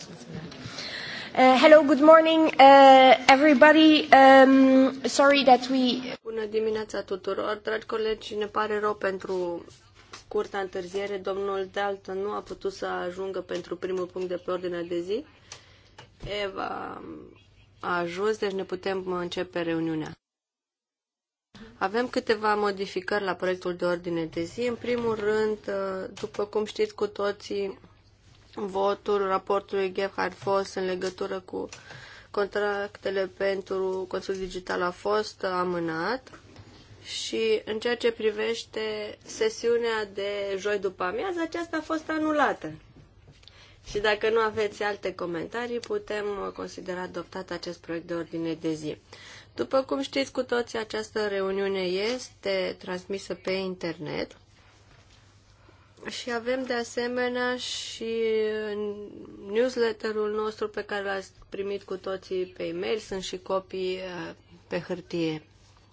Uh, hello, good morning, uh, everybody. Um, sorry that we... Bună dimineața tuturor, dragi colegi, ne pare rău pentru scurta întârziere. Domnul Dalton nu a putut să ajungă pentru primul punct de pe ordinea de zi. Eva a ajuns, deci ne putem începe reuniunea. Avem câteva modificări la proiectul de ordine de zi. În primul rând, uh, după cum știți cu toții, votul raportului Gerhard fost în legătură cu contractele pentru consul Digital a fost amânat și în ceea ce privește sesiunea de joi după amiază, aceasta a fost anulată. Și dacă nu aveți alte comentarii, putem considera adoptat acest proiect de ordine de zi. După cum știți cu toții, această reuniune este transmisă pe internet și avem de asemenea și uh, newsletterul nostru pe care l-ați primit cu toții pe e-mail. Sunt și copii uh, pe hârtie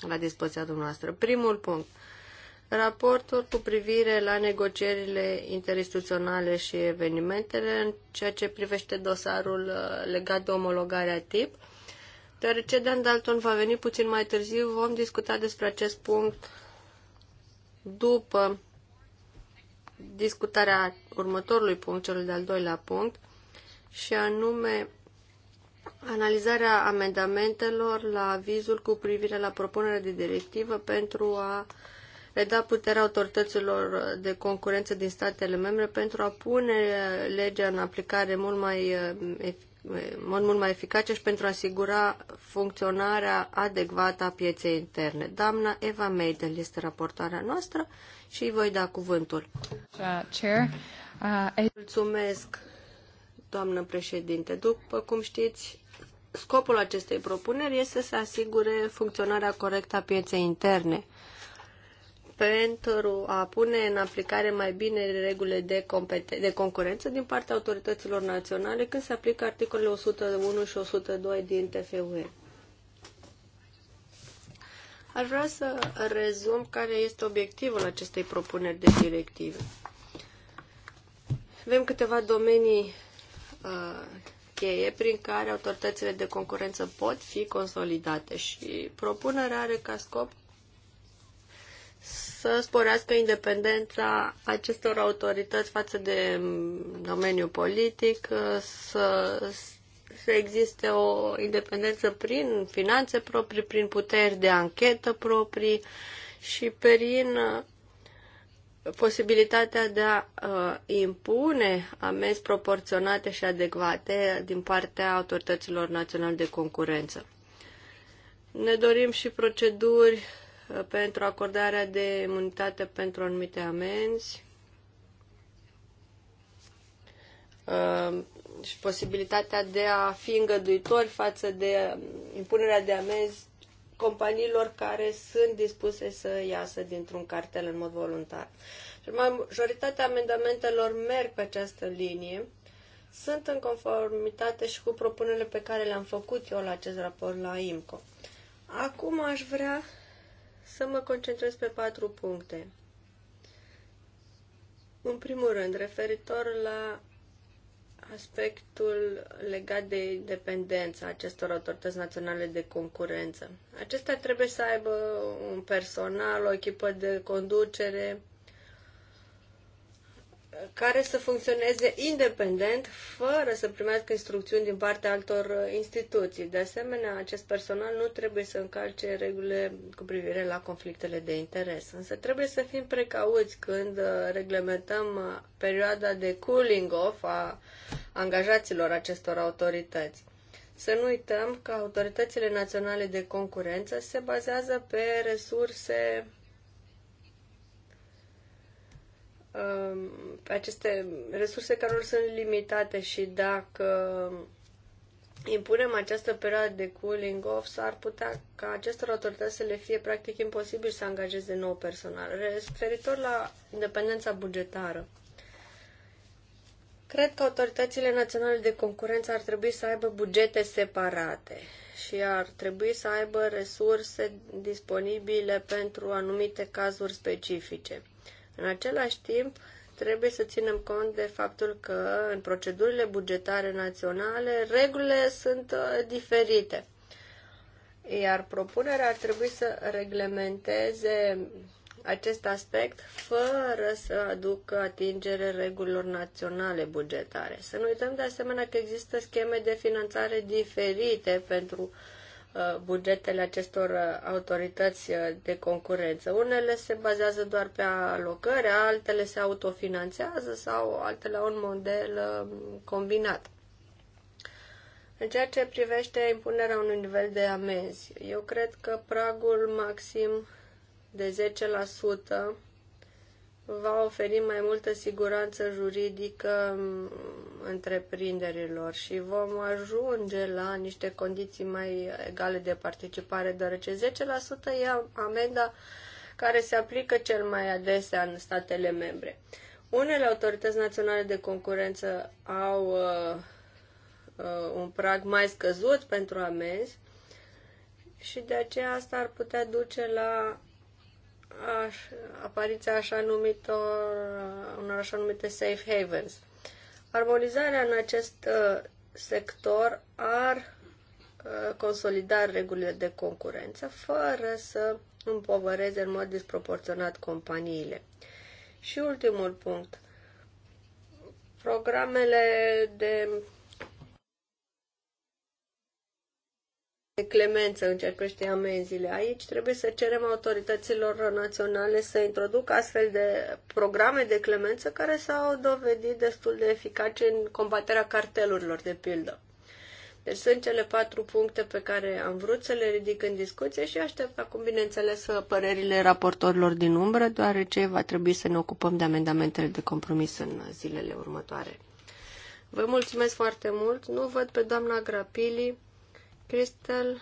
la dispoziția dumneavoastră. Primul punct. Raportul cu privire la negocierile interinstituționale și evenimentele în ceea ce privește dosarul uh, legat de omologarea tip. Deoarece Dan Dalton va veni puțin mai târziu, vom discuta despre acest punct după discutarea următorului punct, cel de-al doilea punct, și anume analizarea amendamentelor la avizul cu privire la propunerea de directivă pentru a reda puterea autorităților de concurență din statele membre pentru a pune legea în aplicare mult mai eh, în mod mult mai eficace și pentru a asigura funcționarea adecvată a pieței interne. Doamna Eva Meidel este raportoarea noastră și îi voi da cuvântul. Chair, uh, Mulțumesc, doamnă președinte. După cum știți, scopul acestei propuneri este să asigure funcționarea corectă a pieței interne pentru a pune în aplicare mai bine regulile de, competen- de concurență din partea autorităților naționale când se aplică articolele 101 și 102 din TFUE. Aș vrea să rezum care este obiectivul acestei propuneri de directivă. Avem câteva domenii uh, cheie prin care autoritățile de concurență pot fi consolidate și propunerea are ca scop să sporească independența acestor autorități față de mm, domeniul politic, uh, să, să existe o independență prin finanțe proprii, prin puteri de anchetă proprii și prin uh, posibilitatea de a uh, impune amenzi proporționate și adecvate din partea autorităților naționale de concurență. Ne dorim și proceduri pentru acordarea de imunitate pentru anumite amenzi uh, și posibilitatea de a fi îngăduitori față de impunerea de amenzi companiilor care sunt dispuse să iasă dintr-un cartel în mod voluntar. Majoritatea amendamentelor merg pe această linie, sunt în conformitate și cu propunerile pe care le-am făcut eu la acest raport la IMCO. Acum aș vrea să mă concentrez pe patru puncte. În primul rând, referitor la aspectul legat de independența acestor autorități naționale de concurență. Acestea trebuie să aibă un personal, o echipă de conducere, care să funcționeze independent, fără să primească instrucțiuni din partea altor uh, instituții. De asemenea, acest personal nu trebuie să încalce regulile cu privire la conflictele de interes. Însă trebuie să fim precauți când uh, reglementăm uh, perioada de cooling off a angajaților acestor autorități. Să nu uităm că autoritățile naționale de concurență se bazează pe resurse Um, aceste resurse care sunt limitate și dacă impunem această perioadă de cooling off, s-ar putea ca acestor autorități să le fie practic imposibil să angajeze nou personal. Referitor la independența bugetară, cred că autoritățile naționale de concurență ar trebui să aibă bugete separate și ar trebui să aibă resurse disponibile pentru anumite cazuri specifice. În același timp, trebuie să ținem cont de faptul că în procedurile bugetare naționale regulile sunt uh, diferite. Iar propunerea ar trebui să reglementeze acest aspect fără să aducă atingere regulilor naționale bugetare. Să nu uităm de asemenea că există scheme de finanțare diferite pentru uh, Uh, bugetele acestor uh, autorități uh, de concurență. Unele se bazează doar pe alocări, altele se autofinanțează sau altele au un model combinat. În ceea ce privește impunerea unui nivel de amenzi, eu cred că pragul maxim de va oferi mai multă siguranță juridică întreprinderilor și vom ajunge la niște condiții mai egale de participare, deoarece 10% e amenda care se aplică cel mai adesea în statele membre. Unele autorități naționale de concurență au uh, uh, un prag mai scăzut pentru amenzi și de aceea asta ar putea duce la aș, apariția așa numitor, unor așa numite safe havens. Armonizarea în acest uh, sector ar uh, consolida regulile de concurență fără să împovăreze în mod disproporționat companiile. Și ultimul punct. Programele de de clemență în ce privește amenziile. Aici trebuie să cerem autorităților naționale să introducă astfel de programe de clemență care s-au dovedit destul de eficace în combaterea cartelurilor, de pildă. Deci sunt cele patru puncte pe care am vrut să le ridic în discuție și aștept acum, bineînțeles, părerile raportorilor din umbră, deoarece va trebui să ne ocupăm de amendamentele de compromis în zilele următoare. Vă mulțumesc foarte mult. Nu văd pe doamna Grapili Cristel,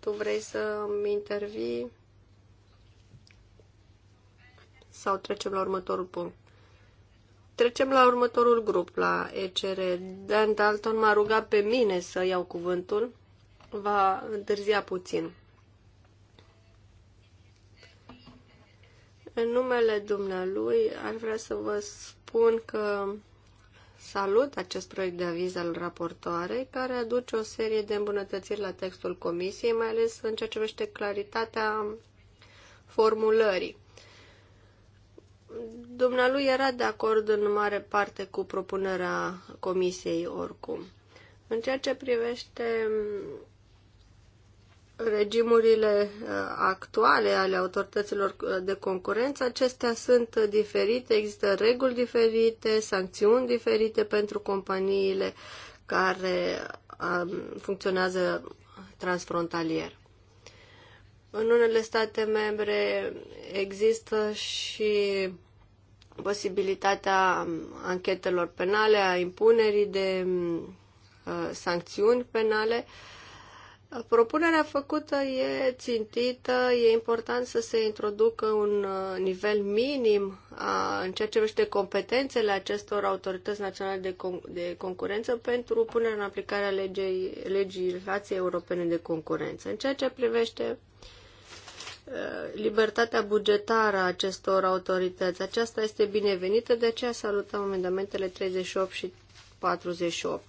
tu vrei să intervii? Sau trecem la următorul punct? Trecem la următorul grup, la ECR. Dan Dalton m-a rugat pe mine să iau cuvântul. Va întârzia puțin. În numele dumnealui, ar vrea să vă spun că Salut acest proiect de aviz al raportoarei, care aduce o serie de îmbunătățiri la textul comisiei, mai ales în ceea ce privește claritatea formulării. Dumnealui era de acord în mare parte cu propunerea comisiei oricum. În ceea ce privește regimurile uh, actuale ale autorităților uh, de concurență, acestea sunt diferite, există reguli diferite, sancțiuni diferite pentru companiile care um, funcționează transfrontalier. În unele state membre există și posibilitatea um, anchetelor penale, a impunerii de uh, sancțiuni penale. Uh, Propunerea făcută e țintită, e important să se introducă un uh, nivel minim a, în ceea ce privește competențele acestor autorități naționale de, con- de concurență pentru punerea în aplicare a legei, legislației europene de concurență. În ceea ce privește uh, libertatea bugetară a acestor autorități. Aceasta este binevenită, de aceea salutăm amendamentele 38 și 48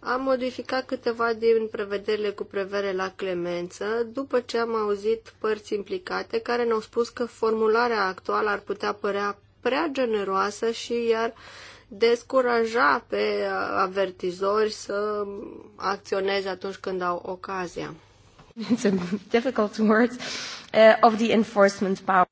am modificat câteva din prevederile cu prevere la clemență, după ce am auzit părți implicate care ne-au spus că formularea actuală ar putea părea prea generoasă și iar descuraja pe avertizori să acționeze atunci când au ocazia. It's a difficult words uh, of the enforcement power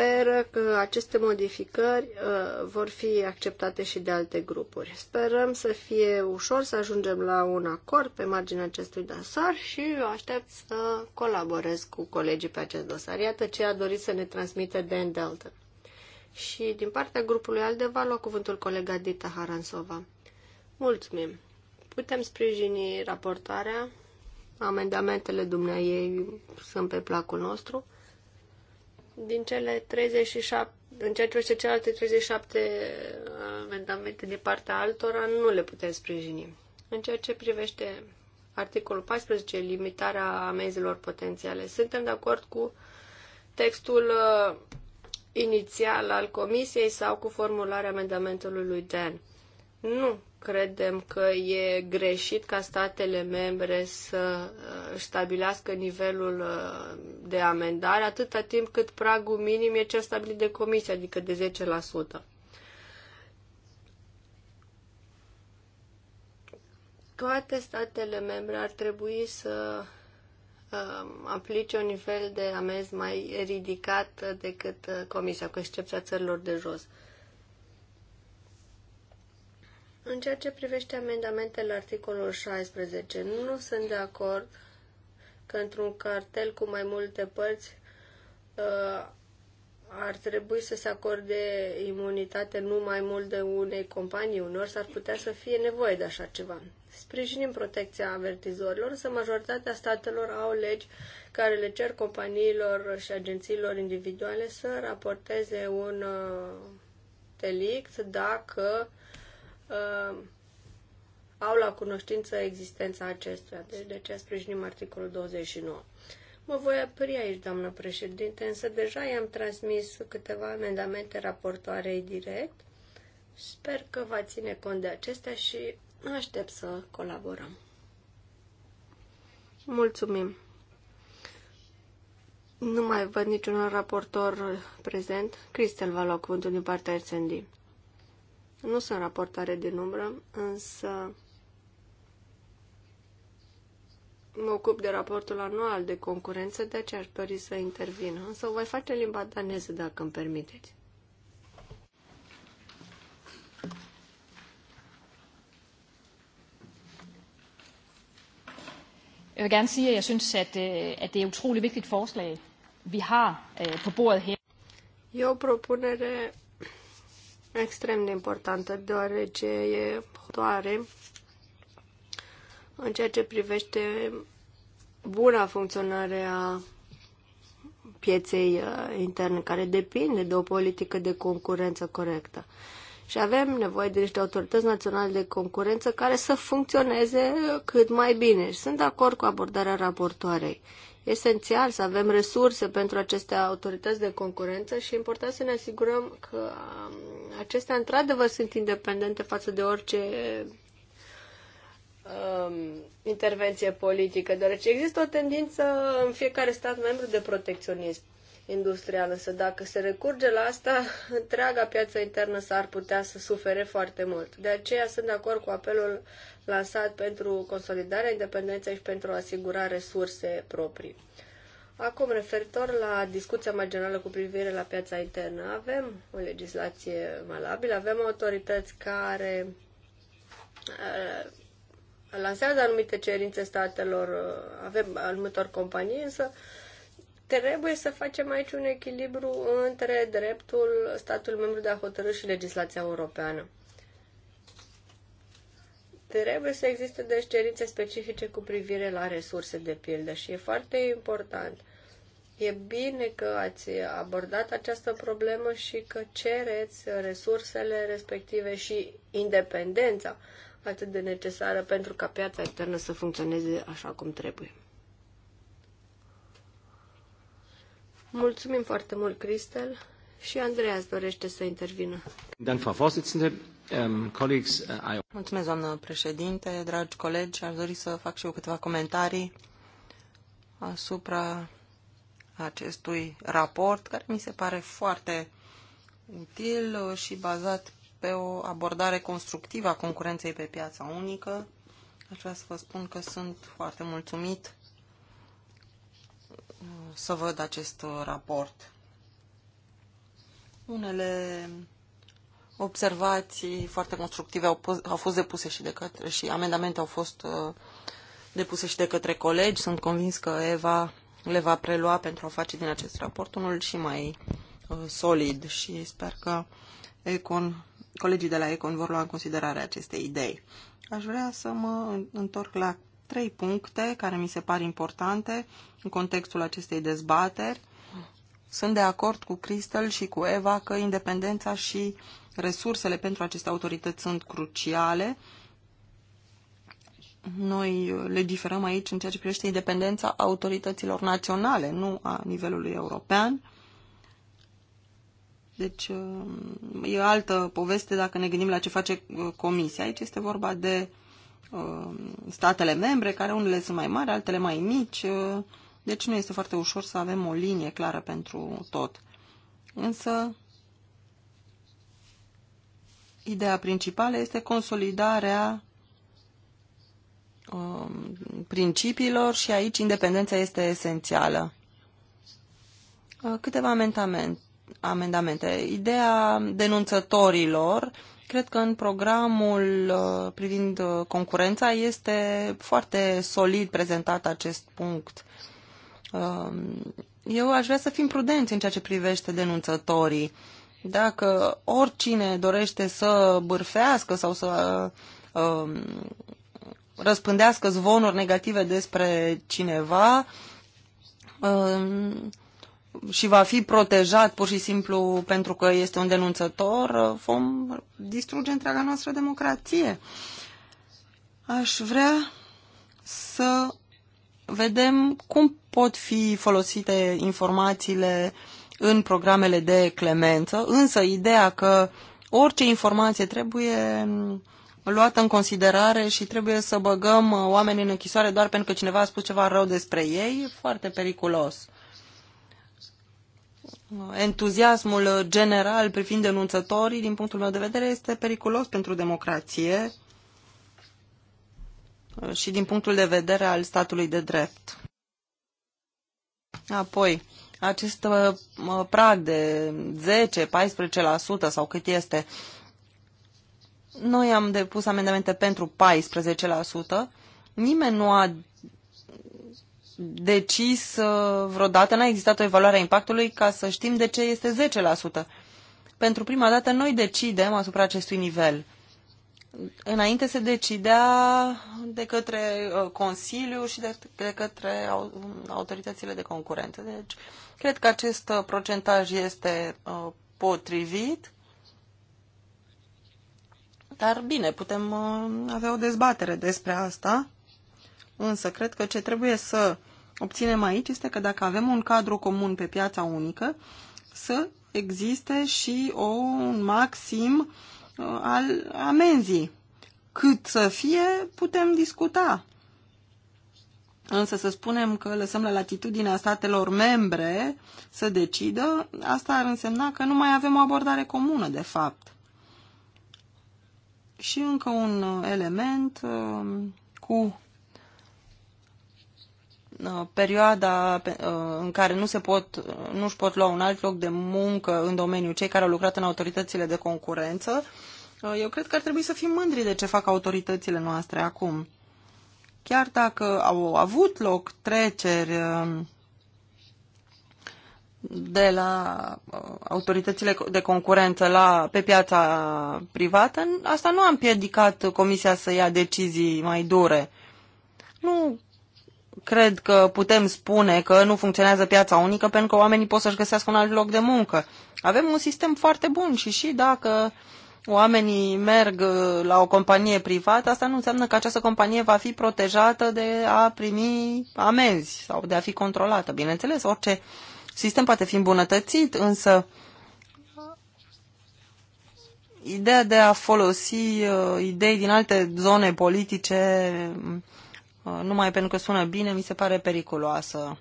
speră că aceste modificări uh, vor fi acceptate și de alte grupuri. Sperăm să fie ușor să ajungem la un acord pe marginea acestui dosar și eu aștept să colaborez cu colegii pe acest dosar. Iată ce a dorit să ne transmită Dan Delta. Și din partea grupului Aldeva lua cuvântul colega Dita Haransova. Mulțumim! Putem sprijini raportarea, amendamentele dumneai sunt pe placul nostru din cele 37, în ceea ce privește celelalte 37 uh, amendamente din partea altora, nu le putem sprijini. În ceea ce privește articolul 14, limitarea amenzilor potențiale, suntem de acord cu textul uh, inițial al comisiei sau cu formularea amendamentului lui Dan. Nu Credem că e greșit ca statele membre să uh, stabilească nivelul uh, de amendare atâta timp cât pragul minim e cel stabilit de comisie, adică de 10%. toate statele membre ar trebui să uh, aplice un nivel de amenzi mai ridicat decât uh, Comisia, cu excepția țărilor de jos. În ceea ce privește amendamentele articolul 16, nu sunt de acord că într-un cartel cu mai multe părți uh, ar trebui să se acorde imunitate nu mai mult de unei companii, unor s-ar putea să fie nevoie de așa ceva. Sprijinim protecția avertizorilor, să majoritatea statelor au legi care le cer companiilor și agențiilor individuale să raporteze un uh, delict dacă uh, au la cunoștință existența acestuia. Deci de ce sprijinim articolul 29? Mă voi opri aici, doamnă președinte, însă deja i-am transmis câteva amendamente raportoarei direct. Sper că va ține cont de acestea și aștept să colaborăm. Mulțumim! Nu mai văd niciun raportor prezent. Cristel va lua cuvântul din partea SND. Nu sunt raportare din umbră, însă mă ocup de raportul anual de concurență, de aceea aș dori să intervin. Însă o voi face în limba daneză, dacă îmi permiteți. Jeg vil gerne sige, at jeg synes, at, øh, at det er et utroligt vigtigt forslag, vi har øh, på bordet her. Jeg o propunere extrem de importantă, deoarece e hotoare în ceea ce privește buna funcționare a pieței uh, interne, care depinde de o politică de concurență corectă. Și avem nevoie de niște autorități naționale de concurență care să funcționeze cât mai bine. sunt de acord cu abordarea raportoarei. esențial să avem resurse pentru aceste autorități de concurență și e important să ne asigurăm că um, acestea într-adevăr sunt independente față de orice um, intervenție politică, deoarece există o tendință în fiecare stat membru de protecționism industrial, însă dacă se recurge la asta, întreaga piață internă s-ar putea să sufere foarte mult. De aceea sunt de acord cu apelul lansat pentru consolidarea independenței și pentru a asigura resurse proprii. Acum, referitor la discuția mai generală cu privire la piața internă, avem o legislație valabilă, avem autorități care uh, lansează anumite cerințe statelor, uh, avem anumitor companii, însă Trebuie să facem aici un echilibru între dreptul statului membru de a hotărâ și legislația europeană. Trebuie să existe deci cerințe specifice cu privire la resurse, de pildă, și e foarte important. E bine că ați abordat această problemă și că cereți resursele respective și independența atât de necesară pentru ca piața internă să funcționeze așa cum trebuie. Mulțumim foarte mult, Cristel. Și Andreas dorește să intervină. Ähm, äh, Mulțumesc, doamnă președinte, dragi colegi. Aș dori să fac și eu câteva comentarii asupra acestui raport, care mi se pare foarte util și bazat pe o abordare constructivă a concurenței pe piața unică. Aș vrea să vă spun că sunt foarte mulțumit să văd acest raport. Unele observații foarte constructive au, pus, au fost depuse și de către și amendamente au fost uh, depuse și de către colegi. Sunt convins că Eva le va prelua pentru a face din acest raport unul și mai uh, solid și sper că Econ, colegii de la Econ vor lua în considerare aceste idei. Aș vrea să mă întorc la trei puncte care mi se par importante în contextul acestei dezbateri. Sunt de acord cu Cristel și cu Eva că independența și resursele pentru aceste autorități sunt cruciale. Noi legiferăm aici în ceea ce privește independența autorităților naționale, nu a nivelului european. Deci um, e altă poveste dacă ne gândim la ce face uh, comisia. Aici este vorba de uh, Uh, statele membre, care unele sunt mai mari, altele mai mici, uh, deci nu este foarte ușor să avem o linie clară pentru tot. Însă, ideea principală este consolidarea um, principiilor și aici independența este esențială. Uh, câteva amendamente. Ideea denunțătorilor Cred că în programul uh, privind uh, concurența este foarte solid prezentat acest punct. Um, eu aș vrea să fim prudenți în ceea ce privește denunțătorii. Dacă oricine dorește să bârfească sau să uh, um, răspândească zvonuri negative despre cineva, um, și va fi protejat pur și simplu pentru că este un denunțător, vom distruge întreaga noastră democrație. Aș vrea să vedem cum pot fi folosite informațiile în programele de clemență, însă ideea că orice informație trebuie luată în considerare și trebuie să băgăm oamenii în închisoare doar pentru că cineva a spus ceva rău despre ei, e foarte periculos entuziasmul general privind denunțătorii, din punctul meu de vedere, este periculos pentru democrație și din punctul de vedere al statului de drept. Apoi, acest uh, prag de 10-14% sau cât este, noi am depus amendamente pentru 14%. Nimeni nu a decis uh, vreodată, n-a existat o evaluare a impactului ca să știm de ce este 10%. Pentru prima dată noi decidem asupra acestui nivel. Înainte se decidea de către uh, Consiliu și de către autoritățile de concurență. Deci, cred că acest uh, procentaj este potrivit. Dar bine, putem avea o dezbatere despre asta. Însă cred că ce trebuie să obținem aici este că dacă avem un cadru comun pe piața unică, să existe și o, un maxim uh, al amenzii. Cât să fie, putem discuta. Însă să spunem că lăsăm la latitudinea statelor membre să decidă, asta ar însemna că nu mai avem o abordare comună, de fapt. Și încă un uh, element uh, cu Uh, perioada uh, în care nu se pot, nu își pot lua un alt loc de muncă în domeniu cei care au lucrat în autoritățile de concurență, uh, eu cred că ar trebui să fim mândri de ce fac autoritățile noastre acum. Chiar dacă au avut loc treceri de la autoritățile de concurență la, pe piața privată, asta nu a împiedicat Comisia să ia decizii mai dure. Nu cred că putem spune că nu funcționează piața unică pentru că oamenii pot să-și găsească un alt loc de muncă. Avem un sistem foarte bun și și dacă oamenii merg uh, la o companie privată, asta nu înseamnă că această companie va fi protejată de a primi amenzi sau de a fi controlată. Bineînțeles, orice sistem poate fi îmbunătățit, însă ideea de a folosi uh, idei din alte zone politice Uh, numai pentru că sună bine, mi se pare periculoasă.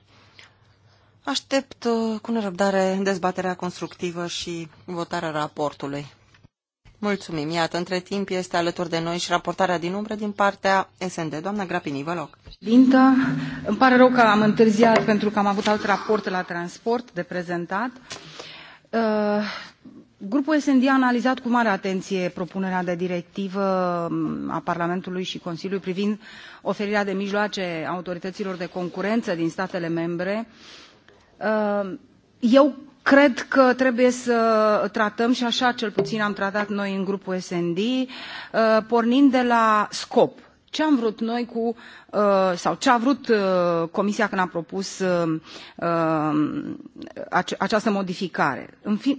Aștept uh, cu nerăbdare dezbaterea constructivă și votarea raportului. Mulțumim. Iată, între timp este alături de noi și raportarea din umbră din partea SND. Doamna Grapini, vă loc. Dintă, îmi pare rău că am întârziat pentru că am avut alt raport la transport de prezentat. Uh, Grupul SND a analizat cu mare atenție propunerea de directivă mm, a Parlamentului și Consiliului privind oferirea de mijloace autorităților de concurență din statele membre. Uh, eu cred că trebuie să tratăm și așa cel puțin am tratat noi în grupul SND, uh, pornind de la scop ce am vrut noi cu, uh, sau ce a vrut uh, Comisia când a propus uh, această modificare.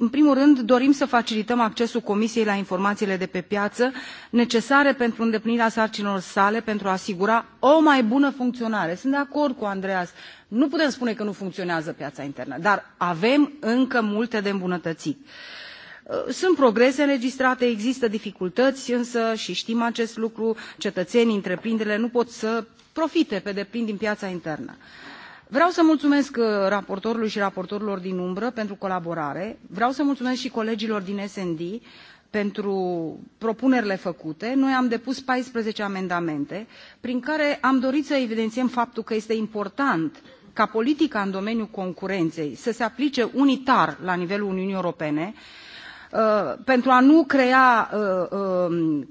În primul rând, dorim să facilităm accesul Comisiei la informațiile de pe piață necesare pentru îndeplinirea sarcinilor sale pentru a asigura o mai bună funcționare. Sunt de acord cu Andreas. Nu putem spune că nu funcționează piața internă, dar avem încă multe de îmbunătățit. Uh, sunt progrese înregistrate există dificultăți însă și știm acest lucru cetățenii întreprinderile nu pot să profite pe deplin din piața internă. Vreau să mulțumesc uh, raportorului și raportorilor din umbră pentru colaborare. Vreau să mulțumesc și colegilor din SND pentru propunerile făcute. Noi am depus 14 amendamente prin care am dorit să evidențiem faptul că este important ca politica în domeniul concurenței să se aplice unitar la nivelul Uniunii Europene, Uh, pentru a nu crea uh, um,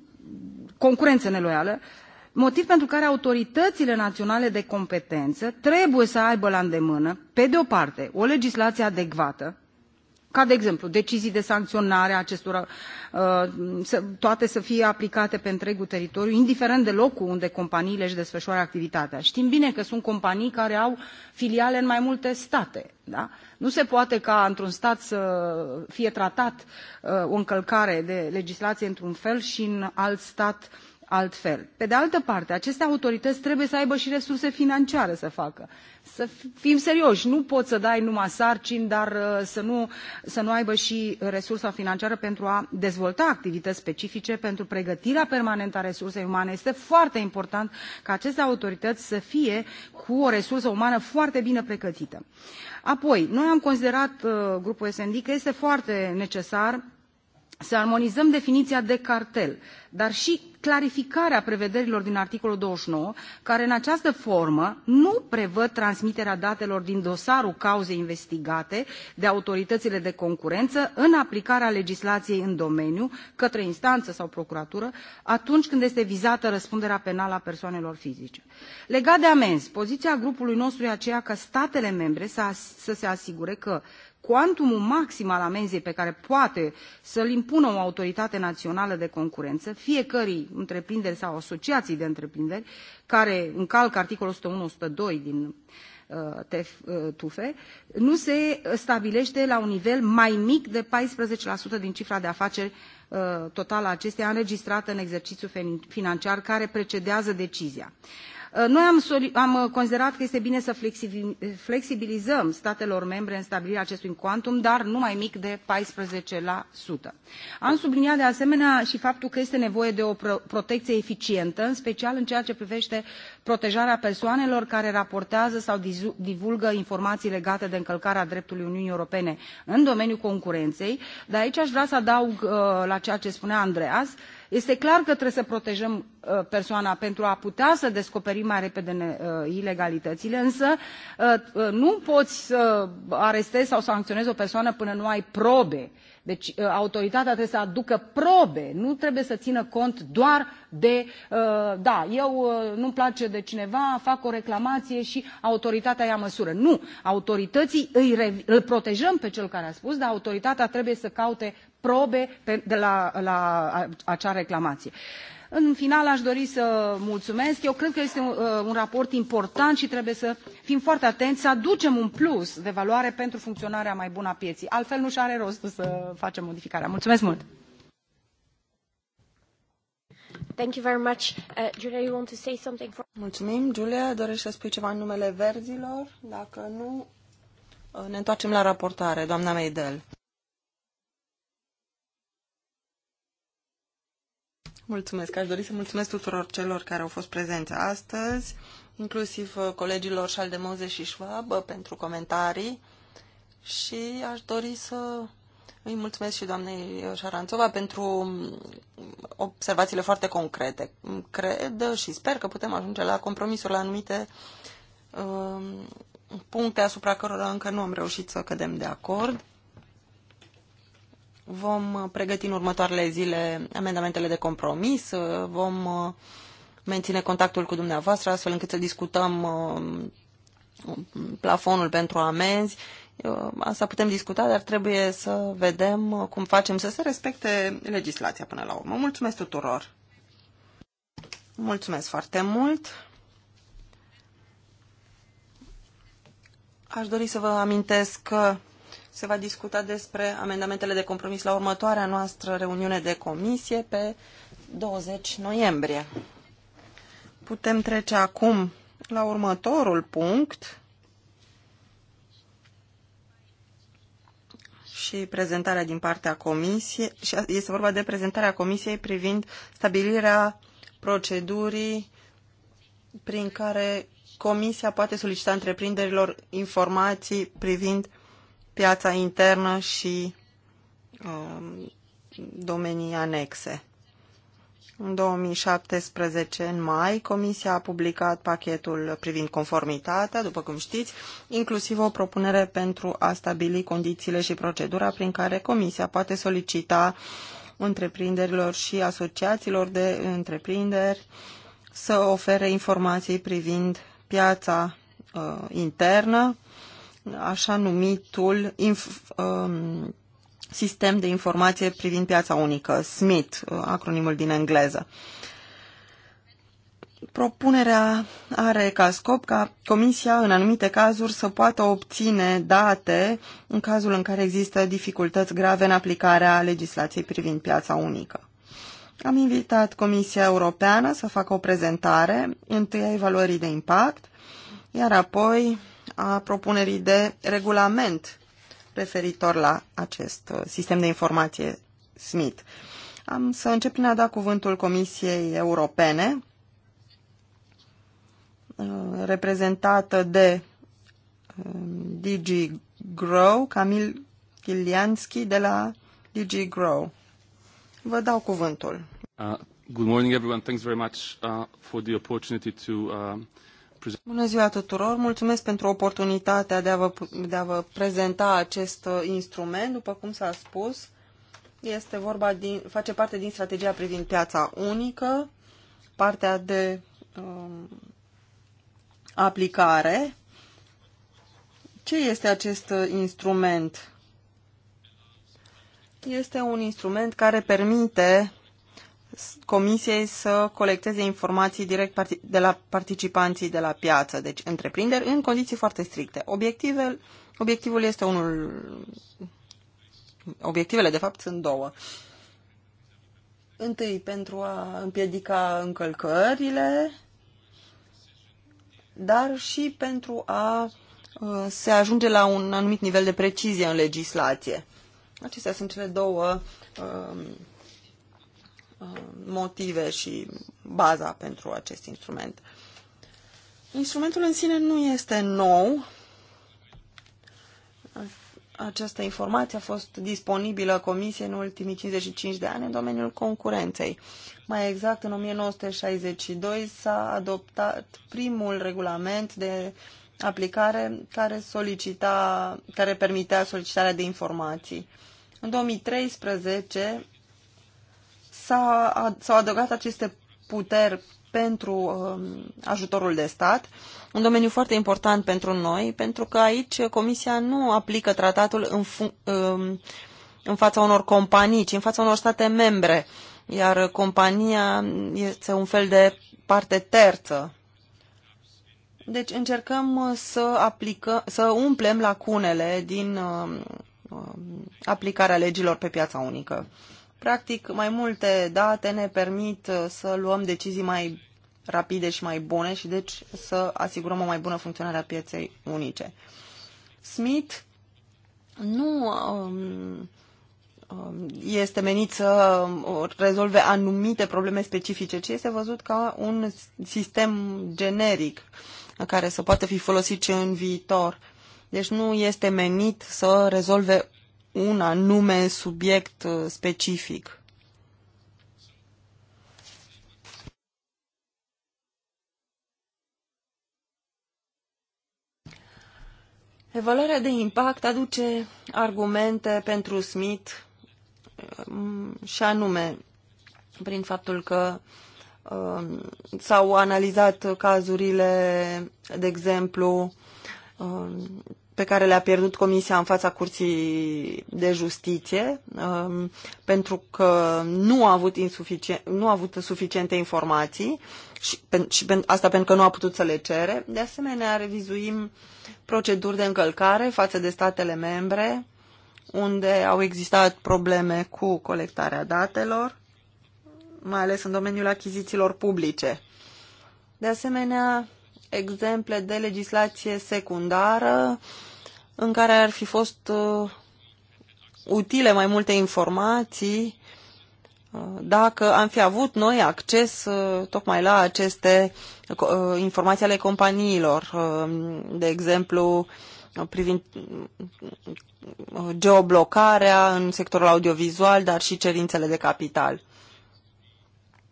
concurență neloială motiv pentru care autoritățile naționale de competență trebuie să aibă la îndemână pe de o parte o legislație adecvată ca de exemplu decizii de sancționare a acestora uh, toate să fie aplicate pe întregul teritoriu indiferent de locul unde companiile își desfășoară activitatea. știm bine că sunt companii care au filiale în mai multe state da? nu se poate ca într un stat să fie tratată uh, o încălcare de legislație într un fel și în alt stat altfel. pe de altă parte aceste autorități trebuie să aibă și resurse financiare să facă să fim serioși nu poți să dai numai sarcini dar uh, să nu, să nu aibă și resursa financiară pentru a dezvolta activități specifice pentru pregătirea permanentă a resursei umane. este foarte important ca aceste autorități să fie cu o resursă umană foarte bine pregătită. apoi noi am considerat uh, grupul sd că este foarte necesar să armonizăm definiția de cartel dar și clarificarea prevederilor din articolul 29, care în această formă nu prevăd transmiterea datelor din dosarul cauzei investigate de autoritățile de concurență în aplicarea legislației în domeniu către instanță sau procuratură atunci când este vizată răspunderea penală a persoanelor fizice. Legat de amenzi, poziția grupului nostru e aceea că statele membre să, să se asigure că cuantumul maxim al amenzii pe care poate să l impună o autoritate națională de concurență fiecărei întreprinderi sau asociații de întreprinderi care încalcă articolul 101 102 din uh, tufe uh, nu se stabilește la un nivel mai mic de 14% din cifra de afaceri uh, totală a acesteia înregistrată în exercițiul financiar care precedează decizia. Uh, noi am, am uh, considerat că este bine să flexibilizăm statelor membre în stabilirea acestui cuantum, dar nu mai mic de 14%. Am subliniat de asemenea și faptul că este nevoie de o protecție eficientă, în special în ceea ce privește protejarea persoanelor care raportează sau divulgă informații legate de încălcarea dreptului uniunii europene în domeniul concurenței dar aici aș vrea să adaug uh, la ceea ce spunea andreas este clar că trebuie să protejăm uh, persoana pentru a putea să descoperim mai repede uh, ilegalitățile însă nu poți să arestezi sau sancționezi o persoană până nu ai probe. Deci uh, autoritatea trebuie să aducă probe, nu trebuie să țină cont doar de, uh, da, eu uh, nu-mi place de cineva, fac o reclamație și autoritatea ia măsură. Nu, autorității îi, îl protejăm pe cel care a spus, dar autoritatea trebuie să caute probe de la, la acea reclamație. Uh, în final, aș dori să mulțumesc. Eu cred că este uh, un, raport important și trebuie să fim foarte atenți, să aducem un plus de valoare pentru funcționarea mai bună a pieței. Altfel nu și are rost să facem modificarea. Mulțumesc mult! Thank you very much. Uh, Julia, you want to say something for... Mulțumim. Julia, dorești să spui ceva în numele verzilor? Dacă nu, uh, ne întoarcem la raportare, doamna Meidel. Mulțumesc. Aș dori să mulțumesc tuturor celor care au fost prezenți astăzi, inclusiv uh, colegilor Moze și Schwab uh, pentru comentarii și aș dori să îi mulțumesc și doamnei uh, Șaranțova pentru um, observațiile foarte concrete. Cred și sper că putem ajunge la compromisuri la anumite uh, puncte asupra cărora încă nu am reușit să cădem de acord Vom uh, pregăti în următoarele zile amendamentele de compromis, uh, vom uh, menține contactul cu dumneavoastră astfel încât să discutăm plafonul pentru amenzi. Asta putem discuta, dar trebuie să vedem cum facem să se respecte legislația până la urmă. Mulțumesc tuturor! Mulțumesc foarte mult! Aș dori să vă amintesc că se va discuta despre amendamentele de compromis la următoarea noastră reuniune de comisie pe 20 noiembrie. Putem trece acum la următorul punct și prezentarea din partea comisiei. este vorba de prezentarea comisiei privind stabilirea procedurii prin care Comisia poate solicita întreprinderilor informații privind piața internă și um, domenii anexe. În 2017, în mai, Comisia a publicat pachetul privind conformitatea, după cum știți, inclusiv o propunere pentru a stabili condițiile și procedura prin care Comisia poate solicita întreprinderilor și asociațiilor de întreprinderi să ofere informații privind piața uh, internă, așa numitul inf- um, sistem de informație privind piața unică, SMIT, acronimul din engleză. Propunerea are ca scop ca Comisia, în anumite cazuri, să poată obține date în cazul în care există dificultăți grave în aplicarea legislației privind piața unică. Am invitat Comisia Europeană să facă o prezentare, întâi a evaluării de impact, iar apoi a propunerii de regulament referitor la acest uh, sistem de informație SMIT. Am să încep prin a da cuvântul Comisiei Europene, uh, reprezentată de um, DG Grow, Camil Kilianski de la DG Grow. Vă dau cuvântul. Uh, good morning everyone. Thanks very much uh, for the opportunity to uh, Bună ziua tuturor! Mulțumesc pentru oportunitatea de a vă, de a vă prezenta acest uh, instrument. După cum s-a spus, este vorba din, face parte din strategia privind piața unică, partea de um, aplicare. Ce este acest uh, instrument? Este un instrument care permite Comisiei să colecteze informații direct de la participanții de la piață, deci întreprinderi, în condiții foarte stricte. Obiectivele, obiectivul este unul. Obiectivele, de fapt, sunt două. Întâi, pentru a împiedica încălcările, dar și pentru a uh, se ajunge la un anumit nivel de precizie în legislație. Acestea sunt cele două uh, Uh, motive și baza pentru acest instrument. Instrumentul în sine nu este nou. Această informație a fost disponibilă Comisiei în ultimii 55 de ani în domeniul concurenței. Mai exact, în 1962 s-a adoptat primul regulament de aplicare care, solicita, care permitea solicitarea de informații. În 2013 s-au adăugat aceste puteri pentru um, ajutorul de stat, un domeniu foarte important pentru noi, pentru că aici Comisia nu aplică tratatul în, um, în fața unor companii, ci în fața unor state membre, iar compania este un fel de parte terță. Deci încercăm să, aplică, să umplem lacunele din um, aplicarea legilor pe piața unică. Practic, mai multe date ne permit uh, să luăm decizii mai rapide și mai bune și deci să asigurăm o mai bună funcționare a pieței unice. Smith nu um, um este menit să um, rezolve anumite probleme specifice, ci este văzut ca un sistem generic care să poată fi folosit și în viitor. Deci nu este menit să rezolve un anume subiect uh, specific. Evaluarea de impact aduce argumente pentru Smith uh, și anume prin faptul că uh, s-au analizat cazurile, de exemplu, uh, pe care le-a pierdut Comisia în fața Curții de Justiție, um, pentru că nu a avut, nu a avut suficiente informații și, și asta pentru că nu a putut să le cere. De asemenea, revizuim proceduri de încălcare față de statele membre unde au existat probleme cu colectarea datelor, mai ales în domeniul achizițiilor publice. De asemenea, exemple de legislație secundară în care ar fi fost uh, utile mai multe informații uh, dacă am fi avut noi acces uh, tocmai la aceste uh, informații ale companiilor, uh, de exemplu privind uh, geoblocarea în sectorul audiovizual, dar și cerințele de capital.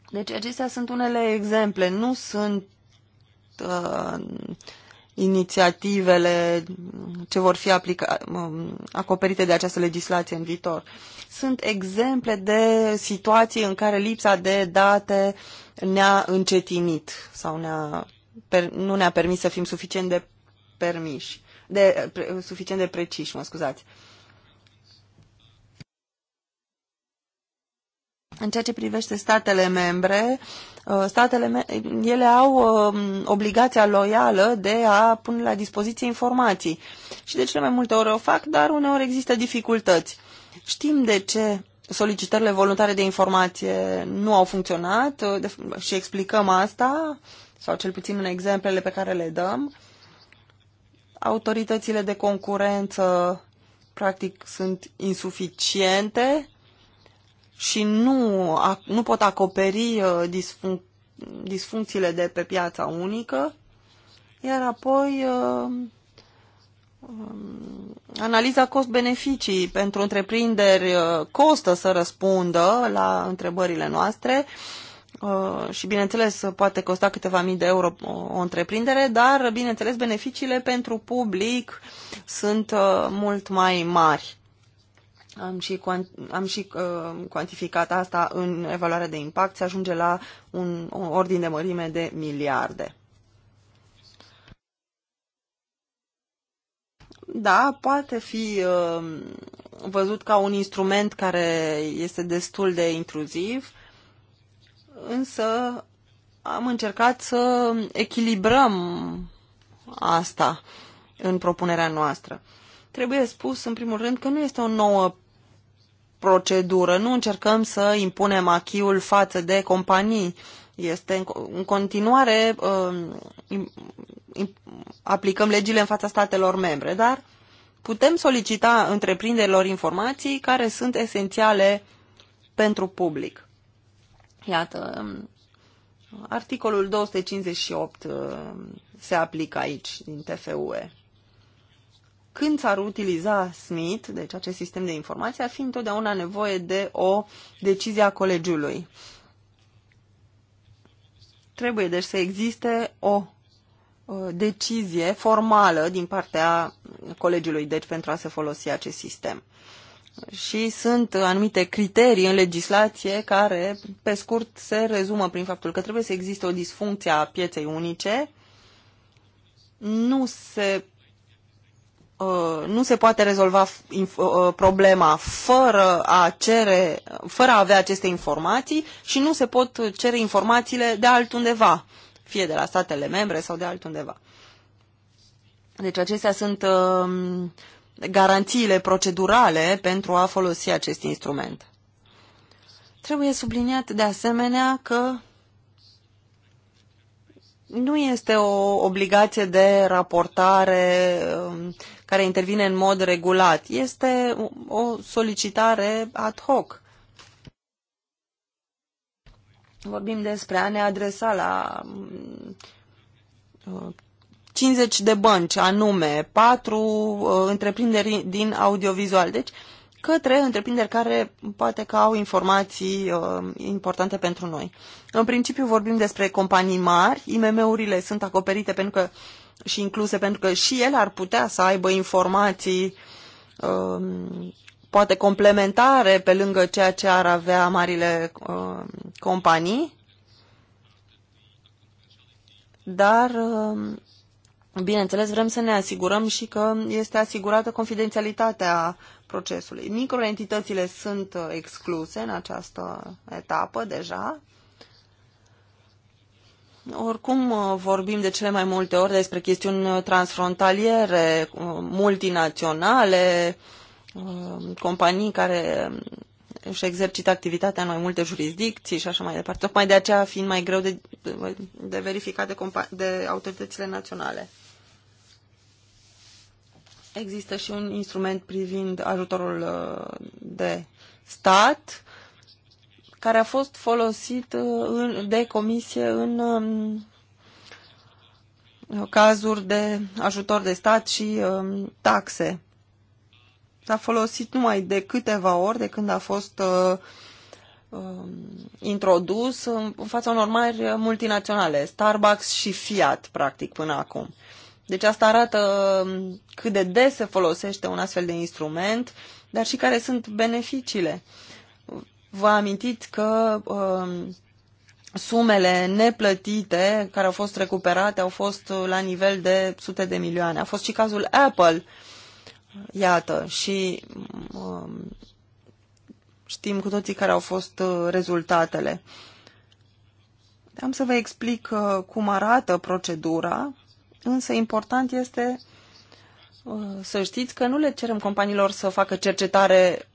Deci acestea sunt unele exemple, nu sunt uh, inițiativele ce vor fi aplica, um, acoperite de această legislație în viitor. Sunt exemple de situații în care lipsa de date ne-a încetinit sau ne-a, nu ne-a permis să fim suficient de permiși, de, pre, suficient de preciși, mă scuzați. În ceea ce privește statele membre, uh, Uh, statele ele au um, obligația loială de a pune la dispoziție informații. Și de cele mai multe ori o fac, dar uneori există dificultăți. Știm de ce solicitările voluntare de informație nu au funcționat uh, și explicăm asta, sau cel puțin în exemplele pe care le dăm. Autoritățile de concurență practic sunt insuficiente și nu, nu pot acoperi uh, disfunc, disfuncțiile de pe piața unică, iar apoi uh, um, analiza cost-beneficii pentru întreprinderi uh, costă să răspundă la întrebările noastre și, bineînțeles, poate costa câteva mii de euro o întreprindere, dar, bineînțeles, beneficiile pentru public sunt mult mai mari. Am și, am și uh, cuantificat asta în evaluarea de impact, se ajunge la un, un ordin de mărime de miliarde. Da, poate fi uh, văzut ca un instrument care este destul de intruziv, însă am încercat să echilibrăm asta în propunerea noastră. Trebuie spus, în primul rând, că nu este o nouă procedură. Nu încercăm să impunem achiul față de companii. Este în continuare, um, aplicăm legile în fața statelor membre, dar putem solicita întreprinderilor informații care sunt esențiale pentru public. Iată, um, articolul 258 um, se aplică aici din TFUE când s-ar utiliza SMIT, deci acest sistem de informații, ar fi întotdeauna nevoie de o decizie a colegiului. Trebuie deci să existe o decizie formală din partea colegiului, deci pentru a se folosi acest sistem. Și sunt anumite criterii în legislație care, pe scurt, se rezumă prin faptul că trebuie să existe o disfuncție a pieței unice, nu se Uh, nu se poate rezolva uh, uh, problema fără a, cere, fără a avea aceste informații și nu se pot cere informațiile de altundeva, fie de la statele membre sau de altundeva. Deci acestea sunt um, garanțiile procedurale pentru a folosi acest instrument. Trebuie subliniat de asemenea că nu este o obligație de raportare um, care intervine în mod regulat. Este o solicitare ad hoc. Vorbim despre a ne adresa la 50 uh, de bănci anume, 4 uh, întreprinderi din audiovizual. Deci, către întreprinderi care poate că au informații uh, importante pentru noi. În principiu vorbim despre companii mari, IMM-urile sunt acoperite pentru că și incluse, pentru că și el ar putea să aibă informații um, poate complementare pe lângă ceea ce ar avea marile um, companii, dar um, bineînțeles vrem să ne asigurăm și că este asigurată confidențialitatea procesului. Microentitățile sunt uh, excluse în această etapă deja, oricum uh, vorbim de cele mai multe ori despre chestiuni uh, transfrontaliere, uh, multinaționale, companii care um, își exercită activitatea în mai multe jurisdicții și așa mai departe. Tocmai de aceea fiind mai greu de, de verificat de, de autoritățile naționale. Există și un instrument privind ajutorul de stat care a fost folosit uh, de comisie în um, cazuri de ajutor de stat și um, taxe. S-a folosit numai de câteva ori de când a fost uh, um, introdus în fața unor mari multinaționale, Starbucks și Fiat, practic, până acum. Deci asta arată cât de des se folosește un astfel de instrument, dar și care sunt beneficiile. Uh, Vă amintit că um, sumele neplătite care au fost recuperate au fost la nivel de sute de milioane. A fost și cazul Apple, iată, și um, știm cu toții care au fost uh, rezultatele. Am să vă explic uh, cum arată procedura, însă important este uh, să știți că nu le cerem companiilor să facă cercetare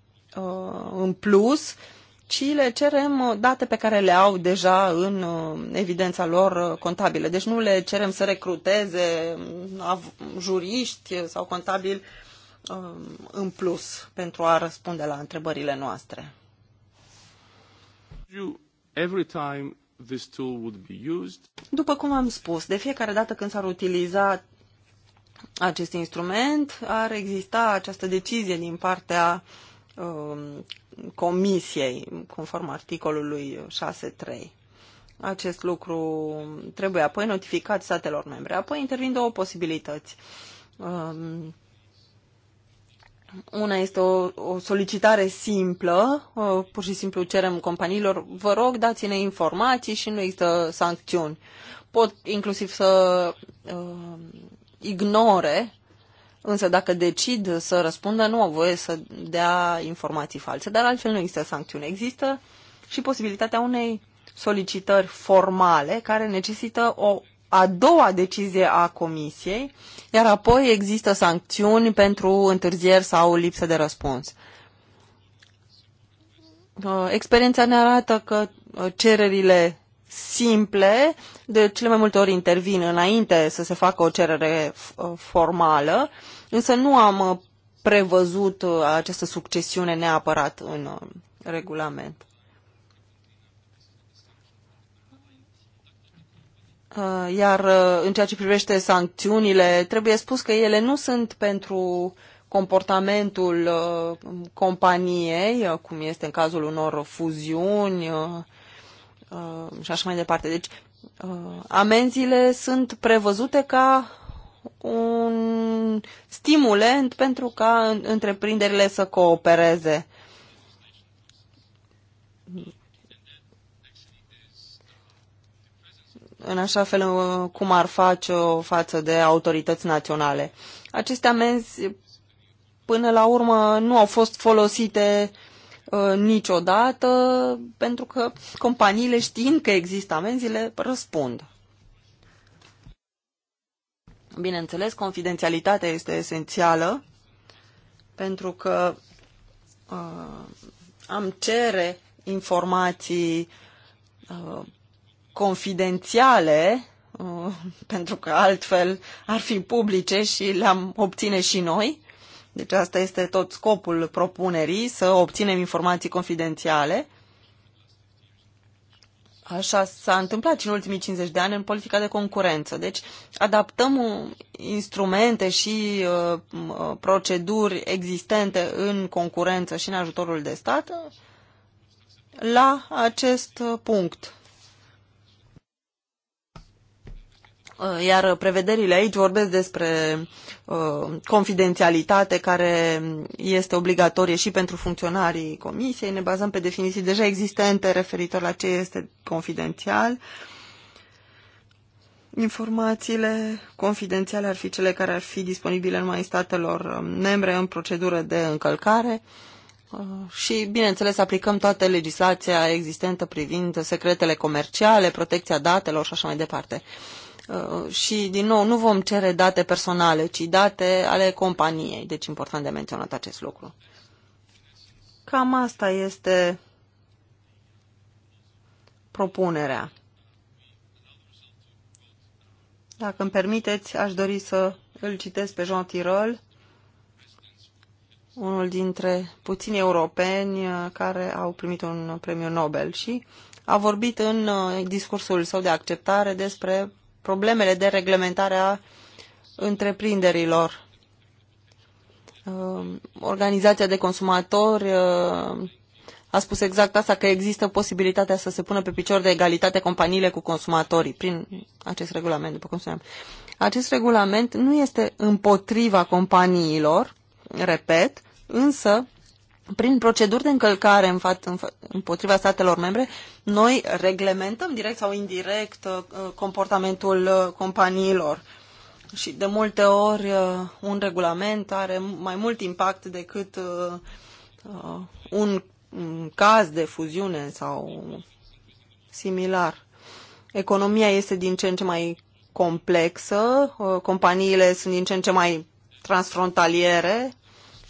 în plus, ci le cerem uh, date pe care le au deja în uh, evidența lor uh, contabilă. Deci nu le cerem să recruteze juriști sau contabili în plus pentru a răspunde la întrebările noastre. După cum am spus, de fiecare dată când s-ar utiliza acest instrument, ar exista această decizie din partea uh, Um, comisiei, conform articolului 6.3. Acest lucru trebuie apoi notificat statelor membre. Apoi intervin două posibilități. Um, una este o, o solicitare simplă, uh, pur și simplu cerem companiilor, vă rog, dați-ne informații și nu există sancțiuni. Pot inclusiv să uh, ignore Însă dacă decid să răspundă, nu au voie să dea informații false, dar altfel nu există sancțiune. Există și posibilitatea unei solicitări formale care necesită o a doua decizie a comisiei, iar apoi există sancțiuni pentru întârzieri sau lipsă de răspuns. Uh, experiența ne arată că uh, cererile simple, de cele mai multe ori intervin înainte să se facă o cerere uh, formală, însă nu am uh, prevăzut uh, această succesiune neapărat în regulament. Iar în ceea ce privește sancțiunile, trebuie spus că ele nu sunt pentru comportamentul companiei, cum este în cazul unor fuziuni, uh, și așa mai departe. Deci, uh, amenziile sunt prevăzute ca un stimulent pentru ca întreprinderile să coopereze. în așa fel uh, cum ar face-o față de autorități naționale. Aceste amenzi, până la urmă, nu au fost folosite Uh, niciodată, pentru că companiile știind că există amenziile, răspund. Bineînțeles, confidențialitatea este esențială, pentru că uh, am cere informații uh, confidențiale, uh, pentru că altfel ar fi publice și le-am obține și noi. Deci asta este tot scopul propunerii, să obținem informații confidențiale. Așa s-a întâmplat și în ultimii 50 de ani în politica de concurență. Deci adaptăm instrumente și uh, uh, proceduri existente în concurență și în ajutorul de stat la acest punct. Uh, iar prevederile aici vorbesc despre uh, confidențialitate care este obligatorie și pentru funcționarii comisiei. Ne bazăm pe definiții deja existente referitor la ce este confidențial. Informațiile confidențiale ar fi cele care ar fi disponibile numai statelor um, membre în procedură de încălcare. Uh, și, bineînțeles, aplicăm toată legislația existentă privind secretele comerciale, protecția datelor și așa mai departe. Uh, și, din nou, nu vom cere date personale, ci date ale companiei. Deci, important de menționat acest lucru. Cam asta este propunerea. Dacă îmi permiteți, aș dori să îl citesc pe Jean Tirol, unul dintre puțini europeni uh, care au primit un premiu Nobel și a vorbit în uh, discursul său de acceptare despre problemele de reglementare a întreprinderilor. Um, Organizația de consumatori um, a spus exact asta, că există posibilitatea să se pună pe picior de egalitate companiile cu consumatorii prin acest regulament, după cum spuneam. Acest regulament nu este împotriva companiilor, repet, însă prin proceduri de încălcare în fat, în împotriva statelor membre, noi reglementăm direct sau indirect uh, comportamentul uh, companiilor. Și de multe ori uh, un regulament are mai mult impact decât un caz de fuziune sau similar. Economia este din ce în ce mai complexă, companiile sunt din ce în ce mai transfrontaliere,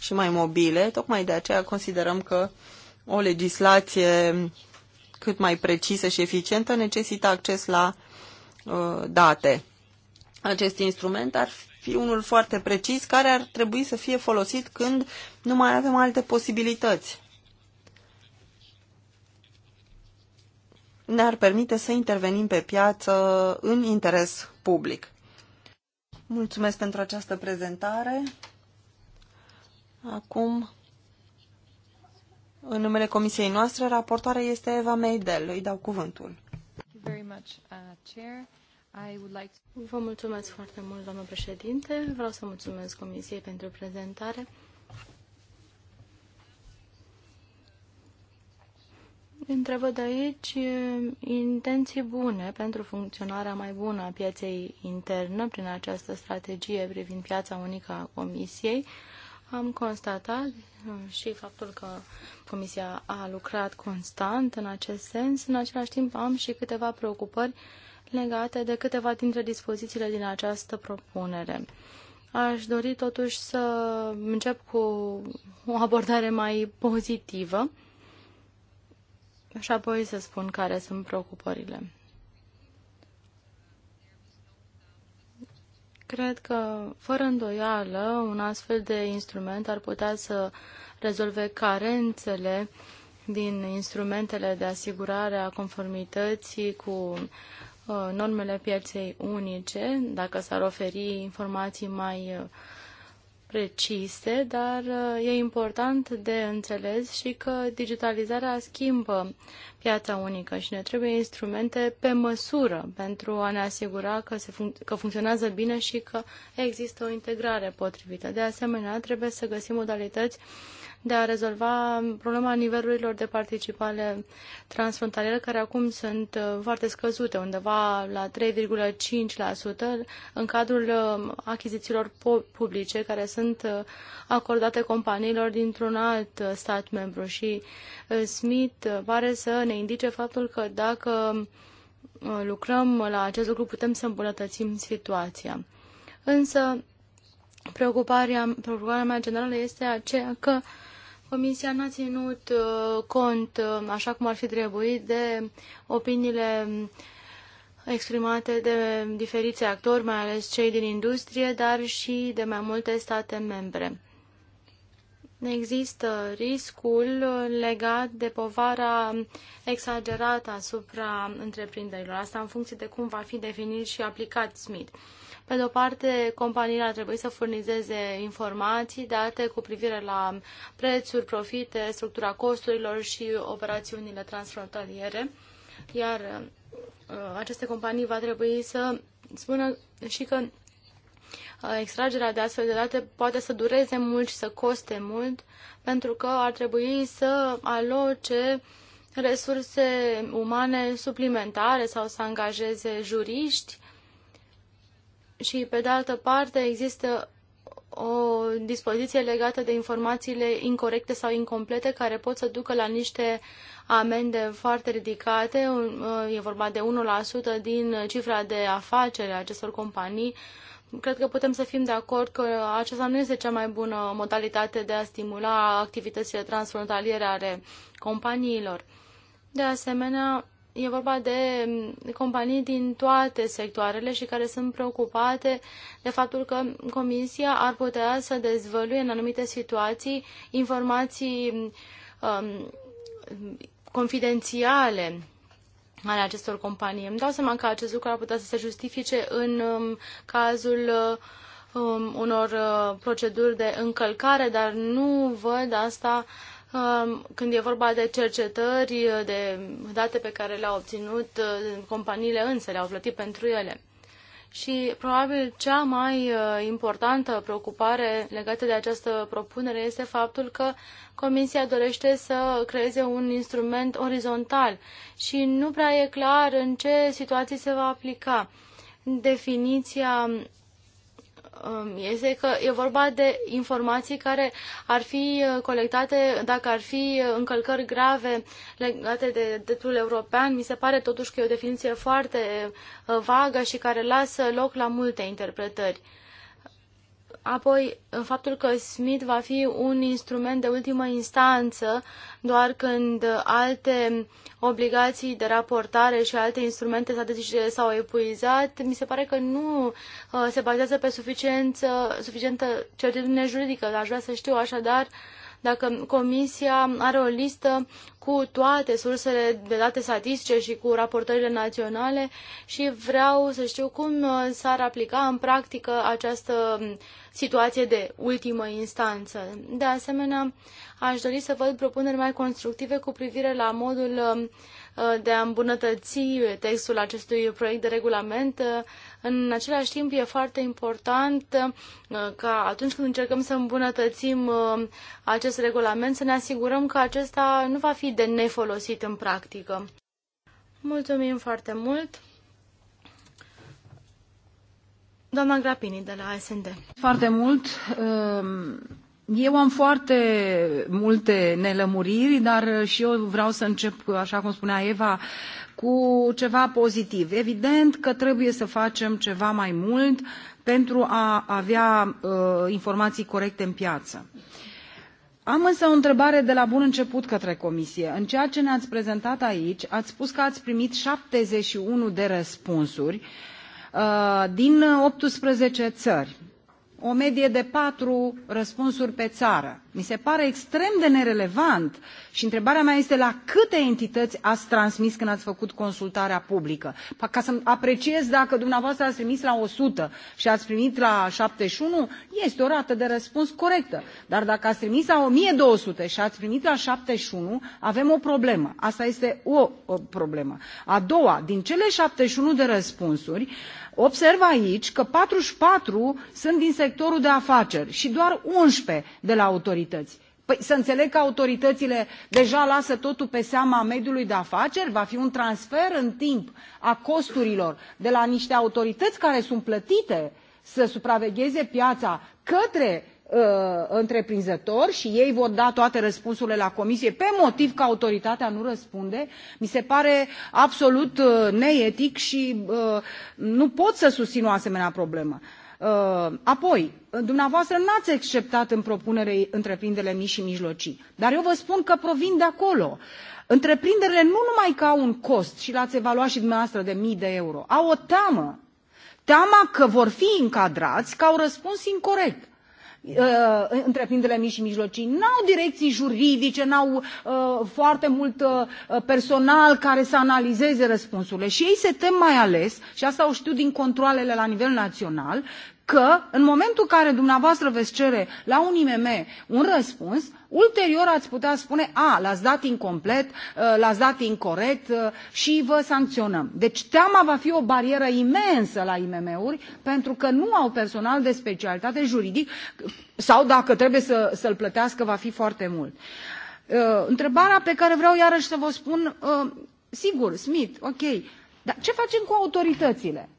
și mai mobile. Tocmai de aceea considerăm că o legislație cât mai precisă și eficientă necesită acces la uh, date. Acest instrument ar fi unul foarte precis care ar trebui să fie folosit când nu mai avem alte posibilități. Ne-ar permite să intervenim pe piață în interes public. Mulțumesc pentru această prezentare. Acum, în numele comisiei noastre, raportoarea este Eva Meidel. Îi dau cuvântul. Uh, Vă mulțumesc foarte mult, doamnă președinte. Vreau să mulțumesc comisiei pentru prezentare. Întrebă de aici intenții bune pentru funcționarea mai bună a pieței interne prin această strategie privind piața unică a Comisiei am constatat uh, și faptul că Comisia a lucrat constant în acest sens. În același timp am și câteva preocupări legate de câteva dintre dispozițiile din această propunere. Aș dori totuși să încep cu o abordare mai pozitivă și apoi să spun care sunt preocupările. Cred că, fără îndoială, un astfel de instrument ar putea să rezolve carențele din instrumentele de asigurare a conformității cu uh, normele pieței unice, dacă s-ar oferi informații mai uh, precise, dar uh, e important de înțeles și că digitalizarea schimbă piața unică și ne trebuie instrumente pe măsură pentru a ne asigura că, se func- că funcționează bine și că există o integrare potrivită. De asemenea, trebuie să găsim modalități de a rezolva problema nivelurilor de participare transfrontaliere, care acum sunt uh, foarte scăzute, undeva la 3,5% în cadrul uh, achizițiilor publice care sunt uh, acordate companiilor dintr-un alt stat membru. Și Smith pare să ne indice faptul că dacă lucrăm la acest lucru, putem să îmbunătățim situația. Însă, preocuparea, preocuparea mea generală este aceea că uh, Comisia n-a ținut uh, cont, uh, așa cum ar fi trebuit, de opiniile exprimate de diferiți actori, mai ales cei din industrie, dar și de mai multe state membre. Există riscul legat de povara exagerată asupra întreprinderilor, asta în funcție de cum va fi definit și aplicat SMIT. Pe de o parte, companiile ar trebui să furnizeze informații, date cu privire la prețuri, profite, structura costurilor și operațiunile transfrontaliere, iar uh, aceste companii va trebui să spună și că uh, extragerea de astfel de date poate să dureze mult și să coste mult, pentru că ar trebui să aloce resurse umane suplimentare sau să angajeze juriști și, pe de altă parte, există o dispoziție legată de informațiile incorrecte sau incomplete care pot să ducă la niște amende foarte ridicate. E vorba de 1% din cifra de afacere a acestor companii. Cred că putem să fim de acord că aceasta nu este cea mai bună modalitate de a stimula activitățile transfrontaliere ale companiilor. De asemenea, e vorba de mm, companii din toate sectoarele și care sunt preocupate de faptul că Comisia ar putea să dezvăluie în anumite situații informații um, confidențiale ale acestor companii. Îmi dau seama că acest lucru ar putea să se justifice în um, cazul um, unor uh, proceduri de încălcare, dar nu văd asta uh, Um, când e vorba de cercetări, de date pe care le-au obținut, uh, companiile însă le-au plătit pentru ele. Și probabil cea mai uh, importantă preocupare legată de această propunere este faptul că Comisia dorește să creeze un instrument orizontal și nu prea e clar în ce situații se va aplica. Definiția Um, este că e vorba de informații care ar fi uh, colectate dacă ar fi uh, încălcări grave legate de dreptul european. Mi se pare totuși că e o definiție foarte uh, vagă și care lasă loc la multe interpretări. Apoi, faptul că SMIT va fi un instrument de ultimă instanță doar când alte obligații de raportare și alte instrumente statistice s-au epuizat, mi se pare că nu uh, se bazează pe suficiență, suficientă certitudine juridică. Aș vrea să știu așadar dacă Comisia are o listă cu toate sursele de date statistice și cu raportările naționale și vreau să știu cum uh, s-ar aplica în practică această um, situație de ultimă instanță. De asemenea, aș dori să văd propuneri mai constructive cu privire la modul um, Uh, de a îmbunătăți textul acestui proiect de regulament. Uh, în același timp, e foarte important uh, ca atunci când încercăm să îmbunătățim acest regulament, să ne asigurăm că acesta nu va fi de nefolosit în practică. Mulțumim foarte mult! Doamna Grapini de la SND. Foarte mult. Um, eu am foarte multe nelămuriri, dar uh, și eu vreau să încep, uh, așa cum spunea Eva, cu ceva pozitiv. Evident că trebuie să facem ceva mai mult pentru a avea uh, informații corecte în piață. Am însă o întrebare de la bun început către Comisie. În ceea ce ne-ați prezentat aici, ați spus că ați primit 71 de răspunsuri uh, din 18 țări o medie de patru răspunsuri pe țară mi se pare extrem de nerelevant și întrebarea mea este la câte entități ați transmis când ați făcut consultarea publică? Ca să apreciez dacă dumneavoastră ați trimis la 100 și ați primit la 71, este o rată de răspuns corectă. Dar dacă ați trimis la 1200 și ați primit la 71, avem o problemă. Asta este o, o problemă. A doua, din cele 71 de răspunsuri, observ aici că 44 sunt din sectorul de afaceri și doar 11 de la autorități autorități. Păi să înțeleg că autoritățile deja lasă totul pe seama mediului de afaceri? Va fi un transfer în timp a costurilor de la niște autorități care sunt plătite să supravegheze piața către uh, întreprinzători și ei vor da toate răspunsurile la comisie pe motiv că autoritatea nu răspunde, mi se pare absolut uh, neetic și uh, nu pot să susțin o asemenea problemă. Uh, apoi uh, dumneavoastră nu ați exceptat în propunere întreprinderile mici și mijlocii dar eu vă spun că provin de acolo. întreprinderile nu numai că au un cost și l ați evaluat și dumneavoastră de mii de euro au o teamă teama că vor fi încadrați că au răspuns incorrect. Uh, întreprinderile mici și mijlocii nu au direcții juridice, nu au uh, foarte mult uh, personal care să analizeze răspunsurile și ei se tem mai ales, și asta o știu din controlele la nivel național, că în momentul în care dumneavoastră veți cere la un imm un răspuns ulterior ați putea spune a l ați dat incomplet ă, l ați dat incorect ă, și vă sancționăm. deci teama va fi o barieră imensă la imm uri pentru că nu au personal de specialitate juridic sau dacă trebuie să, să l plătească va fi foarte mult. Ă, întrebarea pe care vreau iarăși să vă spun sigur smith ok dar ce facem cu autoritățile?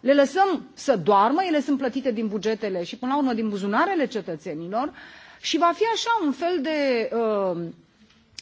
le lăsăm să doarmă, ele sunt plătite din bugetele și până la urmă din buzunarele cetățenilor și va fi așa un fel de uh,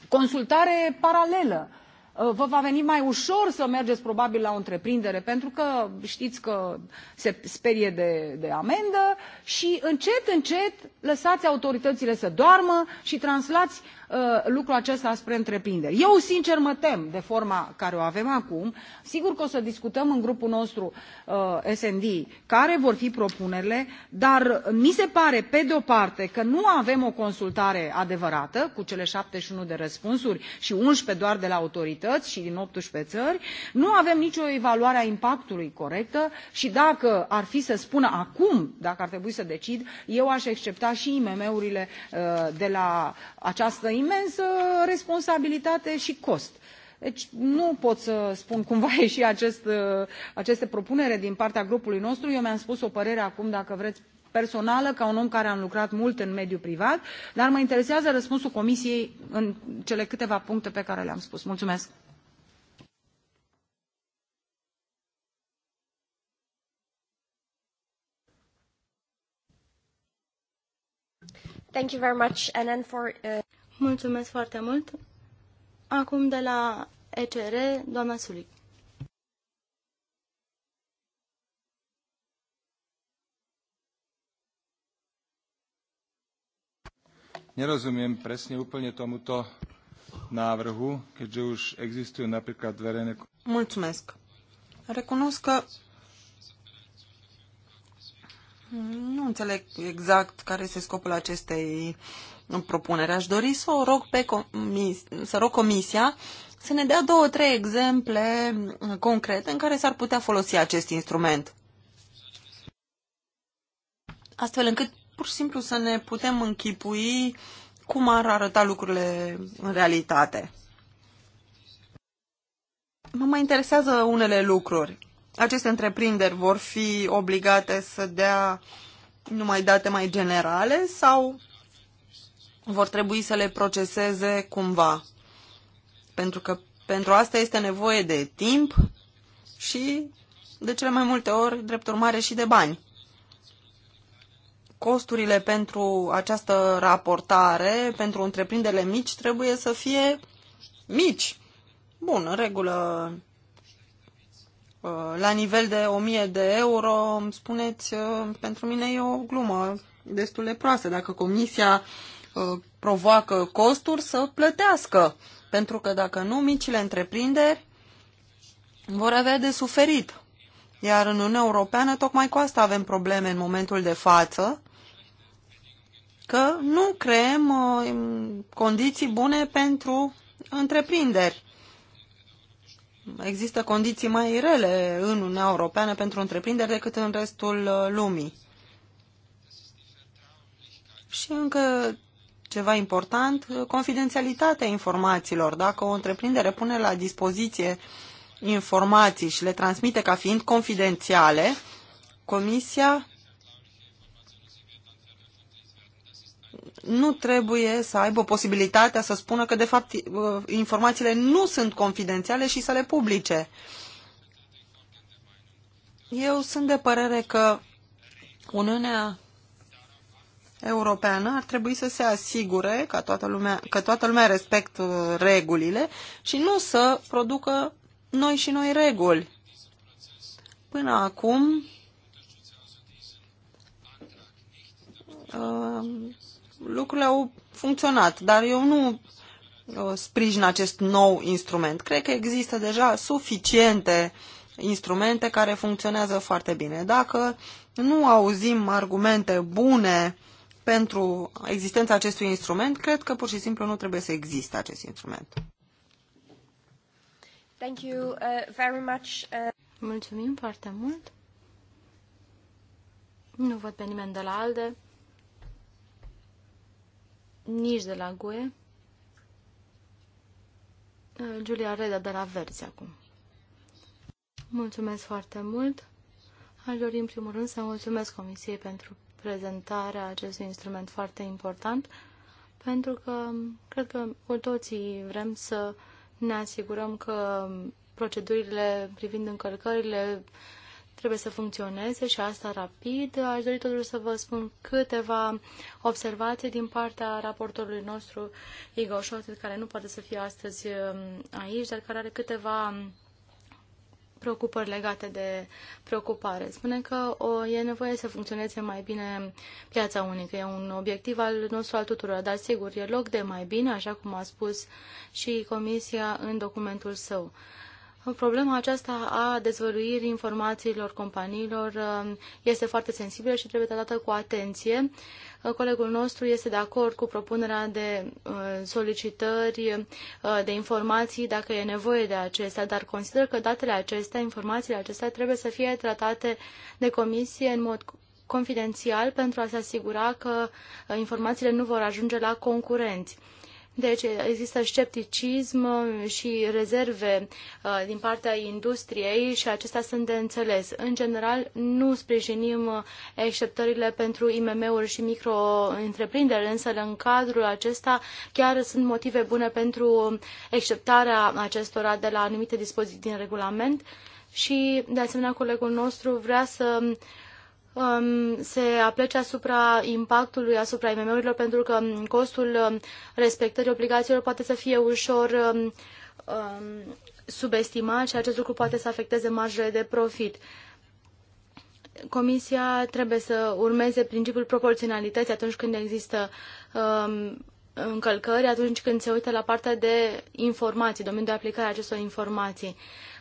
consultare paralelă. Uh, vă va veni mai ușor să mergeți probabil la o întreprindere pentru că știți că se sperie de, de amendă și încet, încet lăsați autoritățile să doarmă și translați Uh, lucrul acesta spre întreprinderi. eu sincer mă tem de forma care o avem acum sigur că o să discutăm în grupul nostru uh, sd care vor fi propunerile dar mi se pare pe de o parte că nu avem o consultare adevărată cu cele șaptezeci și unu de răspunsuri și unsprezece doar de la autorități și din optsprezece țări nu avem nicio evaluare a impactului corectă și dacă ar fi să spună acum dacă ar trebui să decid eu aș excepta și imm urile uh, de la această imensă responsabilitate și cost. Deci nu pot să spun cumva va și acest, uh, aceste propunere din partea grupului nostru. Eu mi-am spus o părere acum, dacă vreți, personală, ca un om care am lucrat mult în mediul privat, dar mă interesează răspunsul Comisiei în cele câteva puncte pe care le-am spus. Mulțumesc! Thank you very much, Anand, for, uh... Mulțumesc foarte mult. Acum de la ECR, doamna Sulic. Nerozumiem presne úplne tomuto návrhu, keďže už existujú napríklad verejné... Mulțumesc. Recunosc că nu înțeleg exact care este scopul acestei propunere. Aș dori să o rog pe comis, să rog comisia să ne dea două, trei exemple concrete în care s-ar putea folosi acest instrument. Astfel încât pur și simplu să ne putem închipui cum ar arăta lucrurile în realitate. Mă mai interesează unele lucruri. Aceste întreprinderi vor fi obligate să dea numai date mai generale sau vor trebui să le proceseze cumva. Pentru că pentru asta este nevoie de timp și, de cele mai multe ori, drept urmare și de bani. Costurile pentru această raportare, pentru întreprinderile mici, trebuie să fie mici. Bun, în regulă, uh, la nivel de 1000 de euro, spuneți, uh, pentru mine e o glumă destul de proastă. Dacă comisia Uh, provoacă costuri să plătească. Pentru că dacă nu, micile întreprinderi vor avea de suferit. Iar în Uniunea Europeană tocmai cu asta avem probleme în momentul de față, că nu creăm uh, condiții bune pentru întreprinderi. Există condiții mai rele în Uniunea Europeană pentru întreprinderi decât în restul uh, lumii. Și încă ceva important, confidențialitatea informațiilor. Dacă o întreprindere pune la dispoziție informații și le transmite ca fiind confidențiale, Comisia nu trebuie să aibă posibilitatea să spună că, de fapt, informațiile nu sunt confidențiale și să le publice. Eu sunt de părere că Uniunea europeană ar trebui să se asigure că toată lumea, că toată lumea respectă regulile și nu să producă noi și noi reguli. Până acum, uh, lucrurile au funcționat, dar eu nu uh, sprijin acest nou instrument. Cred că există deja suficiente instrumente care funcționează foarte bine. Dacă nu auzim argumente bune pentru existența acestui instrument, cred că pur și simplu nu trebuie să existe acest instrument. Thank you, uh, very much, uh... Mulțumim foarte mult. Nu văd pe nimeni de la ALDE, nici de la GUE. Uh, Julia Reda de la Verzi acum. Mulțumesc foarte mult. Aș dori în primul rând să mulțumesc Comisiei pentru prezentarea acestui instrument foarte important, pentru că cred că cu toții vrem să ne asigurăm că procedurile privind încălcările trebuie să funcționeze și asta rapid. Aș dori totuși să vă spun câteva observații din partea raportorului nostru, Igor Șoțet, care nu poate să fie astăzi um, aici, dar care are câteva preocupări legate de preocupare. Spune că o, e nevoie să funcționeze mai bine piața unică. E un obiectiv al nostru al tuturor, dar sigur, e loc de mai bine, așa cum a spus și Comisia în documentul său. Problema aceasta a dezvăluirii informațiilor companiilor um, este foarte sensibilă și trebuie tratată cu atenție. Uh, colegul nostru este de acord cu propunerea de uh, solicitări uh, de informații dacă e nevoie de acestea, dar consider că datele acestea, informațiile acestea trebuie să fie tratate de comisie în mod confidențial pentru a se asigura că informațiile nu vor ajunge la concurenți. Deci există scepticism și rezerve uh, din partea industriei și acestea sunt de înțeles. În general, nu sprijinim exceptările pentru IMM-uri și micro-întreprinderi, însă în cadrul acesta chiar sunt motive bune pentru exceptarea acestora de la anumite dispoziții din regulament și, de asemenea, colegul nostru vrea să Um, se aplece asupra impactului asupra IMM-urilor pentru că um, costul um, respectării obligațiilor poate să fie ușor um, subestimat și acest lucru poate să afecteze marjele de profit. Comisia trebuie să urmeze principiul proporționalității atunci când există um, încălcări, atunci când se uită la partea de informații, domeniul de aplicare a acestor informații. Uh,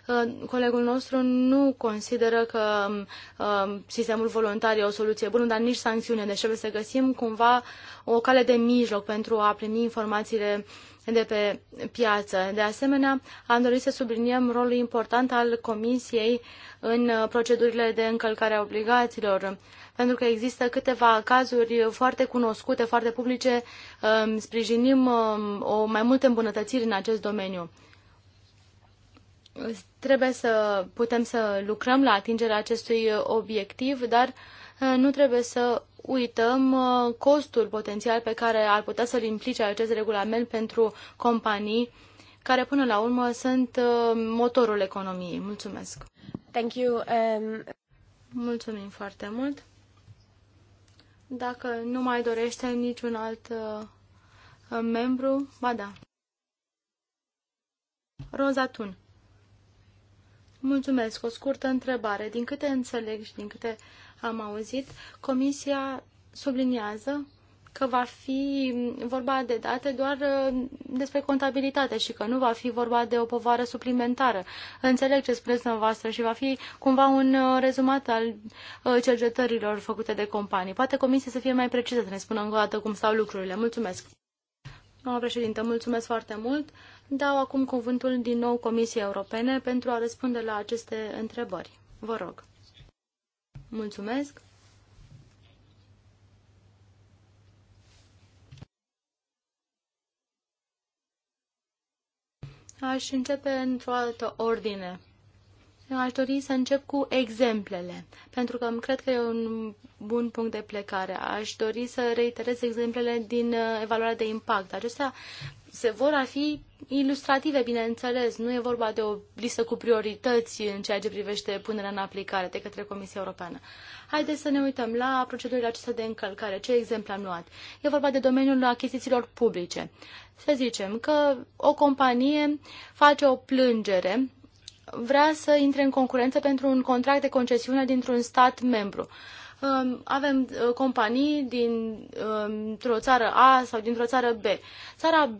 Colegul nostru nu consideră că um, sistemul voluntar e o soluție bună, dar nici sancțiune. Deci trebuie să găsim cumva o cale de mijloc pentru a primi informațiile de pe piață. De asemenea, am dorit să subliniem rolul important al Comisiei în procedurile de încălcare a obligațiilor, pentru că există câteva cazuri foarte cunoscute, foarte publice. Um, sprijinim um, o mai multe îmbunătățiri în acest domeniu trebuie să putem să lucrăm la atingerea acestui obiectiv, dar uh, nu trebuie să uităm uh, costul potențial pe care ar putea să-l implice acest regulament pentru companii care până la urmă sunt uh, motorul economiei. Mulțumesc! Thank you. Um... Mulțumim foarte mult! Dacă nu mai dorește niciun alt membru, ba da. Rozatun. Mulțumesc. O scurtă întrebare. Din câte înțeleg și din câte am auzit, Comisia subliniază că va fi vorba de date doar uh, despre contabilitate și că nu va fi vorba de o povară suplimentară. Înțeleg ce spuneți dumneavoastră și va fi cumva un uh, rezumat al uh, cercetărilor făcute de companii. Poate comisia să fie mai precisă, să ne spună încă o dată cum stau lucrurile. Mulțumesc. Doamna președinte, mulțumesc foarte mult. Dau acum cuvântul din nou Comisiei Europene pentru a răspunde la aceste întrebări. Vă rog. Mulțumesc. Aș începe într-o altă ordine. Aș dori să încep cu exemplele, pentru că cred că e un bun punct de plecare. Aș dori să reiterez exemplele din uh, evaluarea de impact. Acestea se vor a fi ilustrative, bineînțeles. Nu e vorba de o listă cu priorități în ceea ce privește punerea în aplicare de către Comisia Europeană. Haideți să ne uităm la procedurile acestea de încălcare. Ce exemplu am luat? E vorba de domeniul achizițiilor publice. Să zicem că o companie face o plângere vrea să intre în concurență pentru un contract de concesiune dintr-un stat membru. Um, avem uh, companii dintr-o um, țară A sau dintr-o țară B. Țara B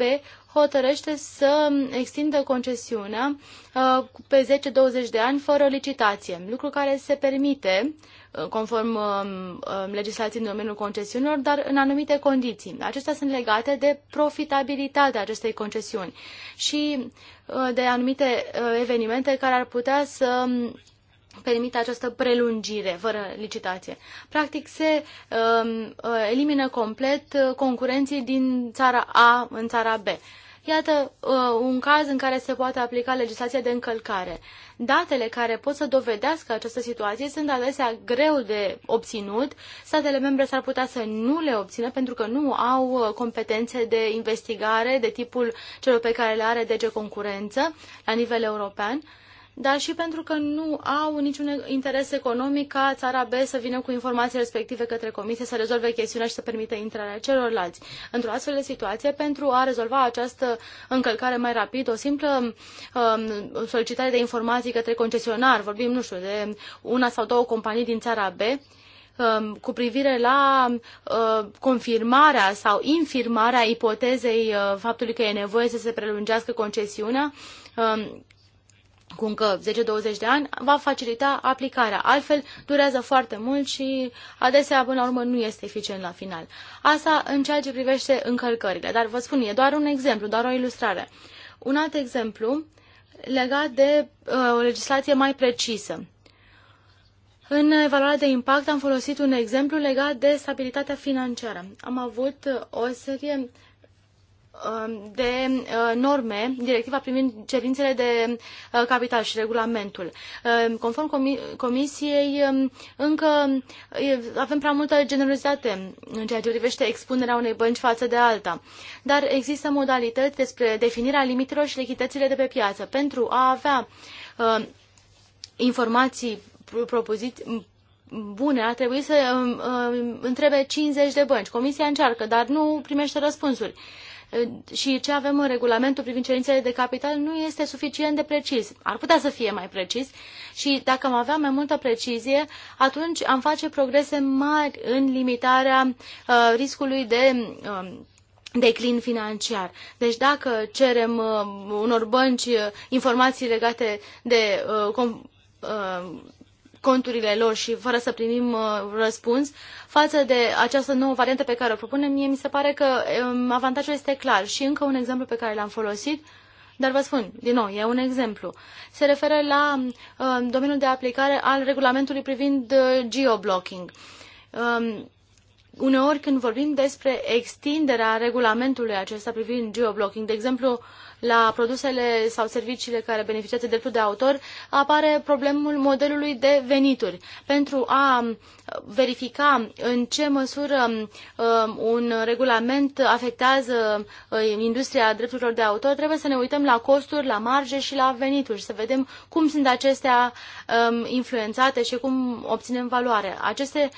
hotărăște să extindă concesiunea uh, pe 10-20 de ani fără licitație, lucru care se permite uh, conform um, legislației în domeniul concesiunilor, dar în anumite condiții. Acestea sunt legate de profitabilitatea acestei concesiuni și de anumite evenimente care ar putea să permite această prelungire fără licitație. Practic se um, uh, elimină complet uh, concurenții din țara A în țara B. Iată uh, un caz în care se poate aplica legislația de încălcare. Datele care pot să dovedească această situație sunt adesea greu de obținut. Statele membre s-ar putea să nu le obțină pentru că nu au uh, competențe de investigare de tipul celor pe care le are DG Concurență la nivel european. Uh, dar și pentru că nu au niciun interes economic ca țara B să vină cu informații respective către comisie, să rezolve chestiunea și să permită intrarea celorlalți. Într-o astfel de situație, pentru a rezolva această încălcare mai rapid, o simplă um, solicitare de informații către concesionar, vorbim, nu știu, de una sau două companii din țara B, um, cu privire la uh, confirmarea sau infirmarea ipotezei uh, faptului că e nevoie să se prelungească concesiunea, uh, cu încă 10-20 de ani, va facilita aplicarea. Altfel, durează foarte mult și adesea, până la urmă, nu este eficient la final. Asta în ceea ce privește încălcările. Dar vă spun, e doar un exemplu, doar o ilustrare. Un alt exemplu legat de uh, o legislație mai precisă. În evaluarea de impact am folosit un exemplu legat de stabilitatea financiară. Am avut uh, o serie Um, de uh, norme, directiva privind cerințele de uh, capital și regulamentul. Um, conform Comisiei, um, încă avem prea multă generozitate în ceea ce privește expunerea unei bănci față de alta. Dar există modalități despre definirea limitelor și lichiditățile de pe piață pentru a avea uh, informații propozite bune, ar trebui să uh, întrebe 50 de bănci. Comisia încearcă, dar nu primește răspunsuri. Uh, și ce avem în regulamentul privind cerințele de capital nu este suficient de precis. Ar putea să fie mai precis și dacă am avea mai multă precizie, atunci am face progrese mari în limitarea uh, riscului de uh, declin financiar. Deci dacă cerem uh, unor bănci uh, informații legate de uh, com, uh, conturile lor și fără să primim uh, răspuns față de această nouă variantă pe care o propunem, mie mi se pare că um, avantajul este clar. Și încă un exemplu pe care l-am folosit, dar vă spun, din nou, e un exemplu. Se referă la uh, domeniul de aplicare al regulamentului privind uh, geoblocking. Um, uneori când vorbim despre extinderea regulamentului acesta privind geoblocking, de exemplu, uh, la produsele sau serviciile care beneficiază de dreptul de autor, apare problemul modelului de venituri. Pentru a verifica în ce măsură um, un regulament afectează um, industria drepturilor de autor, trebuie să ne uităm la costuri, la marge și la venituri, să vedem cum sunt acestea um, influențate și cum obținem valoare. Aceste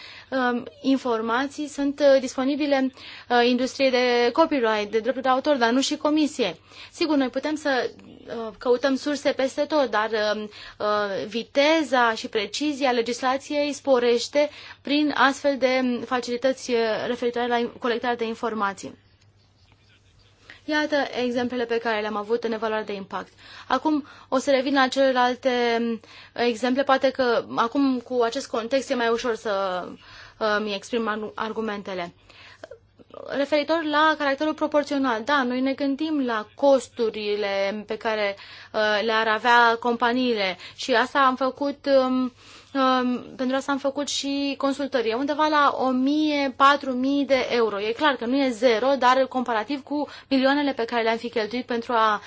informații sunt uh, disponibile uh, industriei de copyright, de dreptul de autor, dar nu și comisie. Sigur, Sigur, noi putem să uh, căutăm surse peste tot, dar uh, uh, viteza și precizia legislației sporește prin astfel de facilități referitoare la colectarea de informații. Iată exemplele pe care le-am avut în evaluarea de impact. Acum o să revin la celelalte um, exemple, poate că acum cu acest context e mai ușor să îmi exprim argumentele referitor la caracterul proporțional. Da, noi ne gândim la costurile pe care uh, le-ar avea companiile și asta am făcut um, um, pentru asta am făcut și consultări. E undeva la 1000-4000 de euro. E clar că nu e zero, dar comparativ cu milioanele pe care le-am fi cheltuit pentru a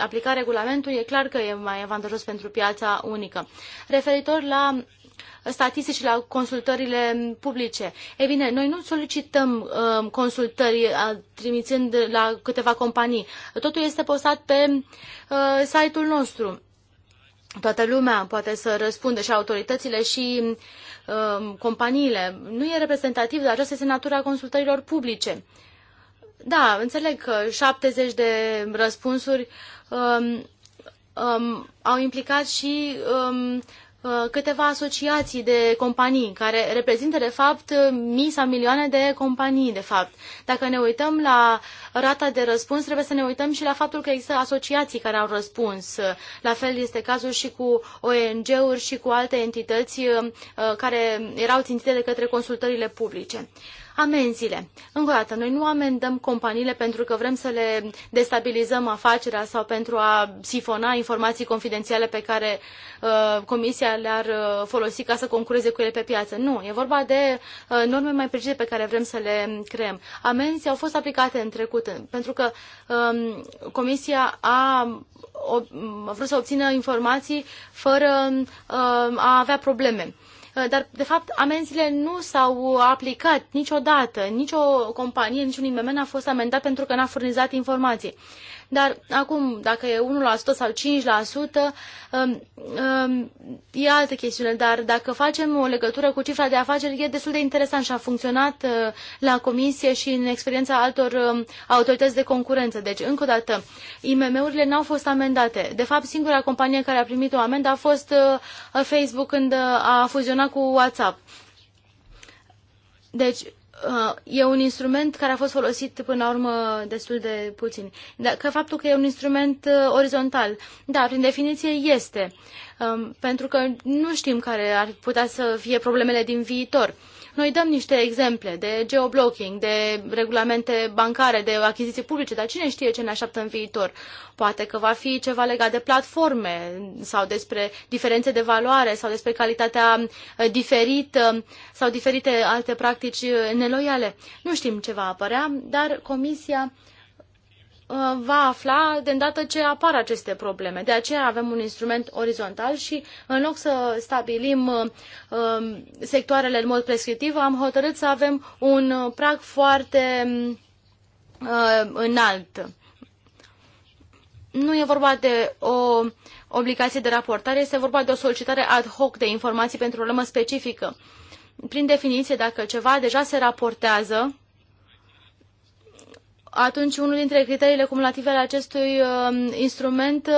aplica regulamentul, e clar că e mai avantajos pentru piața unică. Referitor la statisticile, consultările publice. Ei bine, noi nu solicităm uh, consultări uh, trimițând la câteva companii. Totul este postat pe uh, site-ul nostru. Toată lumea poate să răspundă și autoritățile și uh, companiile. Nu e reprezentativ, dar aceasta este natura consultărilor publice. Da, înțeleg că 70 de răspunsuri um, um, au implicat și um, Uh, câteva asociații de companii care reprezintă de fapt mii sau milioane de companii de fapt. Dacă ne uităm la rata de răspuns, trebuie să ne uităm și la faptul că există asociații care au răspuns. La fel este cazul și cu ONG-uri și cu alte entități uh, care erau țintite de către consultările publice. Amenziile. Încă o dată, noi nu amendăm companiile pentru că vrem să le destabilizăm afacerea sau pentru a sifona informații confidențiale pe care uh, comisia le-ar uh, folosi ca să concureze cu ele pe piață. Nu, e vorba de uh, norme mai precise pe care vrem să le creăm. Amenzi au fost aplicate în trecut pentru că um, comisia a, a vrut să obțină informații fără um, a avea probleme. Uh, dar de fapt amenziile nu s-au aplicat niciodată, nicio companie, niciun IMM n-a fost amendat pentru că n-a furnizat informații. Dar acum, dacă e 1% sau 5%, um, um, e altă chestiune. Dar dacă facem o legătură cu cifra de afaceri, e destul de interesant și a funcționat uh, la comisie și în experiența altor um, autorități de concurență. Deci, încă o dată, IMM-urile n-au fost amendate. De fapt, singura companie care a primit o amendă a fost uh, Facebook când uh, a fuzionat cu WhatsApp. Deci, Uh, e un instrument care a fost folosit până la urmă destul de puțin. Da, că faptul că e un instrument uh, orizontal, da, prin definiție este. Uh, Um, pentru că nu știm care ar putea să fie problemele din viitor. Noi dăm niște exemple de geoblocking, de regulamente bancare, de achiziții publice, dar cine știe ce ne așteaptă în viitor? Poate că va fi ceva legat de platforme sau despre diferențe de valoare sau despre calitatea uh, diferită um, sau diferite alte practici uh, neloiale. Nu știm ce va apărea, dar Comisia Uh, va afla de îndată ce apar aceste probleme. De aceea avem un instrument orizontal și în loc să stabilim uh, um, sectoarele în mod prescriptiv, am hotărât să avem un prag foarte um, uh, înalt. Nu e vorba de o obligație de raportare, este vorba de o solicitare ad hoc de informații pentru o problemă specifică. Prin definiție, dacă ceva deja se raportează, atunci unul dintre criteriile cumulative ale acestui uh, instrument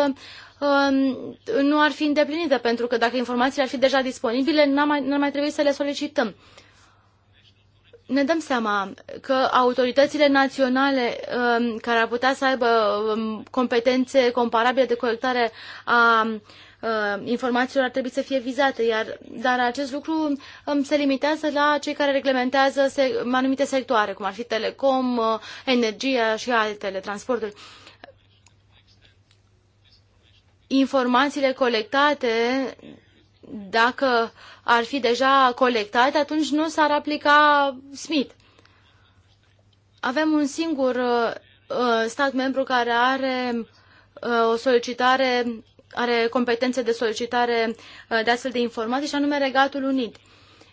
uh, nu ar fi îndeplinite, pentru că dacă informațiile ar fi deja disponibile, n-ar mai, n-ar mai trebui să le solicităm. Ne dăm seama că autoritățile naționale uh, care ar putea să aibă competențe comparabile de colectare a uh, Uh, informațiilor ar trebui să fie vizate, iar, dar acest lucru um, se limitează la cei care reglementează se, anumite sectoare, cum ar fi telecom, uh, energia și altele, transporturi. Informațiile colectate dacă ar fi deja colectate, atunci nu s-ar aplica SMIT. Avem un singur uh, stat membru care are uh, o solicitare are competențe de solicitare uh, de astfel de informații, și anume Regatul Unit.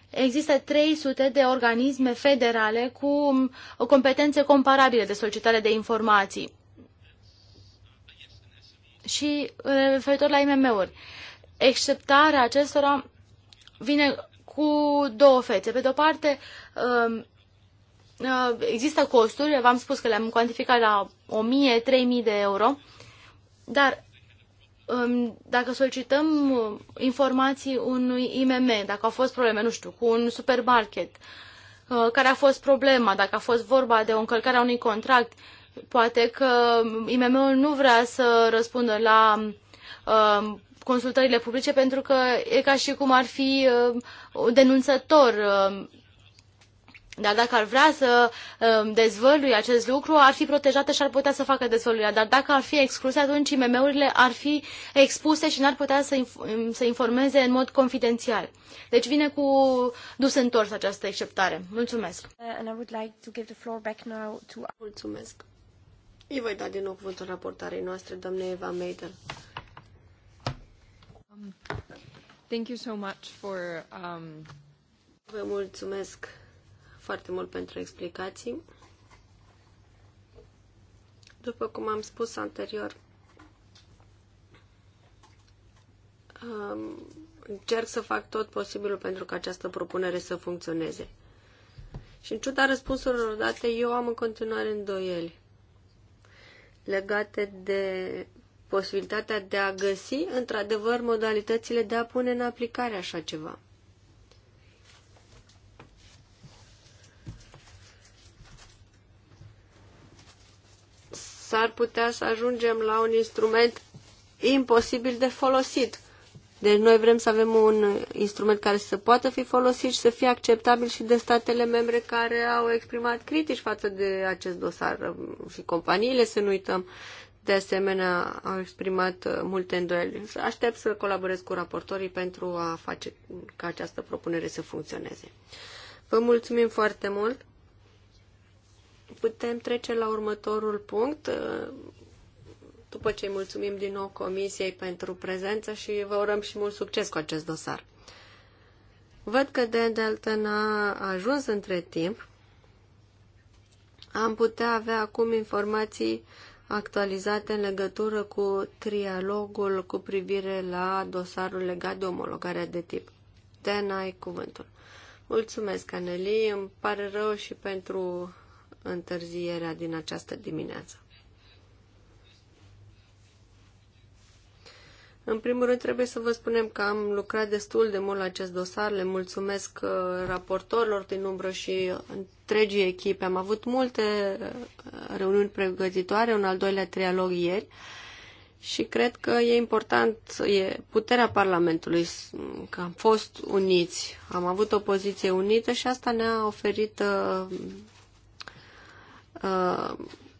Există 300 de organisme federale cu uh, competențe comparabile de solicitare de informații. Și uh, referitor la IMM-uri, exceptarea acestora vine cu două fețe. Pe de o parte, um, există costuri, v-am spus că le-am cuantificat la 1000-3000 de euro, dar dacă solicităm uh, informații unui IMM, dacă au fost probleme, nu știu, cu un supermarket, uh, care a fost problema, dacă a fost vorba de o încălcare a unui contract, poate că IMM-ul nu vrea să răspundă la uh, consultările publice pentru că e ca și cum ar fi denunțător dar dacă ar vrea să um, dezvăluie acest lucru, ar fi protejată și ar putea să facă dezvăluirea. Dar dacă ar fi excluse, atunci IMM-urile ar fi expuse și n-ar putea să, inf- um, să informeze în mod confidențial. Deci vine cu dus întors această exceptare. Mulțumesc. Mulțumesc. Îi voi da din nou cuvântul raportarei noastre, doamne Eva Meidel. Um, thank you so much for, um... Vă mulțumesc foarte mult pentru explicații. După cum am spus anterior, um, încerc să fac tot posibilul pentru ca această propunere să funcționeze. Și în ciuda răspunsurilor date, eu am în continuare îndoieli legate de posibilitatea de a găsi, într-adevăr, modalitățile de a pune în aplicare așa ceva. s-ar putea să ajungem la un instrument imposibil de folosit. Deci noi vrem să avem un instrument care să poată fi folosit și să fie acceptabil și de statele membre care au exprimat critici față de acest dosar um, și companiile, să nu uităm, de asemenea au exprimat uh, multe îndoieli. Aștept să colaborez cu raportorii pentru a face ca această propunere să funcționeze. Vă mulțumim foarte mult! putem trece la următorul punct, uh, după ce îi mulțumim din nou Comisiei pentru prezență și vă urăm și mult succes cu acest dosar. Văd că de Delton a ajuns între timp. Am putea avea acum informații actualizate în legătură cu trialogul cu privire la dosarul legat de omologarea de tip. Dan, ai cuvântul. Mulțumesc, Aneli. Îmi pare rău și pentru întârzierea din această dimineață. În primul rând, trebuie să vă spunem că am lucrat destul de mult la acest dosar. Le mulțumesc uh, raportorilor din umbră și întregii echipe. Am avut multe uh, reuniuni pregătitoare, un al doilea trialog ieri și cred că e important, e puterea Parlamentului, că am fost uniți, am avut o poziție unită și asta ne-a oferit uh, uh,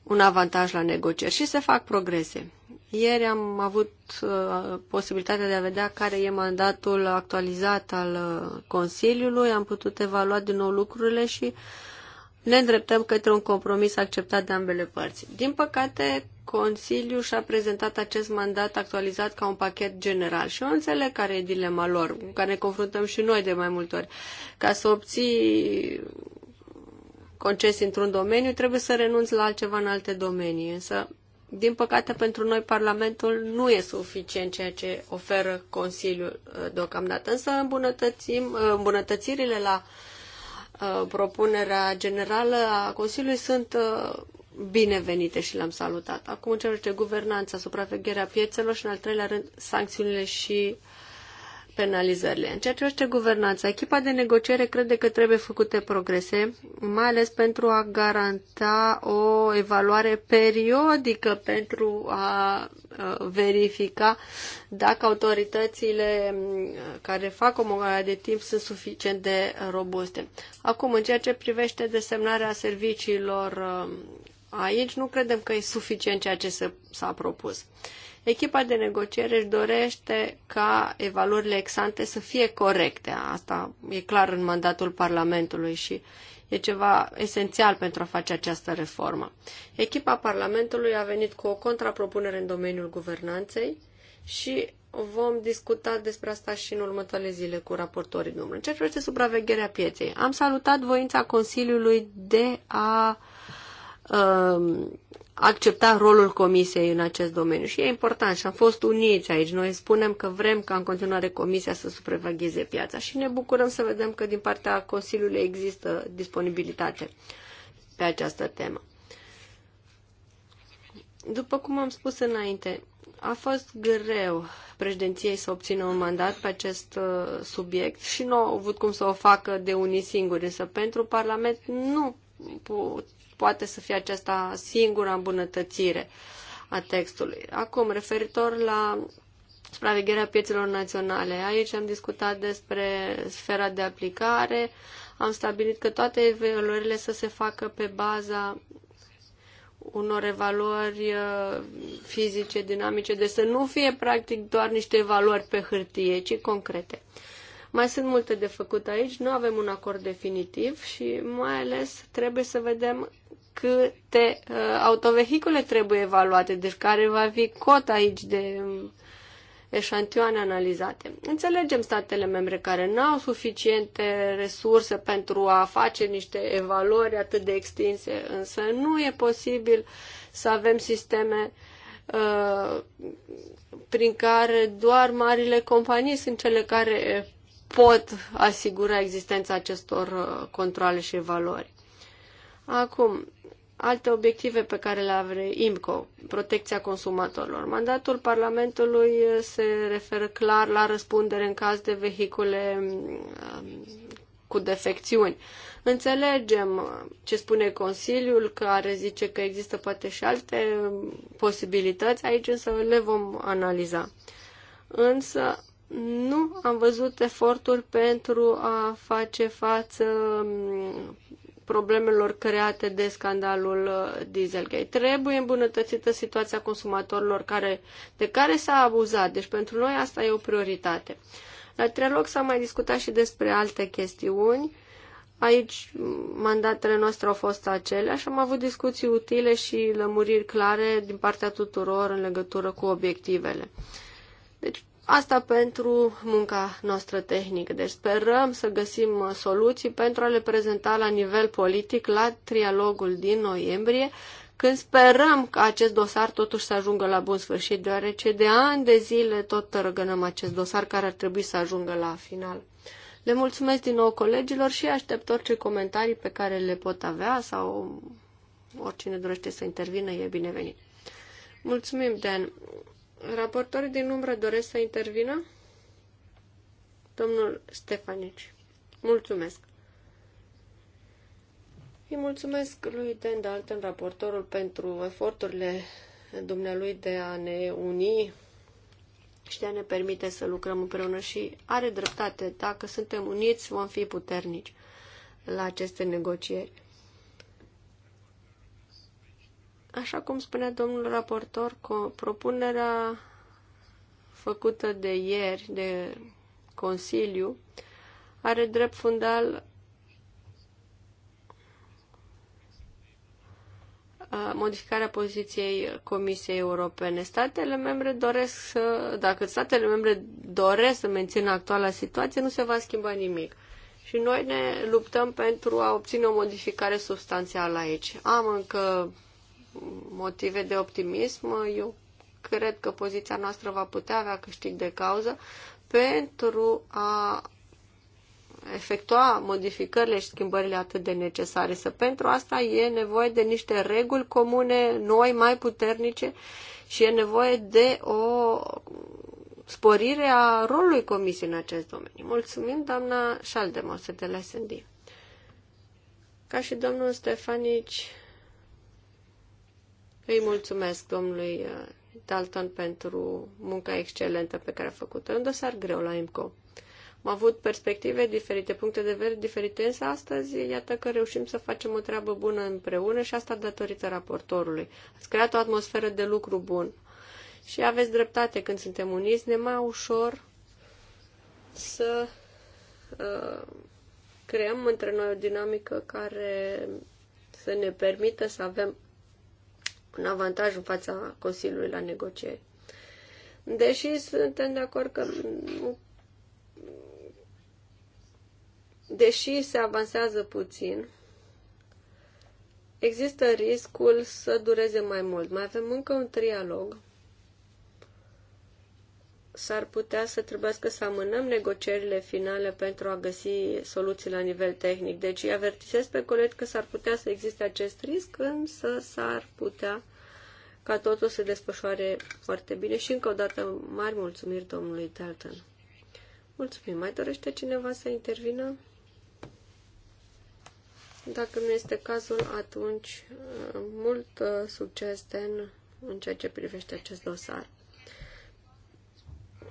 un avantaj la negocieri și se fac progrese. Ieri am avut uh, posibilitatea de a vedea care e mandatul actualizat al uh, Consiliului, am putut evalua din nou lucrurile și ne îndreptăm către un compromis acceptat de ambele părți. Din păcate, Consiliul și-a prezentat acest mandat actualizat ca un pachet general și eu înțeleg care e dilema lor, cu care ne confruntăm și noi de mai multe ori. Ca să obții concesii într-un domeniu, trebuie să renunți la altceva în alte domenii. Însă, din păcate, pentru noi Parlamentul nu e suficient ceea ce oferă Consiliul uh, deocamdată. Însă îmbunătățim, uh, îmbunătățirile la uh, propunerea generală a Consiliului sunt binevenite și le-am salutat. Acum ce guvernanța, supravegherea piețelor și, în al treilea rând, sancțiunile și uh, penalizările. În ceea ce privește guvernanța, echipa de negociere crede că trebuie făcute progrese, mai ales pentru a garanta o evaluare periodică pentru a verifica dacă autoritățile mm, care fac omogarea de timp sunt suficient de robuste. Acum, în ceea ce privește desemnarea serviciilor mm, aici, nu credem că e suficient ceea ce s-a propus. Uh, Echipa de negociere își dorește ca evaluările exante să fie corecte. Asta e clar în mandatul Parlamentului și e ceva esențial pentru a face această reformă. Echipa Parlamentului a venit cu o contrapropunere în domeniul guvernanței și vom discuta despre asta și în următoarele zile cu raportorii dumneavoastră. În ce privește supravegherea pieței, am salutat voința Consiliului de a um, accepta rolul comisiei în acest domeniu și e important și am fost uniți aici. Noi spunem că vrem ca în continuare comisia să supravegheze piața și ne bucurăm să vedem că din partea Consiliului există disponibilitate pe această temă. După cum am spus înainte, a fost greu președinției să obțină un mandat pe acest uh, subiect și nu au avut cum să o facă de unii singuri, însă pentru Parlament nu poate să fie aceasta singura îmbunătățire a textului. Acum, referitor la supravegherea piețelor naționale, aici am discutat despre sfera de aplicare, am stabilit că toate evaluările să se facă pe baza unor evaluări uh, fizice, dinamice, deci să nu fie practic doar niște evaluări pe hârtie, ci concrete. Mai sunt multe de făcut aici, nu avem un acord definitiv și mai ales trebuie să vedem câte uh, autovehicule trebuie evaluate, deci care va fi cot aici de um, eșantioane analizate. Înțelegem statele membre care nu au suficiente resurse pentru a face niște evaluări atât de extinse, însă nu e posibil să avem sisteme uh, prin care doar marile companii sunt cele care pot asigura existența acestor uh, controle și evaluări. Acum, alte obiective pe care le are IMCO, protecția consumatorilor. Mandatul Parlamentului uh, se referă clar la răspundere în caz de vehicule um, cu defecțiuni. Înțelegem uh, ce spune Consiliul, care zice că există poate și alte um, posibilități, aici însă le vom analiza. Însă nu am văzut eforturi pentru a face față mm, problemelor create de scandalul uh, Dieselgate. Trebuie îmbunătățită situația consumatorilor care, de care s-a abuzat. Deci pentru noi asta e o prioritate. La trilog s-a mai discutat și despre alte chestiuni. Aici mm, mandatele noastre au fost și Am avut discuții utile și lămuriri clare din partea tuturor în legătură cu obiectivele. Deci Asta pentru munca noastră tehnică. Deci sperăm să găsim soluții pentru a le prezenta la nivel politic la trialogul din noiembrie, când sperăm că acest dosar totuși să ajungă la bun sfârșit, deoarece de ani de zile tot tărăgănăm acest dosar care ar trebui să ajungă la final. Le mulțumesc din nou colegilor și aștept orice comentarii pe care le pot avea sau oricine dorește să intervină e binevenit. Mulțumim, Dan. Raportorii din umbră doresc să intervină? Domnul Stefanici. Mulțumesc. Îi mulțumesc lui Dan Dalton, raportorul, pentru eforturile dumnealui de a ne uni și de a ne permite să lucrăm împreună și are dreptate. Dacă suntem uniți, vom fi puternici la aceste negocieri. Așa cum spunea domnul raportor, propunerea făcută de ieri de Consiliu are drept fundal modificarea poziției Comisiei Europene. Statele membre doresc să, dacă statele membre doresc să mențină actuala situație, nu se va schimba nimic. Și noi ne luptăm pentru a obține o modificare substanțială aici. Am încă motive de optimism, eu cred că poziția noastră va putea avea câștig de cauză pentru a efectua modificările și schimbările atât de necesare. Să pentru asta e nevoie de niște reguli comune noi, mai puternice și e nevoie de o sporire a rolului Comisiei în acest domeniu. Mulțumim, doamna Șaldemose de la SND. Ca și domnul Stefanici, îi mulțumesc domnului uh, Dalton pentru munca excelentă pe care a făcut-o. un dosar greu la IMCO. Am avut perspective diferite, puncte de vedere diferite, însă astăzi iată că reușim să facem o treabă bună împreună și asta datorită raportorului. Ați creat o atmosferă de lucru bun. Și aveți dreptate când suntem uniți, ne mai ușor să uh, creăm între noi o dinamică care să ne permită să avem un avantaj în fața Consiliului la negocieri. Deși suntem de acord că deși se avansează puțin, există riscul să dureze mai mult. Mai avem încă un trialog s-ar putea să trebuiască să amânăm negocierile finale pentru a găsi soluții la nivel tehnic. Deci îi avertisez pe colegi că s-ar putea să existe acest risc, însă s-ar putea ca totul să desfășoare foarte bine și încă o dată mari mulțumiri domnului Dalton. Mulțumim. Mai dorește cineva să intervină? Dacă nu este cazul, atunci mult uh, succes în, în ceea ce privește acest dosar.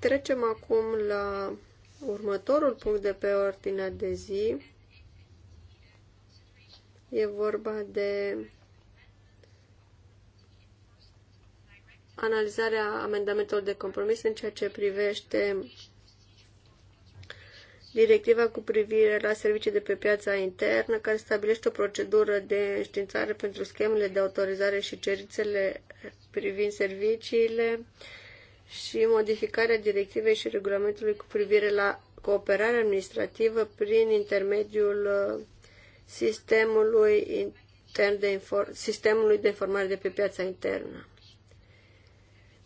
Trecem acum la următorul punct de pe ordinea de zi. E vorba de analizarea amendamentelor de compromis în ceea ce privește directiva cu privire la servicii de pe piața internă, care stabilește o procedură de înștiințare pentru schemele de autorizare și cerințele privind serviciile, uh, și modificarea directivei și regulamentului cu privire la cooperarea administrativă prin intermediul uh, sistemului, intern de, sistemului de informare de pe piața internă.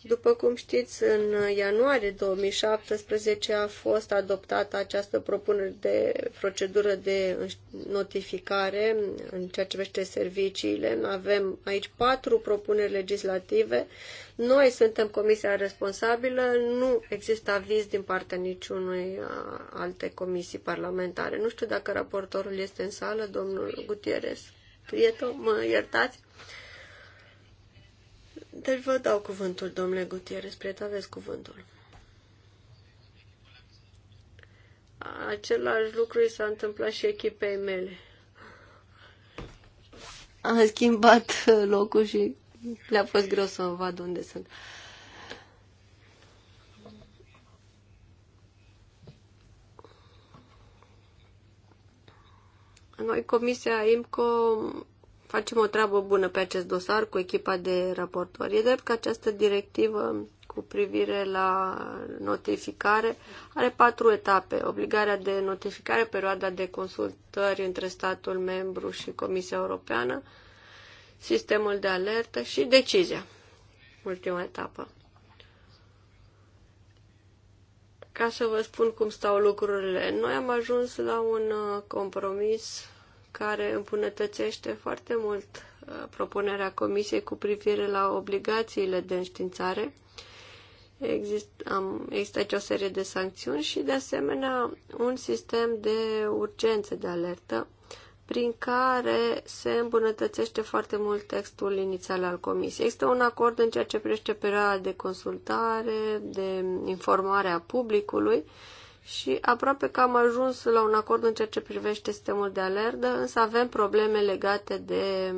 După cum știți, în ianuarie 2017 a fost adoptată această propunere de procedură de notificare în ceea ce privește serviciile. Avem aici patru propuneri legislative. Noi suntem comisia responsabilă, nu există aviz din partea niciunui alte comisii parlamentare. Nu știu dacă raportorul este în sală, domnul Gutierrez. Prieto, mă iertați? Deci vă dau cuvântul, domnule Gutierrez, prieten, aveți cuvântul. Același lucru i s-a întâmplat și echipei mele. Am schimbat locul și le-a fost greu să vad unde sunt. Noi, Comisia IMCO, facem o treabă bună pe acest dosar cu echipa de raportori. E drept că această directivă cu privire la notificare are patru etape. Obligarea de notificare, perioada de consultări între statul membru și Comisia Europeană, sistemul de alertă și decizia. Ultima etapă. Ca să vă spun cum stau lucrurile, noi am ajuns la un uh, compromis care îmbunătățește foarte mult uh, propunerea Comisiei cu privire la obligațiile de înștiințare. Exist, am, există aici o serie de sancțiuni și, de asemenea, un sistem de urgențe de alertă prin care se îmbunătățește foarte mult textul inițial al Comisiei. Există un acord în ceea ce privește perioada de consultare, de informare a publicului, uh, și aproape că am ajuns la un acord în ceea ce privește sistemul de alertă, însă avem probleme legate de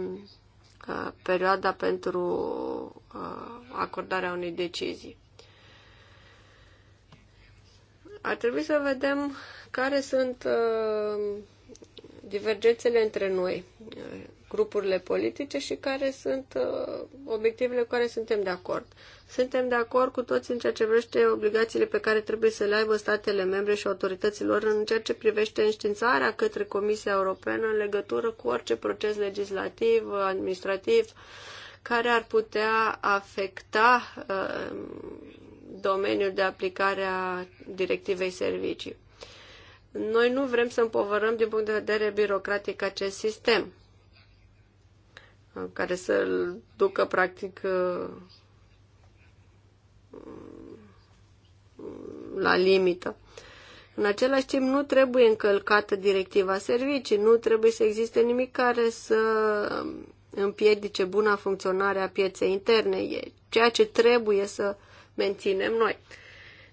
uh, perioada pentru uh, acordarea unei decizii. Ar trebui să vedem care sunt uh, divergențele între noi grupurile politice și care sunt uh, obiectivele cu care suntem de acord. Suntem de acord cu toți în ceea ce privește obligațiile pe care trebuie să le aibă statele membre și autorităților în ceea ce privește înștiințarea către Comisia Europeană în legătură cu orice proces legislativ, administrativ, care ar putea afecta uh, domeniul de aplicare a directivei servicii. Noi nu vrem să împovărăm din punct de vedere birocratic acest sistem care să-l ducă practic uh, la limită. În același timp, nu trebuie încălcată directiva servicii, nu trebuie să existe nimic care să împiedice buna funcționare a pieței interne, e ceea ce trebuie să menținem noi.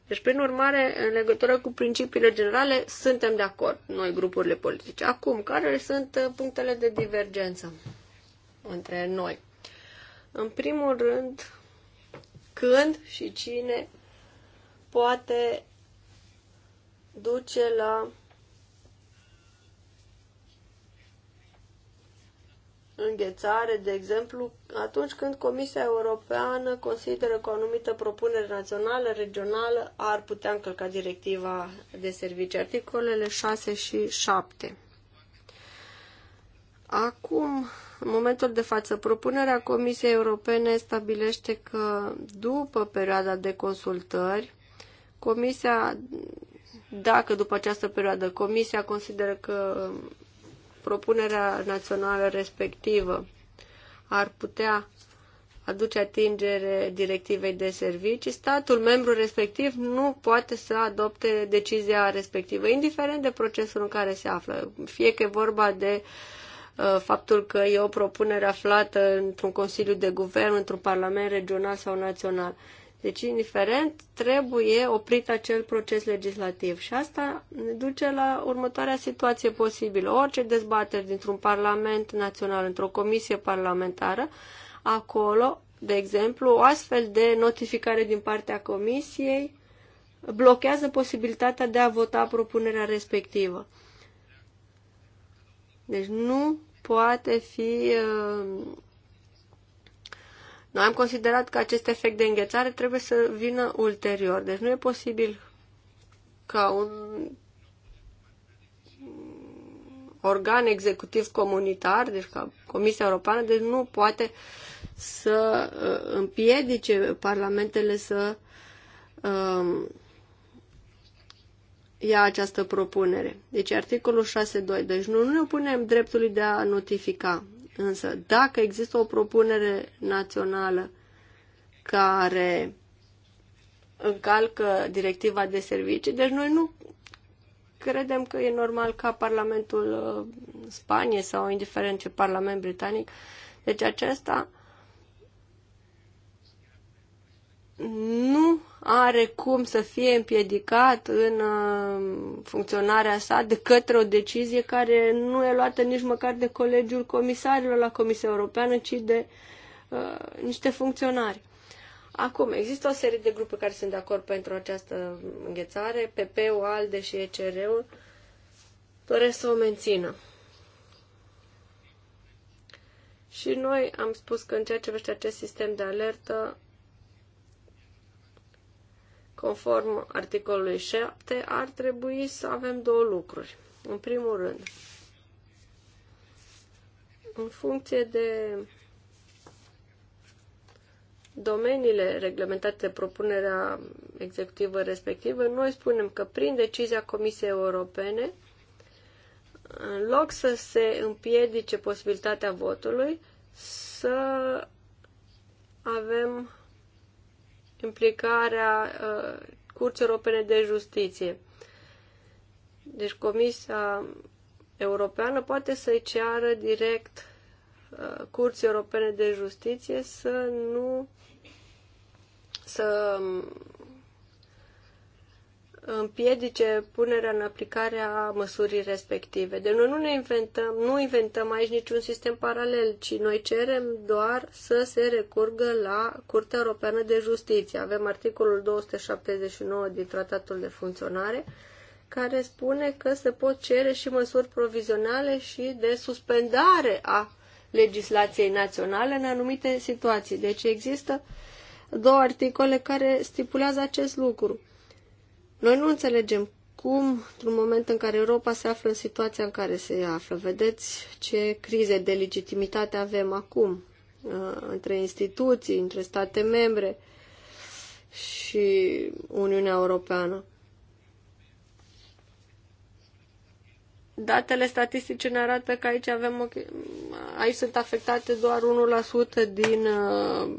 Deci, prin urmare, în legătură cu principiile generale, suntem de acord, noi, grupurile politice. Acum, care sunt uh, punctele de divergență? între noi. În primul rând, când și cine poate duce la înghețare, de exemplu, atunci când Comisia Europeană consideră că o anumită propunere națională, regională, ar putea încălca directiva de servicii, articolele 6 și 7. Acum, în momentul de față, propunerea Comisiei Europene stabilește că după perioada de consultări, Comisia, dacă după această perioadă Comisia consideră că um, propunerea națională respectivă ar putea aduce atingere directivei de servicii, statul membru respectiv nu poate să adopte decizia respectivă, indiferent de procesul în care se află. Fie că e vorba de uh, Uh, faptul că e o propunere aflată într-un Consiliu de Guvern, într-un Parlament regional sau național. Deci, indiferent, trebuie oprit acel proces legislativ. Și asta ne duce la următoarea situație posibilă. Orice dezbateri dintr-un Parlament național, într-o comisie parlamentară, acolo, de exemplu, o astfel de notificare din partea comisiei blochează posibilitatea de a vota propunerea respectivă. Deci nu poate fi... Uh, noi am considerat că acest efect de înghețare trebuie să vină ulterior. Deci nu e posibil ca un organ executiv comunitar, deci ca Comisia Europeană, deci nu poate să uh, împiedice parlamentele să um, ia această propunere. Deci articolul 6.2. Deci nu, nu ne opunem dreptului de a notifica. Însă, dacă există o propunere națională care încalcă directiva de servicii, deci noi nu credem că e normal ca Parlamentul uh, Spaniei sau indiferent ce Parlament britanic, deci acesta nu are cum să fie împiedicat în uh, funcționarea sa de către o decizie care nu e luată nici măcar de Colegiul Comisarilor la Comisia Europeană, ci de uh, niște funcționari. Acum, există o serie de grupuri care sunt de acord pentru această înghețare. PP-ul, ALDE și ECR-ul doresc să o mențină. Și noi am spus că în ceea ce vește acest sistem de alertă, Conform articolului 7, ar trebui să avem două lucruri. În primul rând, în funcție de domeniile reglementate de propunerea executivă respectivă, noi spunem că prin decizia Comisiei Europene, în loc să se împiedice posibilitatea votului, să avem implicarea uh, Curții Europene de Justiție. Deci Comisia Europeană poate să-i ceară direct uh, Curții Europene de Justiție să nu să împiedice punerea în aplicare a măsurii respective. Deci noi nu ne inventăm, nu inventăm aici niciun sistem paralel, ci noi cerem doar să se recurgă la Curtea Europeană de Justiție. Avem articolul 279 din Tratatul de Funcționare care spune că se pot cere și măsuri provizionale și de suspendare a legislației naționale în anumite situații. Deci există două articole care stipulează acest lucru. Noi nu înțelegem cum, într-un moment în care Europa se află în situația în care se află, vedeți ce crize de legitimitate avem acum uh, între instituții, între state membre și Uniunea Europeană. Datele statistice ne arată că aici avem aici sunt afectate doar 1% din uh,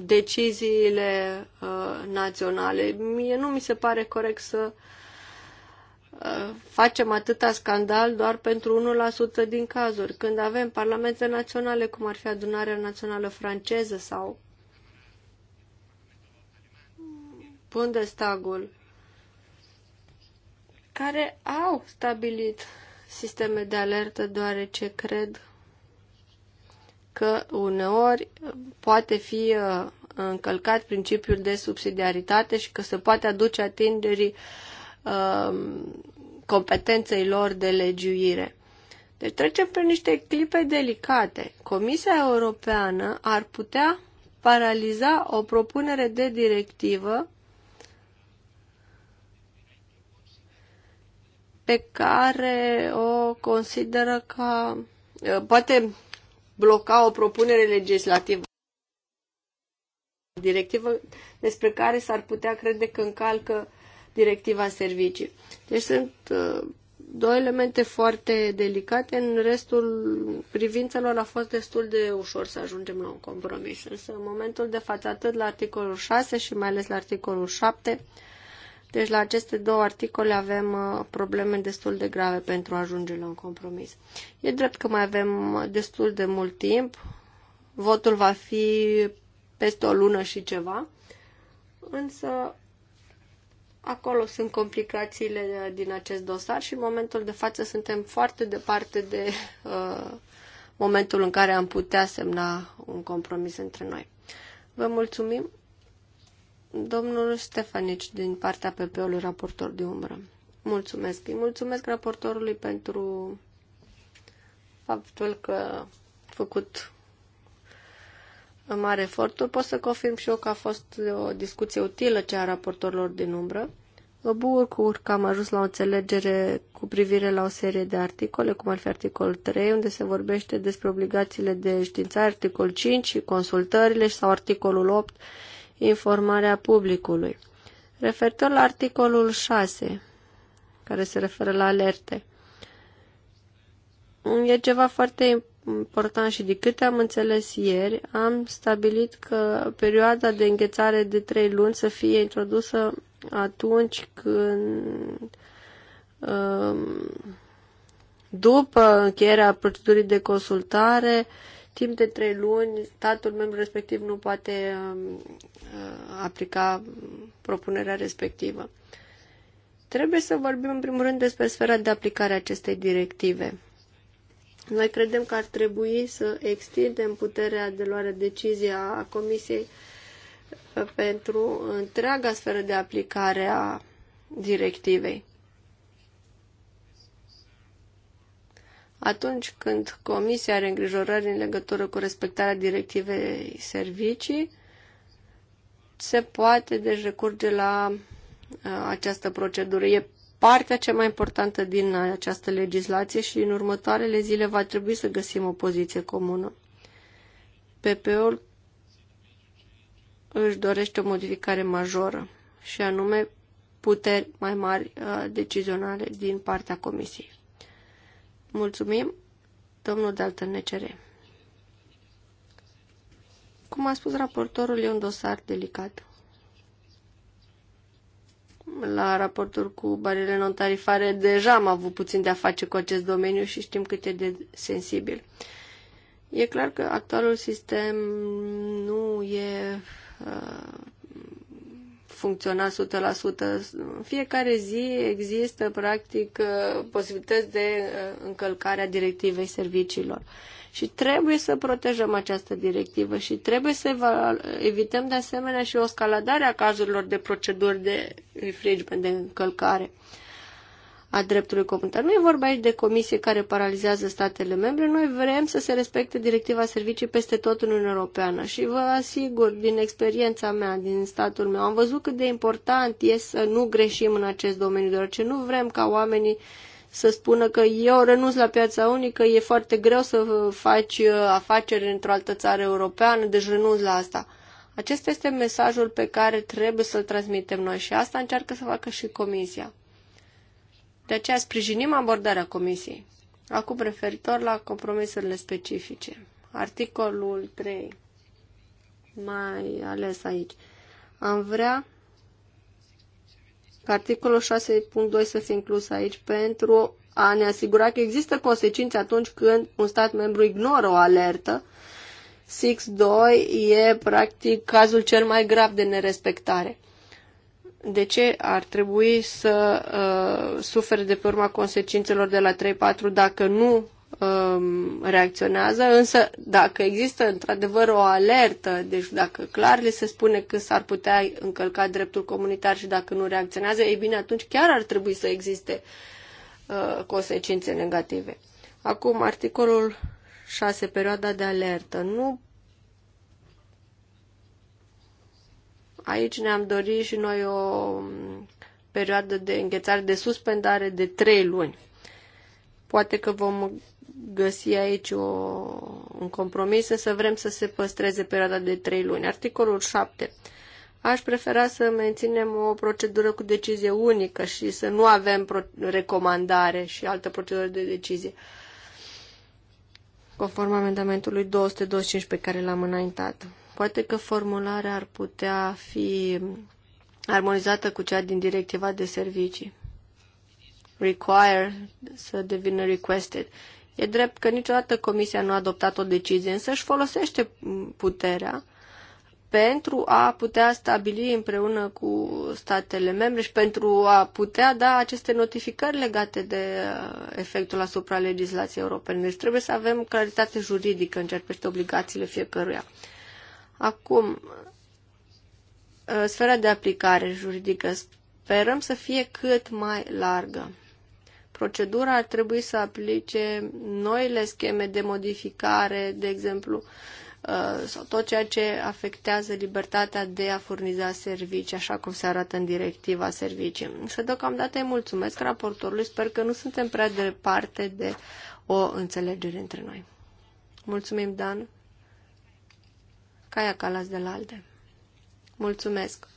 deciziile uh, naționale. Mie nu mi se pare corect să uh, facem atâta scandal doar pentru 1% din cazuri, când avem parlamente naționale, cum ar fi adunarea națională franceză sau Bundestagul, care au stabilit sisteme de alertă, deoarece cred că uneori poate fi uh, încălcat principiul de subsidiaritate și că se poate aduce atingerii um, competenței lor de legiuire. Deci trecem prin niște clipe delicate. Comisia Europeană ar putea paraliza o propunere de directivă pe care o consideră ca uh, poate bloca o propunere legislativă directivă despre care s-ar putea crede că încalcă directiva servicii. Deci sunt uh, două elemente foarte delicate. În restul privințelor a fost destul de ușor să ajungem la un compromis. Însă în momentul de față atât la articolul 6 și mai ales la articolul 7 deci la aceste două articole avem uh, probleme destul de grave pentru a ajunge la un compromis. E drept că mai avem uh, destul de mult timp. Votul va fi peste o lună și ceva. Însă acolo sunt complicațiile uh, din acest dosar și în momentul de față suntem foarte departe de uh, momentul în care am putea semna un compromis între noi. Vă mulțumim. Domnul Ștefanici, din partea PP-ului, raportor de umbră. Mulțumesc. Îi mulțumesc raportorului pentru faptul că a făcut în mare efortul. Pot să confirm și eu că a fost o discuție utilă cea a raportorilor din umbră. Mă bucur că am ajuns la o înțelegere cu privire la o serie de articole, cum ar fi articolul 3, unde se vorbește despre obligațiile de știință, articolul 5 și consultările, sau articolul 8, informarea publicului. Referitor la articolul 6, care se referă la alerte, e ceva foarte important și de câte am înțeles ieri, am stabilit că perioada de înghețare de 3 luni să fie introdusă atunci când um, după încheierea procedurii de consultare timp de trei luni statul membru respectiv nu poate um, uh, aplica propunerea respectivă. Trebuie să vorbim în primul rând despre sfera de aplicare a acestei directive. Noi credem că ar trebui să extindem puterea de luare decizie a Comisiei uh, pentru întreaga sferă de aplicare a directivei. atunci când Comisia are îngrijorări în legătură cu respectarea directivei servicii, se poate deci recurge la uh, această procedură. E partea cea mai importantă din această legislație și în următoarele zile va trebui să găsim o poziție comună. ppo ul își dorește o modificare majoră și anume puteri mai mari uh, decizionale din partea Comisiei. Mulțumim, domnul Dalton Necere. Cum a spus raportorul, e un dosar delicat. La raportul cu barele non-tarifare deja am avut puțin de a face cu acest domeniu și știm cât e de sensibil. E clar că actualul sistem nu e uh, funcționa 100%. În fiecare zi există, practic, uh, posibilități de uh, încălcare a directivei serviciilor. Și trebuie să protejăm această directivă și trebuie să evităm de asemenea și o scaladare a cazurilor de proceduri de infringement, de încălcare. Uh, a dreptului comunitar. Nu e vorba aici de comisie care paralizează statele membre, noi vrem să se respecte directiva servicii peste tot în Uniunea Europeană și vă asigur, din experiența mea, din statul meu, am văzut cât de important e să nu greșim în acest domeniu, deoarece nu vrem ca oamenii să spună că eu renunț la piața unică, e foarte greu să faci uh, afaceri într-o altă țară europeană, deci renunț la asta. Acesta este mesajul pe care trebuie să-l transmitem noi și asta încearcă să facă și Comisia. De aceea sprijinim abordarea comisiei. Acum referitor la compromisurile specifice. Articolul 3, mai ales aici. Am vrea ca articolul 6.2 să fie inclus aici pentru a ne asigura că există consecințe atunci când un stat membru ignoră o alertă. 6.2 e practic cazul cel mai grav de nerespectare de ce ar trebui să uh, sufere de pe urma consecințelor de la 3-4 dacă nu um, reacționează, însă dacă există într-adevăr o alertă, deci dacă clar li se spune că s-ar putea încălca dreptul comunitar și dacă nu reacționează, ei bine, atunci chiar ar trebui să existe uh, consecințe negative. Acum, articolul 6, perioada de alertă. Nu Aici ne-am dorit și noi o perioadă de înghețare, de suspendare de 3 luni. Poate că vom găsi aici o, un compromis, însă vrem să se păstreze perioada de 3 luni. Articolul 7. Aș prefera să menținem o procedură cu decizie unică și să nu avem recomandare și altă procedură de decizie, conform amendamentului 225 pe care l-am înaintat. Poate că formularea ar putea fi armonizată cu cea din directiva de servicii. Require să devină requested. E drept că niciodată Comisia nu a adoptat o decizie, însă își folosește puterea pentru a putea stabili împreună cu statele membre și pentru a putea da aceste notificări legate de uh, efectul asupra legislației europene. Deci trebuie să avem claritate juridică în ceea ce privește obligațiile fiecăruia. Acum, ă, sfera de aplicare juridică sperăm să fie cât mai largă. Procedura ar trebui să aplice noile scheme de modificare, de exemplu, ă, sau tot ceea ce afectează libertatea de a furniza servicii, așa cum se arată în directiva servicii. Să deocamdată îi mulțumesc raportorului, sper că nu suntem prea departe de o înțelegere între noi. Mulțumim, Dan. Caia Calas de la ALDE. Mulțumesc!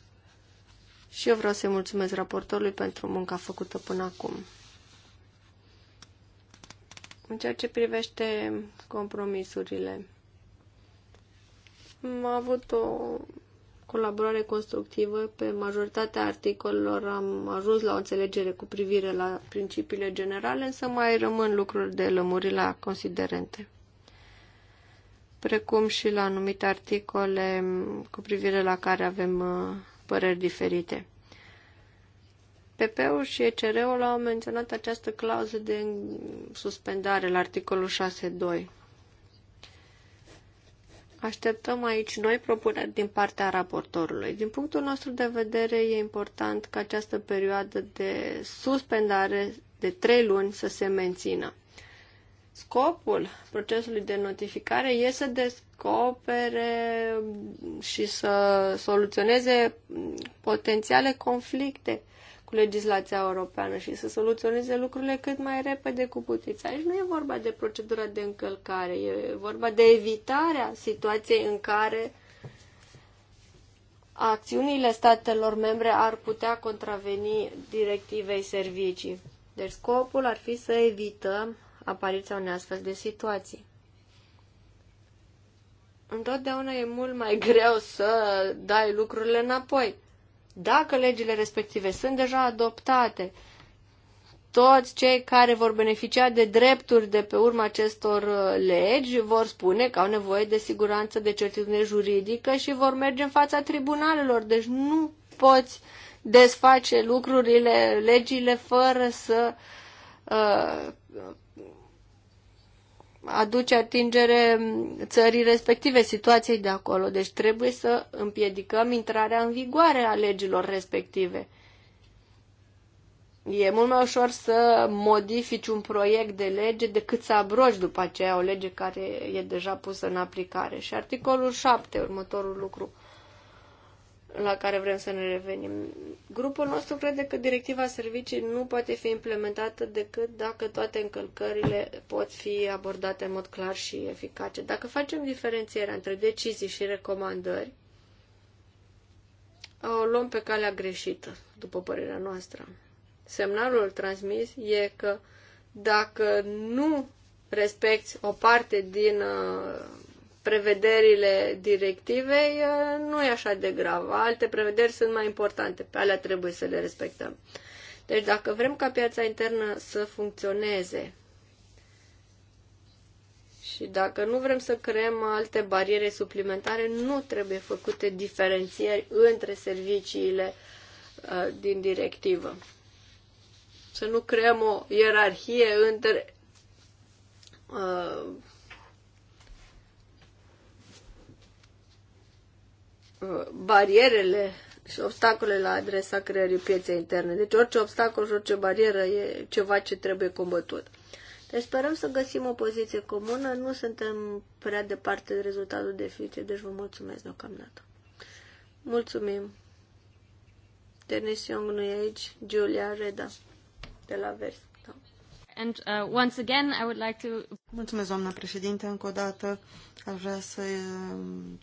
Și eu vreau să-i mulțumesc raportorului pentru munca făcută până acum. În ceea ce privește compromisurile, am avut o colaborare constructivă pe majoritatea articolelor. Am ajuns la o înțelegere cu privire la principiile generale, însă mai rămân lucruri de lămuri la considerente precum și la anumite articole cu privire la care avem uh, păreri diferite. PP-ul și ECR-ul au menționat această clauză de suspendare la articolul 6.2. Așteptăm aici noi propuneri din partea raportorului. Din punctul nostru de vedere, e important ca această perioadă de suspendare de trei luni să se mențină. Scopul procesului de notificare este să descopere și să soluționeze potențiale conflicte cu legislația europeană și să soluționeze lucrurile cât mai repede cu putință. Aici nu e vorba de procedura de încălcare, e vorba de evitarea situației în care acțiunile statelor membre ar putea contraveni directivei servicii. Deci scopul ar fi să evităm apariția unei astfel de situații. Întotdeauna e mult mai greu să dai lucrurile înapoi. Dacă legile respective sunt deja adoptate, toți cei care vor beneficia de drepturi de pe urma acestor uh, legi vor spune că au nevoie de siguranță, de certitudine juridică și vor merge în fața tribunalelor. Deci nu poți desface lucrurile, legile, fără să uh, aduce atingere țării respective, situației de acolo. Deci trebuie să împiedicăm intrarea în vigoare a legilor respective. E mult mai ușor să modifici un proiect de lege decât să abrogi după aceea o lege care e deja pusă în aplicare. Și articolul 7, următorul lucru la care vrem să ne revenim. Grupul nostru crede că directiva servicii nu poate fi implementată decât dacă toate încălcările pot fi abordate în mod clar și eficace. Dacă facem diferențierea între decizii și recomandări, o luăm pe calea greșită, după părerea noastră. Semnalul transmis e că dacă nu respecti o parte din uh, prevederile directivei, ă, nu e așa de grav. Alte prevederi sunt mai importante, pe alea trebuie să le respectăm. Deci dacă vrem ca piața internă să funcționeze și dacă nu vrem să creăm alte bariere suplimentare, nu trebuie făcute diferențieri între serviciile ă, din directivă. Să nu creăm o ierarhie între uh, Uh, barierele și obstacolele la adresa creării pieței interne. Deci orice obstacol și orice barieră e ceva ce trebuie combătut. Deci sperăm să găsim o poziție comună, nu suntem prea departe de rezultatul deficit, deci vă mulțumesc deocamdată. Mulțumim. Dennis Young nu e aici, Julia Reda de la Vers. Da. And uh, once again, I would like to... Mulțumesc, doamna președinte, încă o dată aș vrea să um,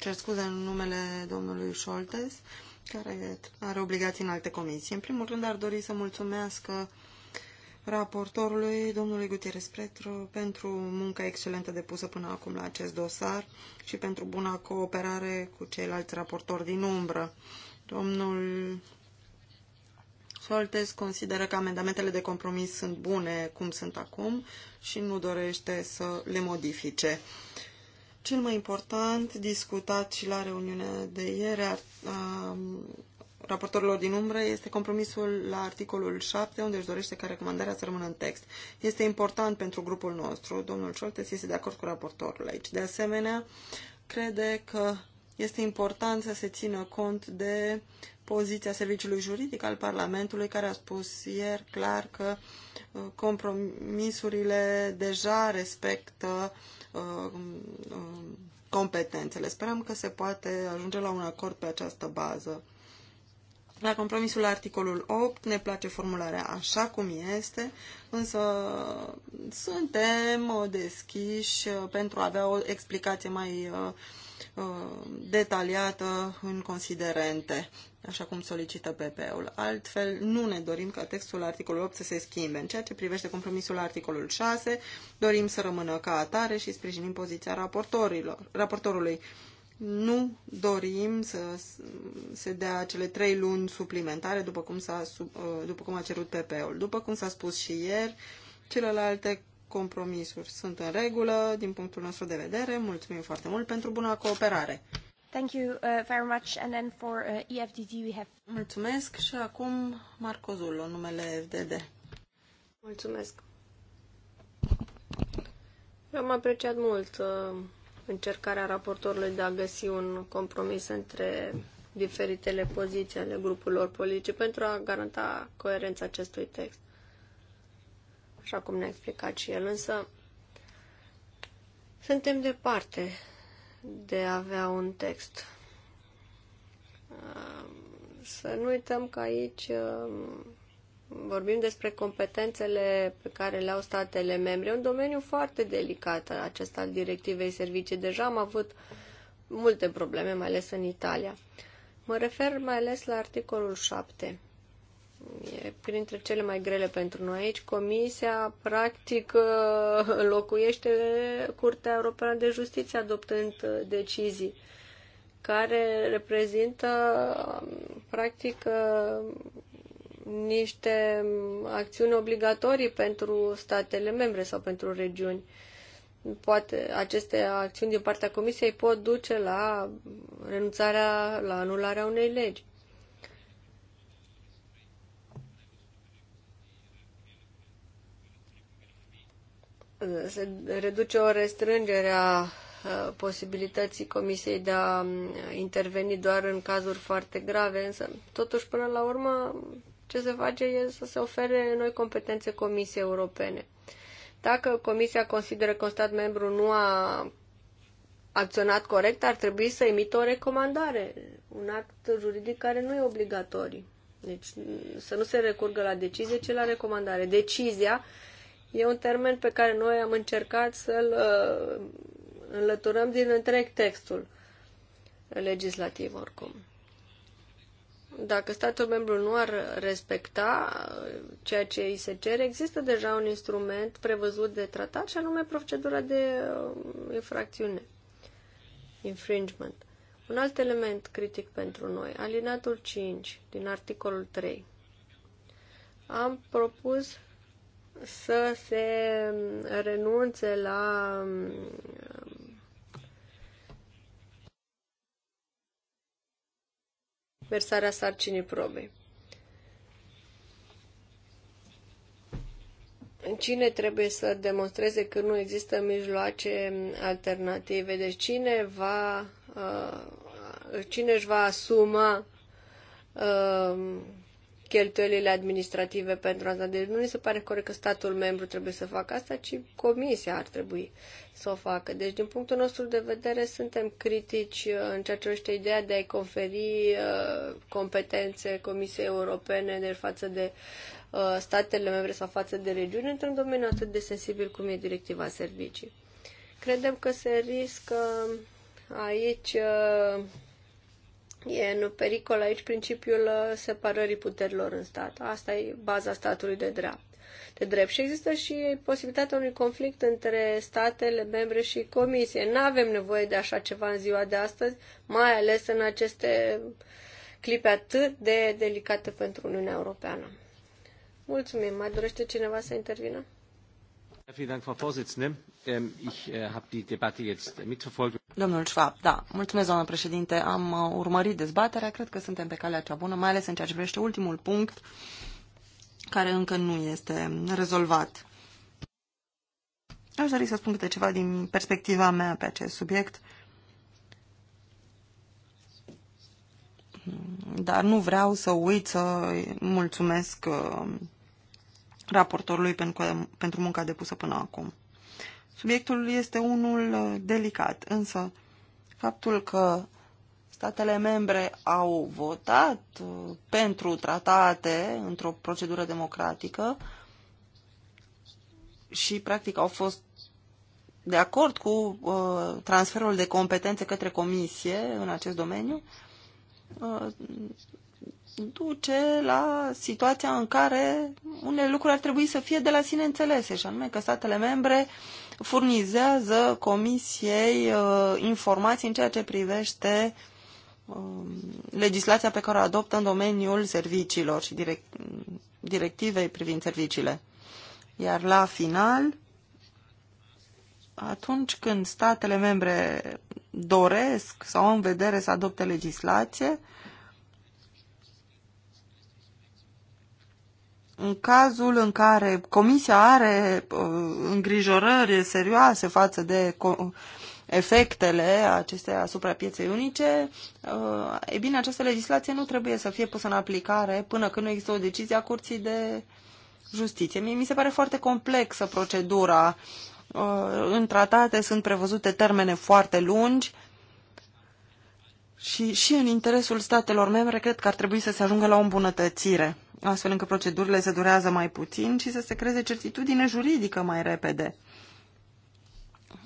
cer scuze în numele domnului Scholtes, care are obligații în alte comisii. În primul rând ar dori să mulțumesc raportorului, domnului Gutierrez Pretru, pentru munca excelentă depusă până acum la acest dosar și pentru buna cooperare cu ceilalți raportori din umbră. Domnul Soltes consideră că amendamentele de compromis sunt bune cum sunt acum și nu dorește să le modifice. Cel mai important discutat și la reuniunea de ieri a raportorilor din umbră este compromisul la articolul 7, unde își dorește ca recomandarea să rămână în text. Este important pentru grupul nostru. Domnul Șoltes este de acord cu raportorul aici. De asemenea, crede că este important să se țină cont de poziția serviciului juridic al Parlamentului, care a spus ieri clar că uh, compromisurile deja respectă uh, Uh, um, competențele. Sperăm că se poate ajunge la un acord pe această bază. La compromisul articolul 8 ne place formularea așa cum este, însă suntem uh, deschiși uh, pentru a avea o explicație mai Uh, detaliată în considerente, așa cum solicită PP-ul. Altfel, nu ne dorim ca textul articolului 8 să se schimbe. În ceea ce privește compromisul articolul 6, dorim să rămână ca atare și sprijinim poziția raportorilor, raportorului. Nu dorim să se dea cele trei luni suplimentare, după cum, s-a, uh, după cum a cerut PP-ul. După cum s-a spus și ieri, celelalte compromisuri sunt în regulă din punctul nostru de vedere. Mulțumim foarte mult pentru buna cooperare. Thank you uh, very much and then for uh, EFDD we have Mulțumesc și acum Marco Zullo, numele FDD. Mulțumesc. Eu am apreciat mult uh, încercarea raportorului de a găsi un compromis între diferitele poziții ale grupurilor politice pentru a garanta coerența acestui text așa cum ne-a explicat și el, însă suntem departe de a avea un text. Uh, să nu uităm că aici uh, vorbim despre competențele pe care le au statele membre. un domeniu foarte delicat acesta al directivei servicii. Deja am avut multe probleme, mai ales în Italia. Mă refer mai ales la articolul 7 e printre cele mai grele pentru noi aici. Comisia, practic, locuiește Curtea Europeană de Justiție adoptând decizii care reprezintă, practic, niște acțiuni obligatorii pentru statele membre sau pentru regiuni. Poate aceste acțiuni din partea Comisiei pot duce la renunțarea, la anularea unei legi. se reduce o restrângere a posibilității comisiei de a interveni doar în cazuri foarte grave, însă totuși până la urmă ce se face e să se ofere noi competențe comisiei europene. Dacă comisia consideră că un stat membru nu a acționat corect, ar trebui să emită o recomandare, un act juridic care nu e obligatoriu. Deci să nu se recurgă la decizie, ci la recomandare. Decizia E un termen pe care noi am încercat să-l uh, înlăturăm din întreg textul legislativ oricum. Dacă statul membru nu ar respecta uh, ceea ce îi se cere, există deja un instrument prevăzut de tratat și anume procedura de uh, infracțiune, infringement. Un alt element critic pentru noi, alinatul 5 din articolul 3. Am propus să se renunțe la versarea sarcinii probei. Cine trebuie să demonstreze că nu există mijloace alternative? Deci cine va uh, cine își va asuma uh, cheltuielile administrative pentru asta. Deci nu mi se pare corect că statul membru trebuie să facă asta, ci comisia ar trebui să o facă. Deci, din punctul nostru de vedere, suntem critici uh, în ceea ce este ideea de a-i conferi uh, competențe Comisiei Europene de față de uh, statele membre sau față de regiuni într-un domeniu atât de sensibil cum e directiva servicii. Credem că se riscă um, aici E în pericol aici principiul uh, separării puterilor în stat. Asta e baza statului de drept. De drept. Și există și posibilitatea unui conflict între statele membre și comisie. Nu avem nevoie de așa ceva în ziua de astăzi, mai ales în aceste clipe atât de delicate pentru Uniunea Europeană. Mulțumim. Mai dorește cineva să intervină? Domnul Schwab, da, mulțumesc, doamnă președinte. Am uh, urmărit dezbaterea, cred că suntem pe calea cea bună, mai ales în ceea ce privește ultimul punct, care încă nu este rezolvat. Aș dori să spun câte ceva din perspectiva mea pe acest subiect, dar nu vreau să uit să mulțumesc uh, raportorului pentru munca depusă până acum. Subiectul este unul uh, delicat, însă faptul că statele membre au votat uh, pentru tratate într-o procedură democratică și practic au fost de acord cu uh, transferul de competențe către comisie în acest domeniu, duce la situația în care unele lucruri ar trebui să fie de la sine înțelese, și anume că statele membre furnizează comisiei uh, informații în ceea ce privește uh, legislația pe care o adoptă în domeniul serviciilor și direct, directivei privind serviciile. Iar la final, atunci când statele membre doresc sau au în vedere să adopte legislație, uh, în cazul în care Comisia are uh, îngrijorări serioase față de efectele acestea asupra pieței unice, uh, e bine, această legislație nu trebuie să fie pusă în aplicare până când nu există o decizie a Curții de Justiție. Mie mi se pare foarte complexă procedura. Uh, în tratate sunt prevăzute termene foarte lungi, și, și în interesul statelor membre, cred că ar trebui să se ajungă la o îmbunătățire, astfel încât procedurile să durează mai puțin și să se creeze certitudine juridică mai repede.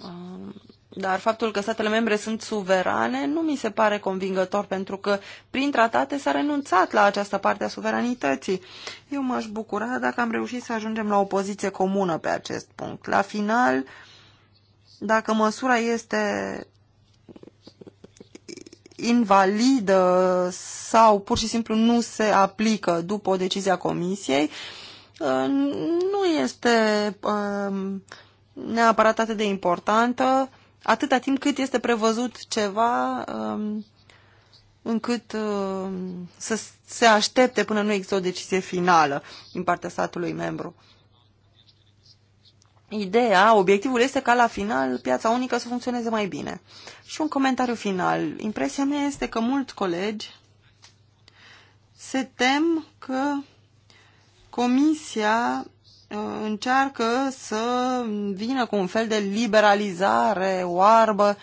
Um, dar faptul că statele membre sunt suverane nu mi se pare convingător, pentru că prin tratate s-a renunțat la această parte a suveranității. Eu m-aș bucura dacă am reușit să ajungem la o poziție comună pe acest punct. La final, dacă măsura este invalidă sau pur și simplu nu se aplică după o decizie a comisiei, uh, nu este um, neapărat atât de importantă atâta timp cât este prevăzut ceva um, încât um, să se aștepte până nu există o decizie finală din partea statului membru ideea, obiectivul este ca la final piața unică să funcționeze mai bine. Și un comentariu final. Impresia mea este că mulți colegi se tem că Comisia uh, încearcă să vină cu un fel de liberalizare oarbă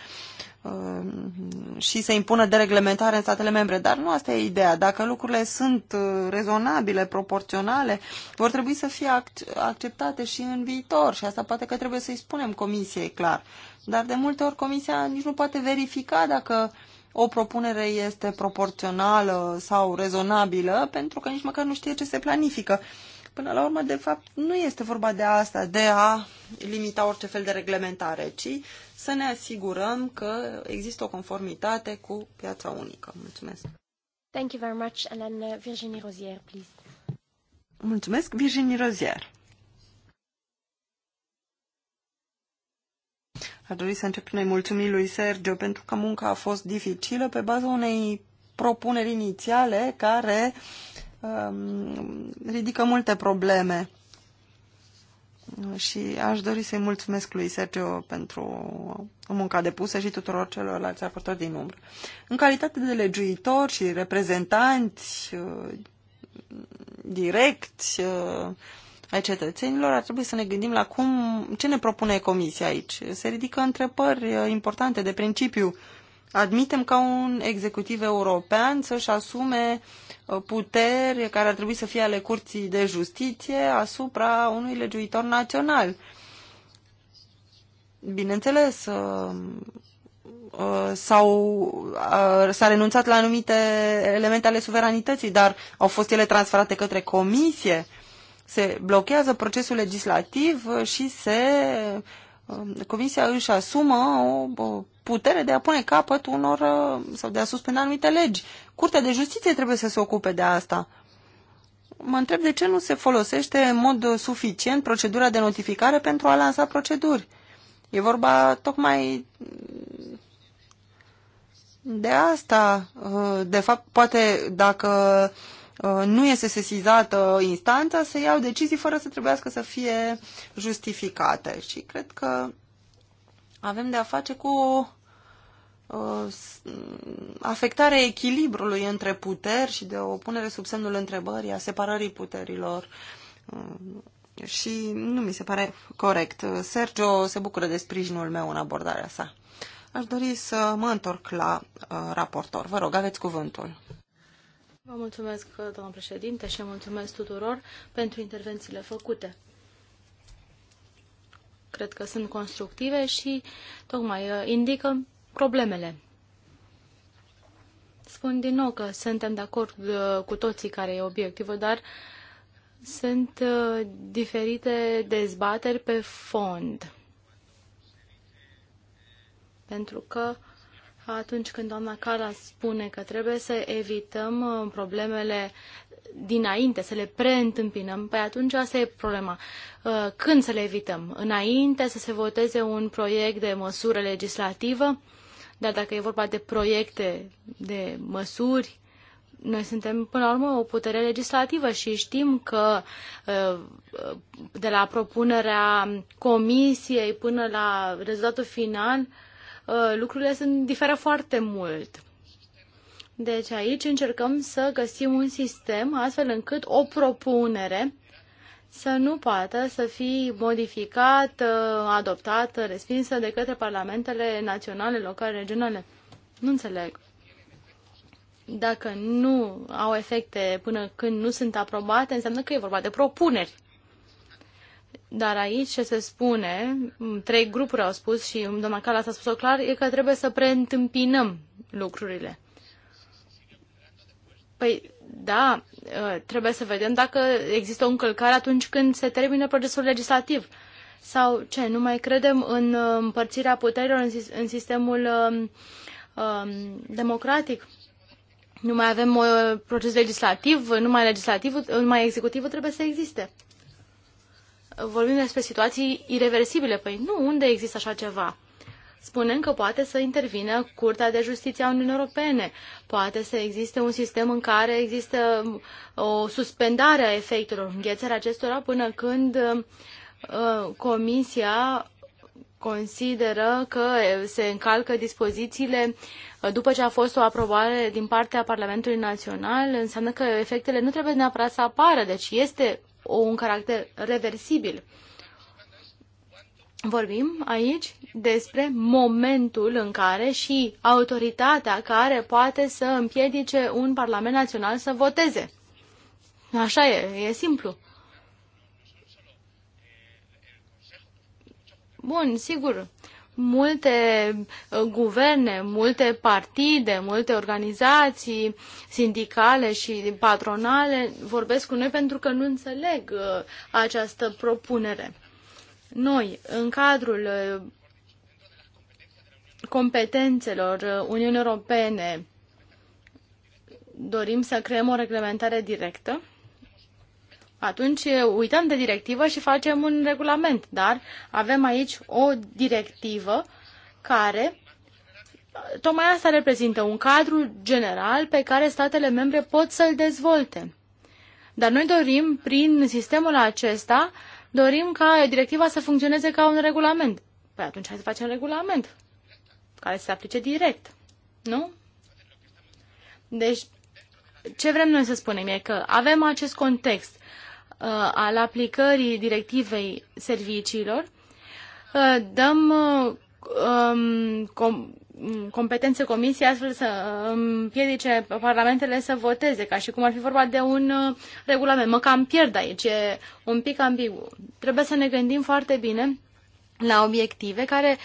Um, și se impună dereglementare în statele membre. Dar nu asta e ideea. Dacă lucrurile sunt uh, rezonabile, proporționale, vor trebui să fie acceptate și în viitor. Și asta poate că trebuie să-i spunem comisiei, clar. Dar de multe ori comisia nici nu poate verifica dacă o propunere este proporțională sau rezonabilă, pentru că nici măcar nu știe ce se planifică. Până la urmă, de fapt, nu este vorba de asta, de a limita orice fel de reglementare, ci să ne asigurăm că există o conformitate cu piața unică. Mulțumesc! Thank you very much, and then uh, Virginie Rozier, please. Mulțumesc, Virginie Rozier. Ar dori să încep noi mulțumi lui Sergio pentru că munca a fost dificilă pe baza unei propuneri inițiale care um, ridică multe probleme și aș dori să-i mulțumesc lui Sergio pentru munca depusă și tuturor celorlalți raportori din umbră. În calitate de legiuitor și reprezentanți uh, direcți uh, ai cetățenilor, ar trebui să ne gândim la cum, ce ne propune Comisia aici. Se ridică întrebări uh, importante de principiu admitem ca un executiv european să-și asume uh, puteri care ar trebui să fie ale Curții de Justiție asupra unui legiuitor național. Bineînțeles, uh, uh, sau s-a renunțat la anumite elemente ale suveranității, dar au fost ele transferate către comisie. Se blochează procesul legislativ și se Um, Comisia își asumă o putere de a pune capăt unor uh, sau de a suspenda anumite legi. Curtea de Justiție trebuie să se ocupe de asta. Mă întreb de ce nu se folosește în mod suficient procedura de notificare pentru a lansa proceduri. E vorba tocmai de asta. Uh, de fapt, poate dacă Uh, nu este sesizată instanța, se iau decizii fără să trebuiască să fie justificate. Și cred că avem de a face cu o uh, afectarea echilibrului între puteri și de o punere sub semnul întrebării a separării puterilor. Uh, și nu mi se pare corect. Sergio se bucură de sprijinul meu în abordarea sa. Aș dori să mă întorc la raportor. Vă rog, aveți cuvântul. Vă mulțumesc, doamnă președinte, și mulțumesc tuturor pentru intervențiile făcute. Cred că sunt constructive și tocmai uh, indică problemele. Spun din nou că suntem de acord uh, cu toții care e obiectivă, dar sunt uh, diferite dezbateri pe fond. Pentru că atunci când doamna Cara spune că trebuie să evităm uh, problemele dinainte, să le preîntâmpinăm, păi atunci asta e problema. Uh, când să le evităm? Înainte să se voteze un proiect de măsură legislativă? Dar dacă e vorba de proiecte, de măsuri, noi suntem până la urmă o putere legislativă și știm că uh, de la propunerea comisiei până la rezultatul final, Uh, lucrurile sunt, diferă foarte mult. Deci aici încercăm să găsim un sistem astfel încât o propunere să nu poată să fie modificată, adoptată, respinsă de către parlamentele naționale, locale, regionale. Nu înțeleg. Dacă nu au efecte până când nu sunt aprobate, înseamnă că e vorba de propuneri. Dar aici ce se spune, trei grupuri au spus și doamna s a spus-o clar, e că trebuie să preîntâmpinăm lucrurile. Păi da, ă, trebuie să vedem dacă există o încălcare atunci când se termină procesul legislativ. Sau ce, nu mai credem în ă, împărțirea puterilor în sistemul ă, democratic? Nu mai avem proces legislativ, numai legislativ, numai executivul trebuie să existe vorbim despre situații irreversibile. Păi nu, unde există așa ceva? Spunem că poate să intervină Curtea de Justiție a Uniunii Europene, poate să existe un sistem în care există um, o suspendare a efectelor, înghețarea acestora până când um, uh, Comisia consideră că se încalcă dispozițiile uh, după ce a fost o aprobare din partea Parlamentului Național, înseamnă că efectele nu trebuie neapărat să apară, deci este un caracter reversibil. Vorbim aici despre momentul în care și autoritatea care poate să împiedice un Parlament Național să voteze. Așa e, e simplu. Bun, sigur, multe uh, guverne, multe partide, multe organizații sindicale și patronale vorbesc cu noi pentru că nu înțeleg uh, această propunere. Noi, în cadrul uh, competențelor Uniunii Europene, dorim să creăm o reglementare directă atunci eh, uităm de directivă și facem un regulament. Dar avem aici o directivă care tocmai asta reprezintă un cadru general pe care statele membre pot să-l dezvolte. Dar noi dorim, prin sistemul acesta, dorim ca directiva să funcționeze ca un regulament. Păi atunci hai să facem regulament care să se aplice direct. Nu? Deci, ce vrem noi să spunem e că avem acest context Uh, al aplicării directivei serviciilor, uh, dăm uh, um, competențe comisiei astfel să împiedice parlamentele să voteze, ca și cum ar fi vorba de un regulament. Mă cam pierd aici, e un pic ambigu. Trebuie să ne gândim foarte bine la obiective care,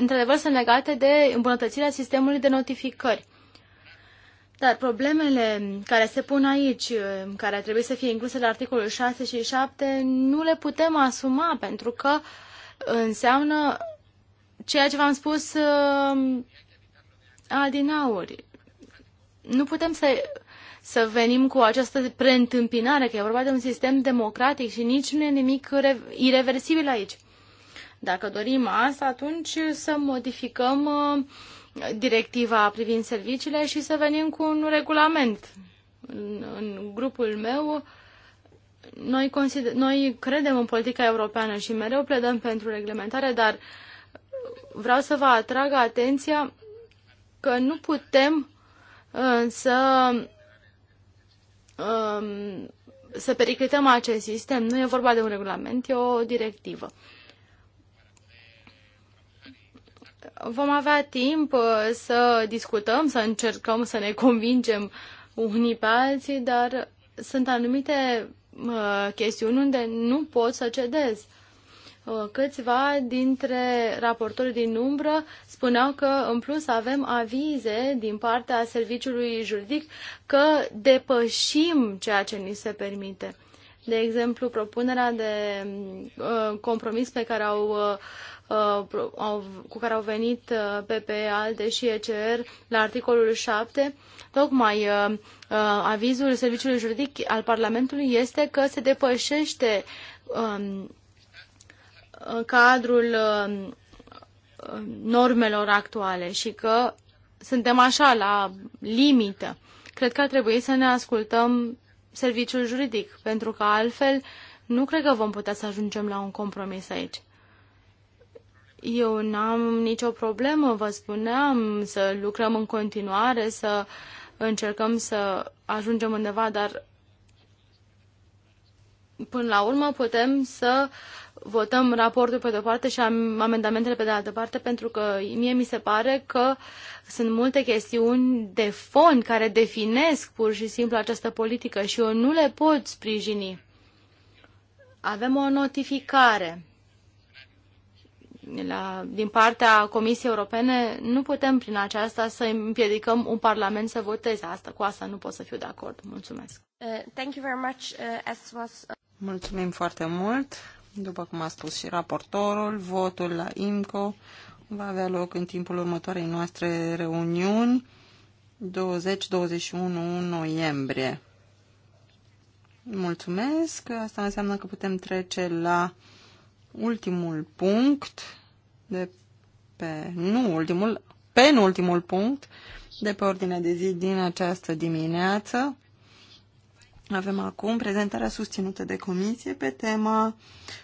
într-adevăr, sunt legate de îmbunătățirea sistemului de notificări. Dar problemele care se pun aici, uh, care ar trebui să fie incluse la articolul 6 și 7, nu le putem asuma pentru că înseamnă ceea ce v-am spus uh, adinauri. Nu putem să, să venim cu această preîntâmpinare, că e vorba de un sistem democratic și nici nu e nimic irreversibil aici. Dacă dorim asta, atunci să modificăm uh, directiva privind serviciile și să venim cu un regulament. În, în grupul meu, noi, consider, noi credem în politica europeană și mereu pledăm pentru reglementare, dar vreau să vă atrag atenția că nu putem uh, să um, să periclităm acest sistem. Nu e vorba de un regulament, e o directivă. vom avea timp uh, să discutăm, să încercăm să ne convingem unii pe alții, dar sunt anumite uh, chestiuni unde nu pot să cedez. Uh, câțiva dintre raportorii din umbră spuneau că în plus avem avize din partea serviciului juridic că depășim ceea ce ni se permite. De exemplu, propunerea de uh, compromis pe care au uh, uh au, cu care au venit uh, PPE, ALDE și ECR la articolul 7, tocmai uh, uh, avizul Serviciului Juridic al Parlamentului este că se depășește um, cadrul um, uh, normelor actuale și că suntem așa la limită. Cred că ar trebui să ne ascultăm serviciul juridic, pentru că altfel nu cred că vom putea să ajungem la un compromis aici. Eu n-am nicio problemă, vă spuneam, să lucrăm în continuare, să încercăm să ajungem undeva, dar până la urmă putem să votăm raportul pe de-o parte și amendamentele pe de altă parte, pentru că mie mi se pare că sunt multe chestiuni de fond care definesc pur și simplu această politică și eu nu le pot sprijini. Avem o notificare. La, din partea Comisiei Europene nu putem prin aceasta să împiedicăm un parlament să voteze asta. Cu asta nu pot să fiu de acord. Mulțumesc. Uh, thank you very much, uh, as was... Uh, Mulțumim foarte mult. După cum a spus și raportorul, votul la IMCO va avea loc în timpul următoarei noastre reuniuni 20-21 noiembrie. Mulțumesc. Asta înseamnă că putem trece la ultimul punct de pe, nu ultimul, penultimul punct de pe ordinea de zi din această dimineață. Avem acum prezentarea susținută de comisie pe tema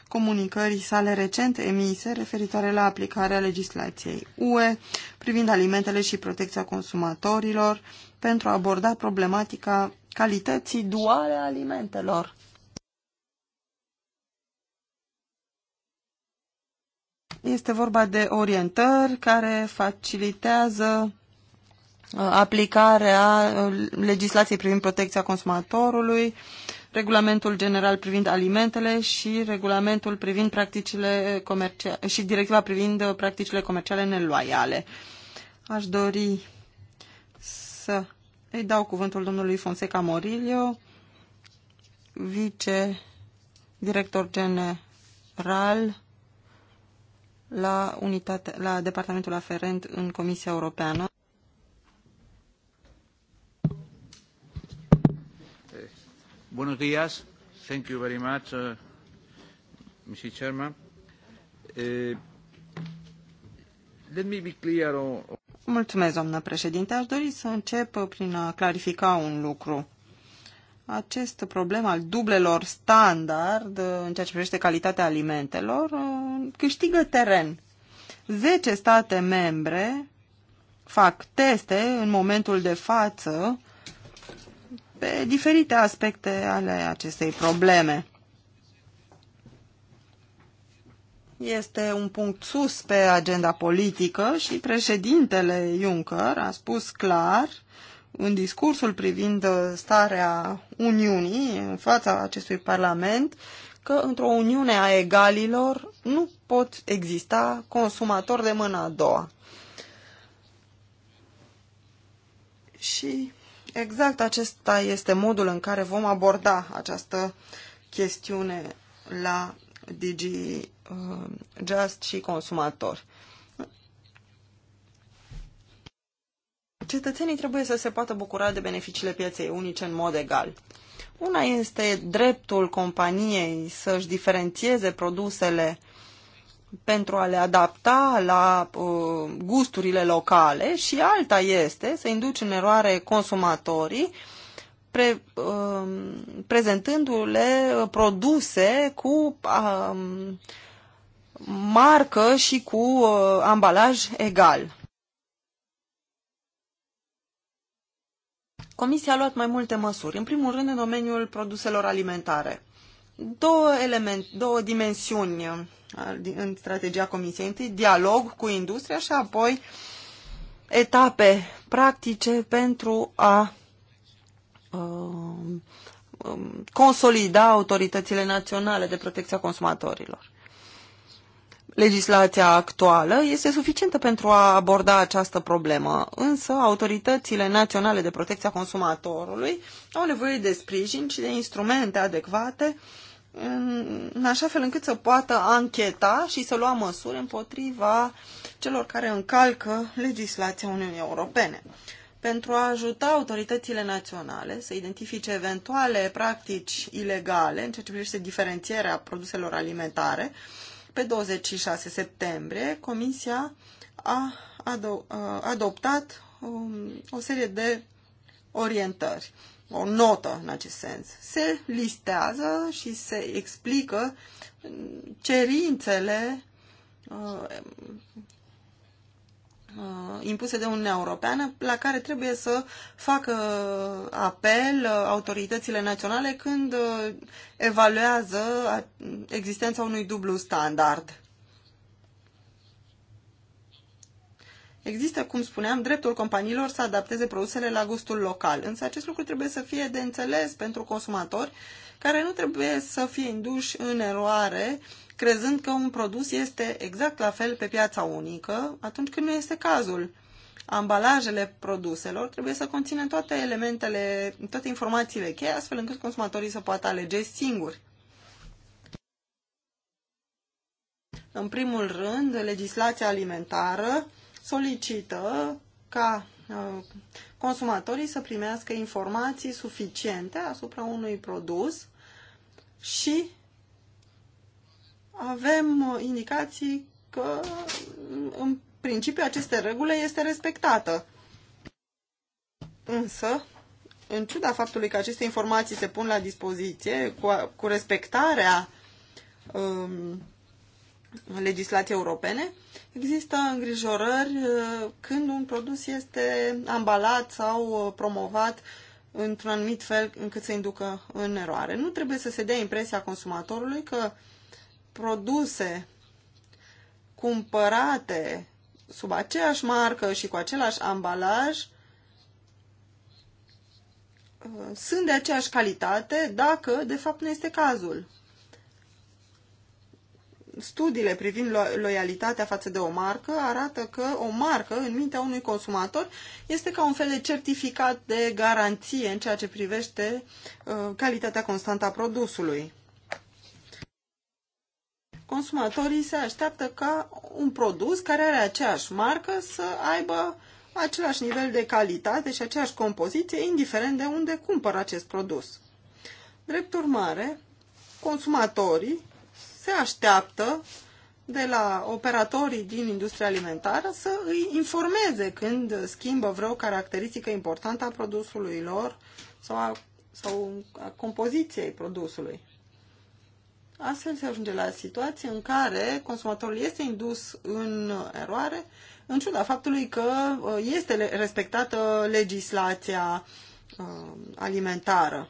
comunicării sale recent emise referitoare la aplicarea legislației UE privind alimentele și protecția consumatorilor pentru a aborda problematica calității duale a alimentelor. Este vorba de orientări care facilitează aplicarea uh, legislației privind protecția consumatorului, regulamentul general privind alimentele și regulamentul privind practicile comerciale și directiva privind uh, practicile comerciale neloiale. Aș dori să îi dau cuvântul domnului Fonseca Morilio, vice director general la, unitate, la departamentul aferent în Comisia Europeană. Buenos días. Thank you very much, uh, Chairman. Uh, let me be clear on... Mulțumesc, doamnă președinte. Aș dori să încep prin a clarifica un lucru. Acest problem al dublelor standard uh, în ceea ce privește calitatea alimentelor uh, câștigă teren. Zece state membre fac teste în momentul de față pe diferite aspecte ale acestei probleme. Este un punct sus pe agenda politică și președintele Juncker a spus clar în discursul privind starea Uniunii în fața acestui Parlament că într-o Uniune a egalilor nu pot exista consumatori de mâna a doua. Și exact acesta este modul în care vom aborda această chestiune la Digi uh, Just și consumatori. Cetățenii trebuie să se poată bucura de beneficiile pieței unice în mod egal. Una este dreptul companiei să-și diferențieze produsele pentru a le adapta la uh, gusturile locale și alta este să induci în eroare consumatorii pre, uh, prezentându-le produse cu uh, marcă și cu uh, ambalaj egal. Comisia a luat mai multe măsuri, în primul rând în domeniul produselor alimentare. Două, element, două dimensiuni în strategia Comisiei. Întâi dialog cu industria și apoi etape practice pentru a um, um, consolida autoritățile naționale de protecție a consumatorilor. Legislația actuală este suficientă pentru a aborda această problemă, însă autoritățile naționale de protecție a consumatorului au nevoie de sprijin și de instrumente adecvate uh, în așa fel încât să poată ancheta și să lua măsuri împotriva celor care încalcă legislația Uniunii Europene. Pentru a ajuta autoritățile naționale să identifice eventuale practici ilegale în ceea ce privește diferențierea produselor alimentare, pe 26 septembrie, Comisia a ado- adoptat um, o serie de orientări o notă în acest sens. Se listează și se explică cerințele uh, uh, impuse de Uniunea Europeană la care trebuie să facă uh, apel uh, autoritățile naționale când uh, evaluează existența unui dublu standard. Există, cum spuneam, dreptul companiilor să adapteze produsele la gustul local, însă acest lucru trebuie să fie de înțeles pentru consumatori care nu trebuie să fie induși în eroare crezând că un produs este exact la fel pe piața unică atunci când nu este cazul. Ambalajele produselor trebuie să conțină toate elementele, toate informațiile cheie, astfel încât consumatorii să poată alege singuri. În primul rând, legislația alimentară solicită ca uh, consumatorii să primească informații suficiente asupra unui produs și avem indicații că în principiu aceste reguli este respectată. Însă, în ciuda faptului că aceste informații se pun la dispoziție cu, cu respectarea um, legislații europene, există îngrijorări uh, când un produs este ambalat sau uh, promovat într-un anumit fel încât să inducă în eroare. Nu trebuie să se dea impresia consumatorului că produse cumpărate sub aceeași marcă și cu același ambalaj uh, sunt de aceeași calitate dacă de fapt nu este cazul studiile privind lo loialitatea față de o marcă arată că o marcă în mintea unui consumator este ca un fel de certificat de garanție în ceea ce privește uh, calitatea constantă a produsului. Consumatorii se așteaptă ca un produs care are aceeași marcă să aibă același nivel de calitate și aceeași compoziție, indiferent de unde cumpără acest produs. Drept urmare, consumatorii se așteaptă de la operatorii din industria alimentară să îi informeze când schimbă vreo caracteristică importantă a produsului lor sau a, sau a compoziției produsului. Astfel se ajunge la situații în care consumatorul este indus în eroare, în ciuda faptului că uh, este respectată legislația uh, alimentară.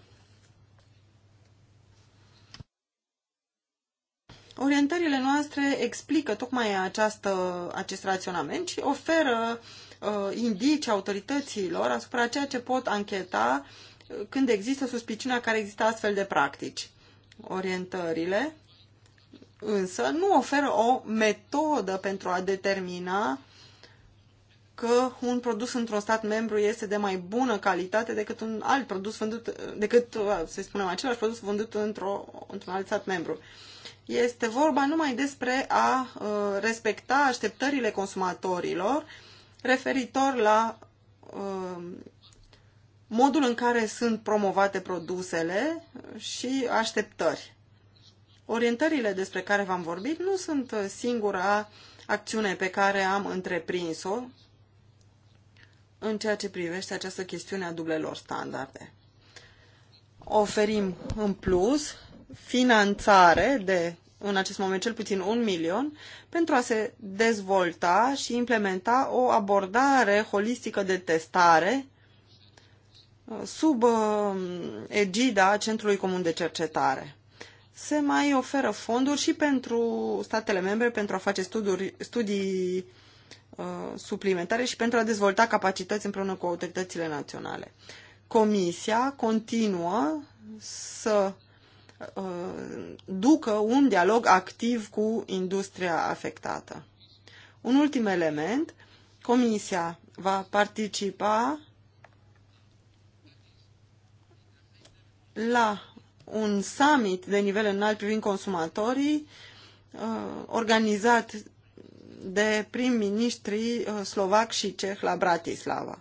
Orientările noastre explică tocmai această, acest raționament și oferă uh, indicii autorităților asupra ceea ce pot ancheta uh, când există suspiciunea care există astfel de practici. Orientările însă nu oferă o metodă pentru a determina că un produs într-un stat membru este de mai bună calitate decât un alt produs vândut, decât, uh, să spunem, același produs vândut într-un într alt stat membru. Este vorba numai despre a uh, respecta așteptările consumatorilor referitor la uh, modul în care sunt promovate produsele și așteptări. Orientările despre care v-am vorbit nu sunt singura acțiune pe care am întreprins-o în ceea ce privește această chestiune a dublelor standarde. Oferim în plus finanțare de, în acest moment, cel puțin un milion, pentru a se dezvolta și implementa o abordare holistică de testare uh, sub uh, egida Centrului Comun de Cercetare. Se mai oferă fonduri și pentru statele membre pentru a face studiuri, studii uh, suplimentare și pentru a dezvolta capacități împreună cu autoritățile naționale. Comisia continuă să Uh, ducă un dialog activ cu industria afectată. Un ultim element, Comisia va participa la un summit de nivel înalt privind consumatorii uh, organizat de prim-ministrii uh, slovac și ceh la Bratislava.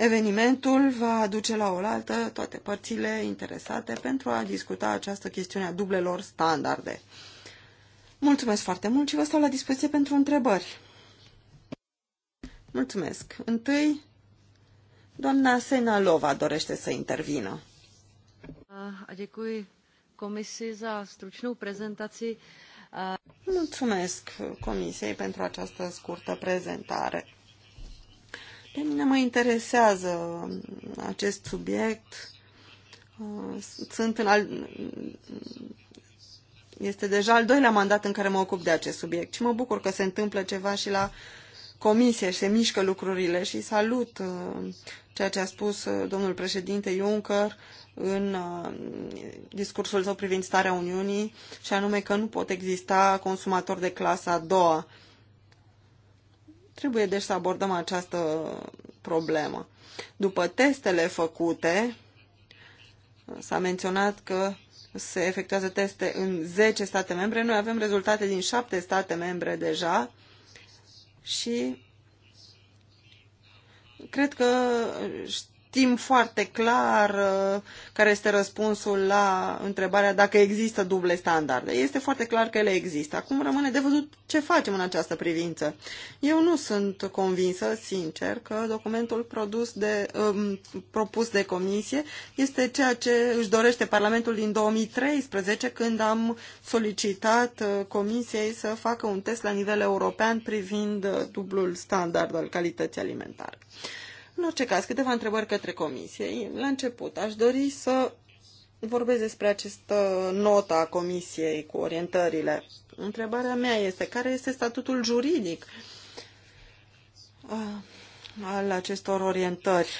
Evenimentul va aduce la oaltă toate părțile interesate pentru a discuta această chestiune a dublelor standarde. Mulțumesc foarte mult și vă stau la dispoziție pentru întrebări. Mulțumesc. Întâi, doamna Lova dorește să intervină. Mulțumesc comisiei pentru această scurtă prezentare. Pe mine mă interesează acest subiect. Sunt în al... Este deja al doilea mandat în care mă ocup de acest subiect și mă bucur că se întâmplă ceva și la comisie și se mișcă lucrurile și salut uh, ceea ce a spus uh, domnul președinte Juncker în uh, discursul său privind starea Uniunii și anume că nu pot exista consumatori de clasa a doua Trebuie deci să abordăm această problemă. După testele făcute, s-a menționat că se efectuează teste în 10 state membre. Noi avem rezultate din 7 state membre deja și cred că știm foarte clar uh, care este răspunsul la întrebarea dacă există duble standarde. Este foarte clar că ele există. Acum rămâne de văzut ce facem în această privință. Eu nu sunt convinsă, sincer, că documentul produs de, um, propus de comisie este ceea ce își dorește Parlamentul din 2013 când am solicitat uh, comisiei să facă un test la nivel european privind uh, dublul standard al calității alimentare. În orice caz, câteva întrebări către comisie. La început, aș dori să vorbesc despre această notă a comisiei cu orientările. Întrebarea mea este, care este statutul juridic uh, al acestor orientări?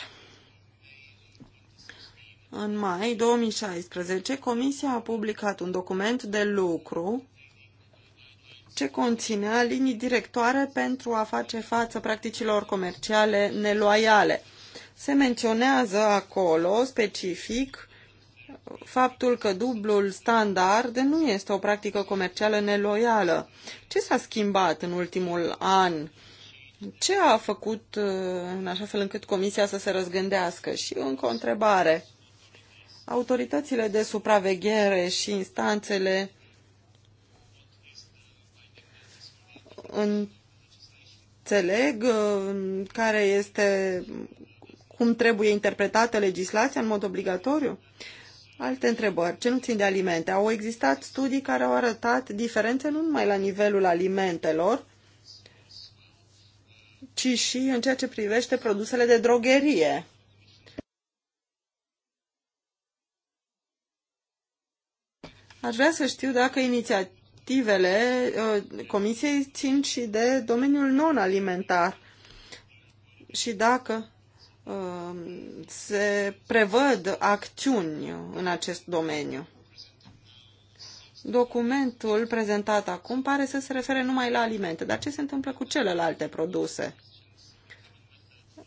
În mai 2016, Comisia a publicat un document de lucru ce conținea linii directoare pentru a face față practicilor comerciale neloiale. Se menționează acolo, specific, faptul că dublul standard nu este o practică comercială neloială. Ce s-a schimbat în ultimul an? Ce a făcut uh, în așa fel încât Comisia să se răzgândească? Și încă o întrebare. Autoritățile de supraveghere și instanțele înțeleg uh, care este, cum trebuie interpretată legislația în mod obligatoriu? Alte întrebări. Ce nu țin de alimente? Au existat studii care au arătat diferențe nu numai la nivelul alimentelor, ci și în ceea ce privește produsele de drogherie. Aș vrea să știu dacă iniția obiectivele uh, Comisiei țin și de domeniul non-alimentar. Și dacă uh, se prevăd acțiuni în acest domeniu. Documentul prezentat acum pare să se refere numai la alimente, dar ce se întâmplă cu celelalte produse?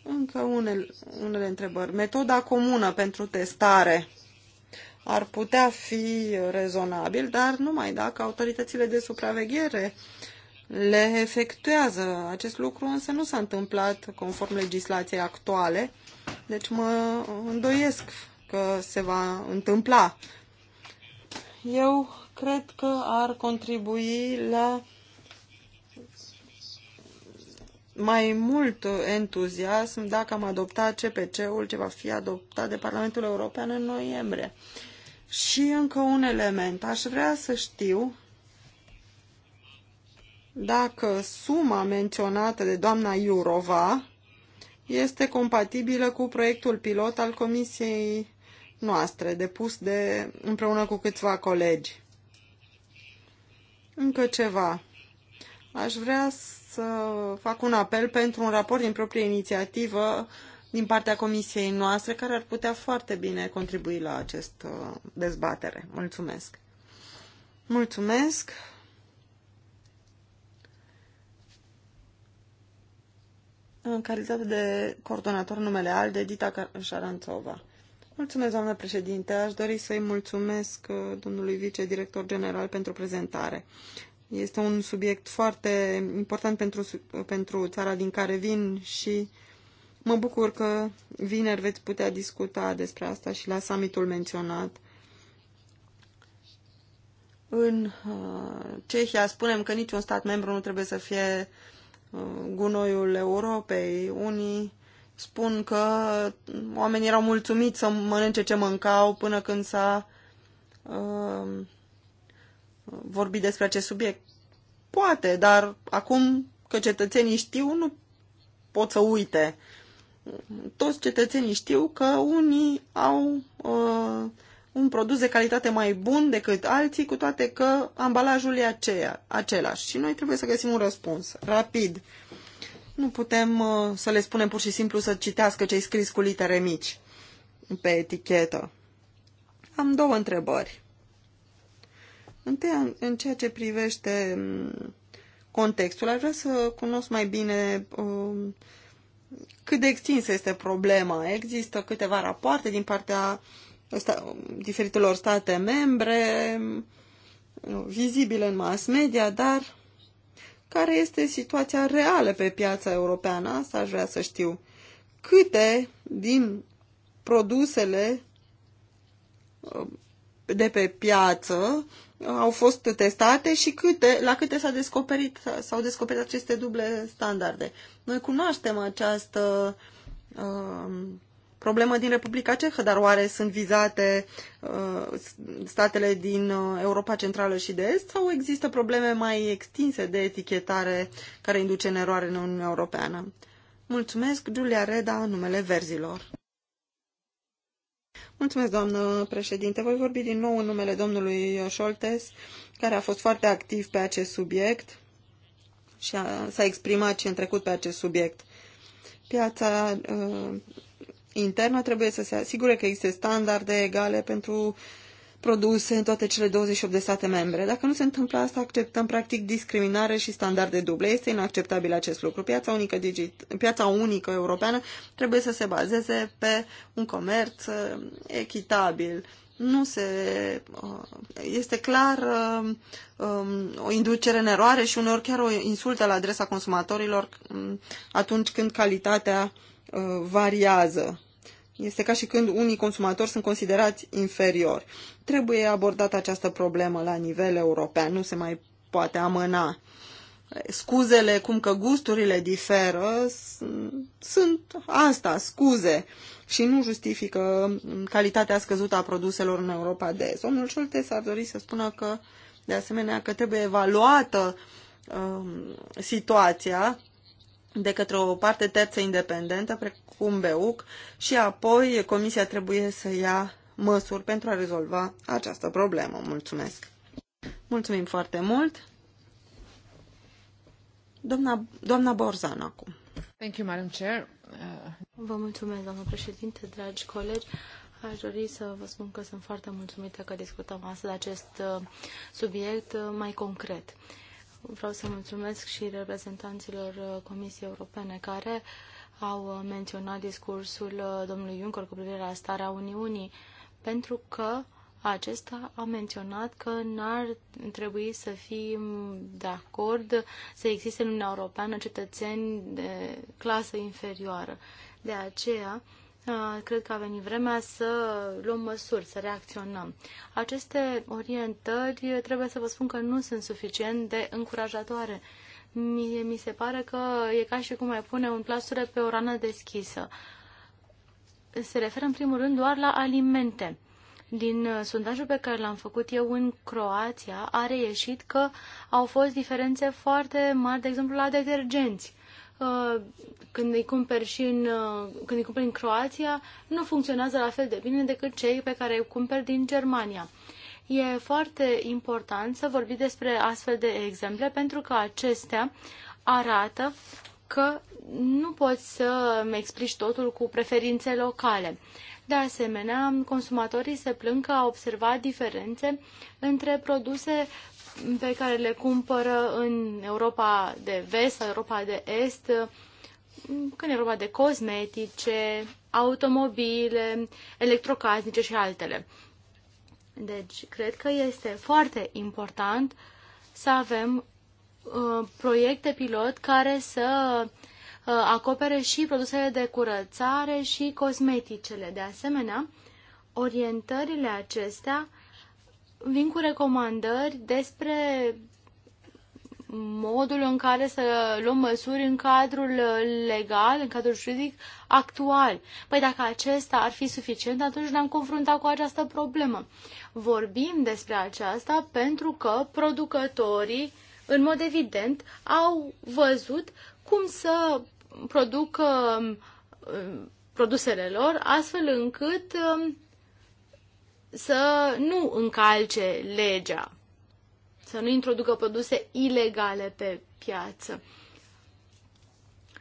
Încă unele, unele întrebări. Metoda comună pentru testare ar putea fi rezonabil, dar numai dacă autoritățile de supraveghere le efectuează. Acest lucru însă nu s-a întâmplat conform legislației actuale, deci mă îndoiesc că se va întâmpla. Eu cred că ar contribui la mai mult entuziasm dacă am adoptat CPC-ul ce va fi adoptat de Parlamentul European în noiembrie. Și încă un element. Aș vrea să știu dacă suma menționată de doamna Iurova este compatibilă cu proiectul pilot al comisiei noastre, depus de, împreună cu câțiva colegi. Încă ceva. Aș vrea să fac un apel pentru un raport din proprie inițiativă uh, din partea comisiei noastre care ar putea foarte bine contribui la această dezbatere. Mulțumesc! Mulțumesc! În calitate de coordonator numele al de Dita Șaranțova. Mulțumesc, doamnă președinte. Aș dori să-i mulțumesc uh, domnului vicedirector general pentru prezentare. Este un subiect foarte important pentru, pentru țara din care vin și uh, Mă bucur că vineri veți putea discuta despre asta și la summitul menționat. În uh, Cehia spunem că niciun stat membru nu trebuie să fie uh, gunoiul Europei. Unii spun că oamenii erau mulțumiți să mănânce ce mâncau până când s-a uh, vorbit despre acest subiect. Poate, dar acum că cetățenii știu, nu pot să uite toți cetățenii știu că unii au uh, un produs de calitate mai bun decât alții, cu toate că ambalajul e aceea, același. Și noi trebuie să găsim un răspuns rapid. Nu putem uh, să le spunem pur și simplu să citească ce ai scris cu litere mici pe etichetă. Am două întrebări. Întâi, în ceea ce privește mm, contextul, aș vrea să cunosc mai bine uh, cât de extinsă este problema. Există câteva rapoarte din partea sta- diferitelor state membre, vizibile în mass media, dar care este situația reală pe piața europeană? Asta aș vrea să știu. Câte din produsele uh, de pe piață au fost testate și câte, la câte s-a descoperit, s-au descoperit aceste duble standarde. Noi cunoaștem această uh, problemă din Republica Cehă, dar oare sunt vizate uh, statele din uh, Europa Centrală și de Est sau există probleme mai extinse de etichetare care induce în eroare în Uniunea Europeană? Mulțumesc, Giulia Reda, numele verzilor. Mulțumesc, doamnă președinte. Voi vorbi din nou în numele domnului Scholtes, care a fost foarte activ pe acest subiect și s-a exprimat și în trecut pe acest subiect. Piața uh, internă trebuie să se asigure că există standarde egale pentru produse în toate cele 28 de state membre. Dacă nu se întâmplă asta, acceptăm practic discriminare și standarde duble. Este inacceptabil acest lucru. Piața unică, digit, piața unică europeană trebuie să se bazeze pe un comerț uh, echitabil. Nu se, uh, este clar uh, um, o inducere în eroare și uneori chiar o insultă la adresa consumatorilor um, atunci când calitatea variază. Este ca și când unii consumatori sunt considerați inferiori. Trebuie abordată această problemă la nivel european, nu se mai poate amâna. Scuzele, cum că gusturile diferă, sunt asta, scuze, și nu justifică calitatea scăzută a produselor în Europa de Est. Domnul Șolte s-ar dori să spună că, de asemenea, că trebuie evaluată um, situația de către o parte terță independentă, precum BEUC, și apoi Comisia trebuie să ia măsuri pentru a rezolva această problemă. Mulțumesc! Mulțumim foarte mult! Doamna, doamna Borzan acum. Thank you, Madam Chair. Uh, vă mulțumesc, doamnă președinte, dragi colegi. Aș dori să vă spun că sunt foarte mulțumită că discutăm astăzi acest uh, subiect uh, mai concret. Uh, vreau să mulțumesc și reprezentanților uh, Comisiei Europene care au uh, menționat discursul uh, domnului Juncker cu privire la starea Uniunii, pentru că acesta a menționat că n-ar trebui să fim de acord să existe în Uniunea Europeană cetățeni de clasă inferioară. De aceea, cred că a venit vremea să luăm măsuri, să reacționăm. Aceste orientări, trebuie să vă spun că nu sunt suficient de încurajatoare. Mie mi se pare că e ca și cum mai pune un plasture pe o rană deschisă. Se referă în primul rând doar la alimente. Din uh, sondajul pe care l-am făcut eu în Croația, a reieșit că au fost diferențe foarte mari, de exemplu, la detergenți când îi cumperi și în, când îi cumperi în Croația, nu funcționează la fel de bine decât cei pe care îi cumperi din Germania. E foarte important să vorbim despre astfel de exemple pentru că acestea arată că nu poți să explici totul cu preferințe locale. De asemenea, consumatorii se plâng că au observat diferențe între produse pe care le cumpără în Europa de vest sau Europa de est, când e vorba de cosmetice, automobile, electrocasnice și altele. Deci, cred că este foarte important să avem uh, proiecte pilot care să uh, acopere și produsele de curățare și cosmeticele. De asemenea, orientările acestea vin cu recomandări despre modul în care să luăm măsuri în cadrul legal, în cadrul juridic actual. Păi dacă acesta ar fi suficient, atunci ne-am confruntat cu această problemă. Vorbim despre aceasta pentru că producătorii, în mod evident, au văzut cum să producă um, produsele lor, astfel încât um, să nu încalce legea, să nu introducă produse ilegale pe piață.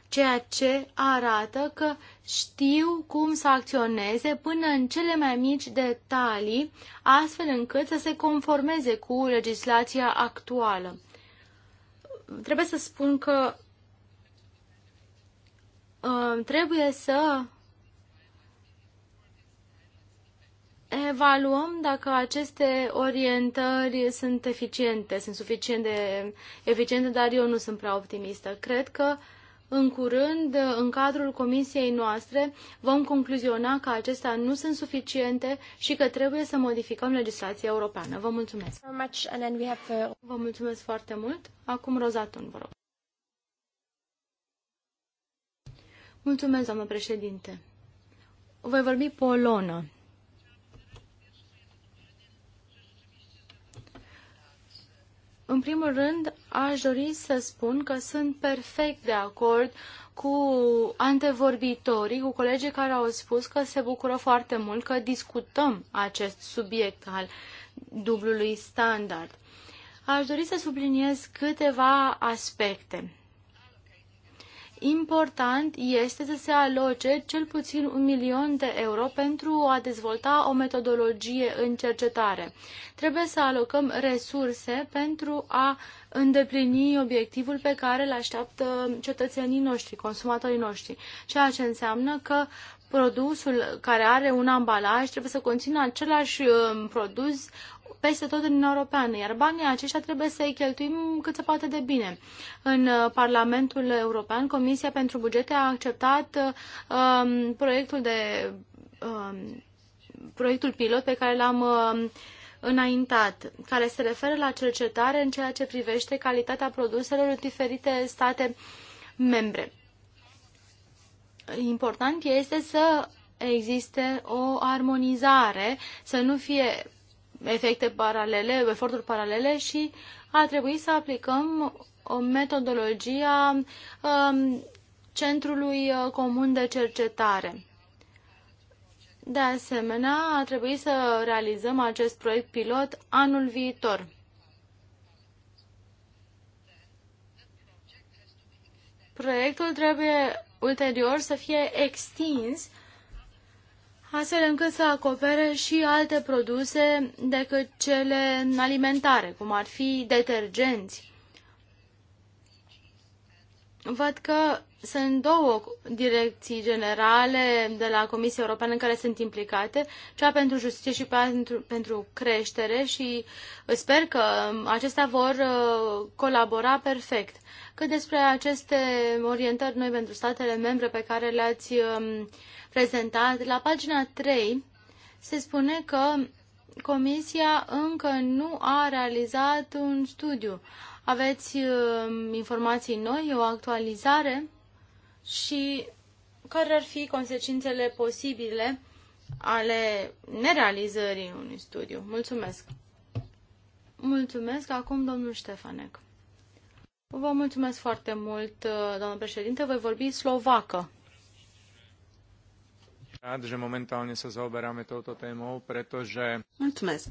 Ceea ce arată că știu cum să acționeze până în cele mai mici detalii, astfel încât să se conformeze cu legislația actuală. Trebuie să spun că uh, trebuie să evaluăm dacă aceste orientări sunt eficiente, sunt suficient de eficiente, dar eu nu sunt prea optimistă. Cred că în curând, în cadrul comisiei noastre, vom concluziona că acestea nu sunt suficiente și că trebuie să modificăm legislația europeană. Vă mulțumesc! Uh, vă mulțumesc foarte mult! Acum Rozatun, vă rog. Mulțumesc, doamnă președinte! Voi vorbi polonă. În primul rând, aș dori să spun că sunt perfect de acord cu antevorbitorii, cu colegii care au spus că se bucură foarte mult că discutăm acest subiect al dublului standard. Aș dori să subliniez câteva aspecte. Important este să se aloce cel puțin un milion de euro pentru a dezvolta o metodologie în cercetare. Trebuie să alocăm resurse pentru a îndeplini obiectivul pe care îl așteaptă cetățenii noștri, consumatorii noștri, ceea ce înseamnă că produsul care are un ambalaj trebuie să conțină același um, produs, peste tot în Europeană, iar banii aceștia trebuie să-i cheltuim cât se poate de bine. În uh, Parlamentul European, Comisia pentru Bugete a acceptat um, proiectul de um, proiectul pilot pe care l-am uh, înaintat, care se referă la cercetare în ceea ce privește calitatea produselor în diferite state membre. Important este să existe o armonizare, să nu fie efecte paralele, eforturi paralele și a trebuit să aplicăm o metodologia um, Centrului uh, Comun de Cercetare. De asemenea, a trebuit să realizăm acest proiect pilot anul viitor. Proiectul trebuie ulterior să fie extins astfel încât să acopere și alte produse decât cele alimentare, cum ar fi detergenți. Văd că sunt două direcții generale de la Comisia Europeană în care sunt implicate, cea pentru justiție și pentru, pentru creștere și sper că acestea vor uh, colabora perfect cât despre aceste orientări noi pentru statele membre pe care le-ați um, prezentat. La pagina 3 se spune că Comisia încă nu a realizat un studiu. Aveți um, informații noi, o actualizare și care ar fi consecințele posibile ale nerealizării unui studiu. Mulțumesc! Mulțumesc acum domnul Ștefanec. Vă mulțumesc foarte mult, uh, doamnă președinte. Voi vorbi slovacă. Rád, že momentálne sa zaoberáme touto témou, pretože... Mulțumesc.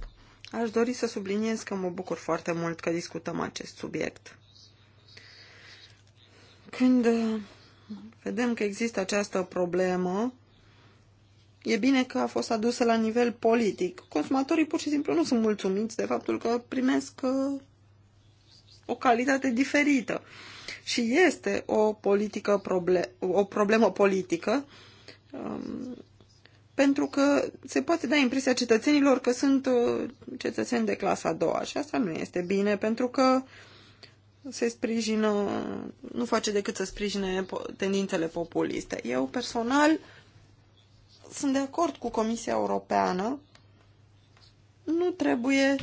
Aș dori să subliniez că mă bucur foarte mult că discutăm acest subiect. Când uh, vedem că există această problemă, e bine că a fost adusă la nivel politic. Consumatorii pur și simplu nu sunt mulțumiți de faptul că primesc uh, o calitate diferită. Și este o, politică proble- o problemă politică um, pentru că se poate da impresia cetățenilor că sunt uh, cetățeni de clasa a doua și asta nu este bine pentru că se sprijină, nu face decât să sprijine tendințele populiste. Eu personal sunt de acord cu Comisia Europeană, nu trebuie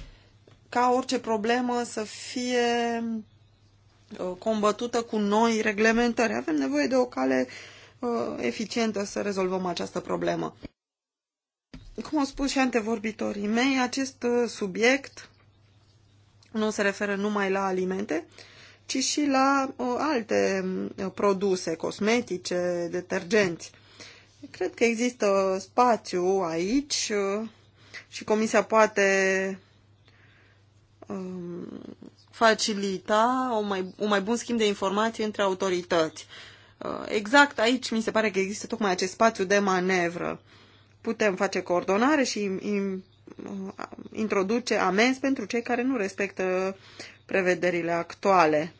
ca orice problemă să fie uh, combătută cu noi reglementări. Avem nevoie de o cale uh, eficientă să rezolvăm această problemă. Cum au spus și antevorbitorii mei, acest uh, subiect nu se referă numai la alimente, ci și la alte produse cosmetice, detergenți. Cred că există spațiu aici și Comisia poate um, facilita o mai, un mai bun schimb de informații între autorități. Uh, exact aici mi se pare că există tocmai acest spațiu de manevră. Putem face coordonare și uh, introduce amenzi pentru cei care nu respectă prevederile actuale.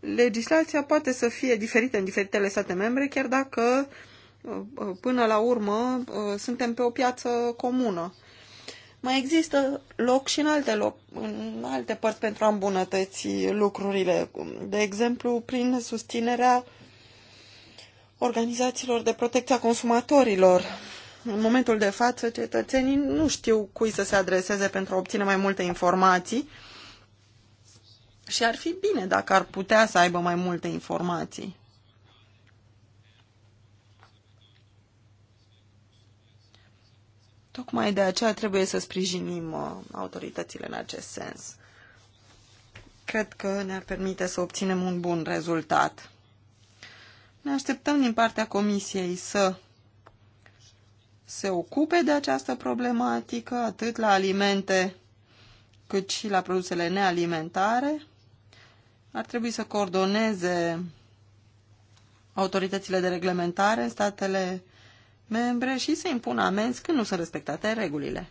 Legislația poate să fie diferită în diferitele state membre, chiar dacă uh, până la urmă suntem pe o piață comună. Mai există loc și în alte, loc, în alte părți pentru a îmbunătăți lucrurile, de exemplu prin susținerea organizațiilor de protecție a consumatorilor. În momentul de față, cetățenii nu știu cui să se adreseze pentru a obține mai multe informații și ar fi bine dacă ar putea să aibă mai multe informații. Tocmai de aceea trebuie să sprijinim uh, autoritățile în acest sens. Cred că ne-ar permite să obținem un bun rezultat. Ne așteptăm din partea Comisiei să se ocupe de această problematică, atât la alimente cât și la produsele nealimentare. Ar trebui să coordoneze autoritățile de reglementare în statele membre și să impună amenzi când nu sunt respectate regulile.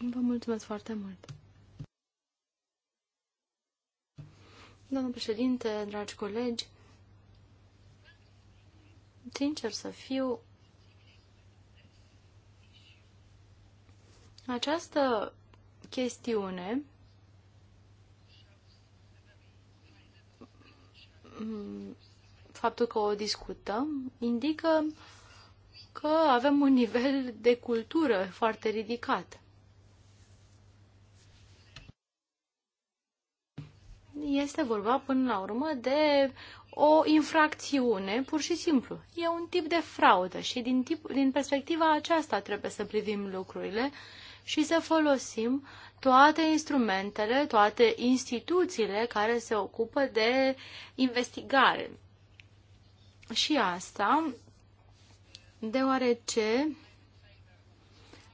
Vă mulțumesc foarte mult. Domnul președinte, dragi colegi, sincer să fiu, această chestiune Mm, faptul că o discutăm indică că avem un nivel de cultură foarte ridicat. Este vorba până la urmă de o infracțiune, pur și simplu. E un tip de fraudă și din, tip, din perspectiva aceasta trebuie să privim lucrurile și să folosim toate instrumentele, toate instituțiile care se ocupă de investigare. Și asta deoarece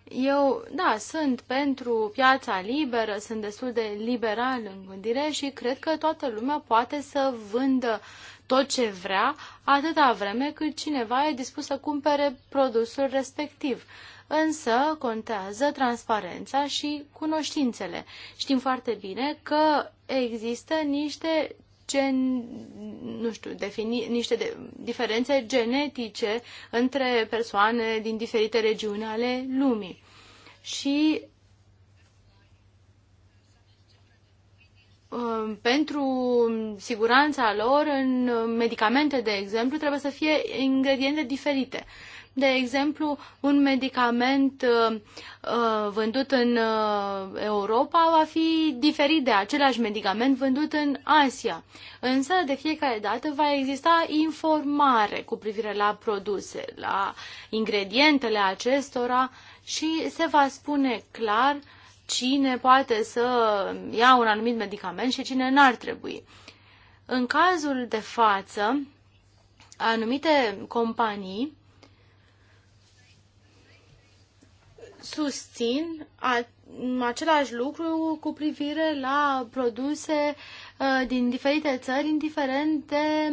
eu, da, sunt pentru piața liberă, sunt destul de liberal în gândire și cred că toată lumea poate să vândă tot ce vrea atâta vreme cât cineva e dispus să cumpere produsul respectiv însă contează transparența și cunoștințele. Știm foarte bine că există niște gen, nu știu, defini, niște de, diferențe genetice între persoane din diferite regiuni ale lumii. Și um, pentru siguranța lor în medicamente, de exemplu, trebuie să fie ingrediente diferite de exemplu, un medicament uh, uh, vândut în uh, Europa va fi diferit de același medicament vândut în Asia. Însă, de fiecare dată va exista informare cu privire la produse, la ingredientele acestora și se va spune clar cine poate să ia un anumit medicament și cine n-ar trebui. În cazul de față, anumite companii susțin același lucru cu privire la produse uh, din diferite țări, indiferent de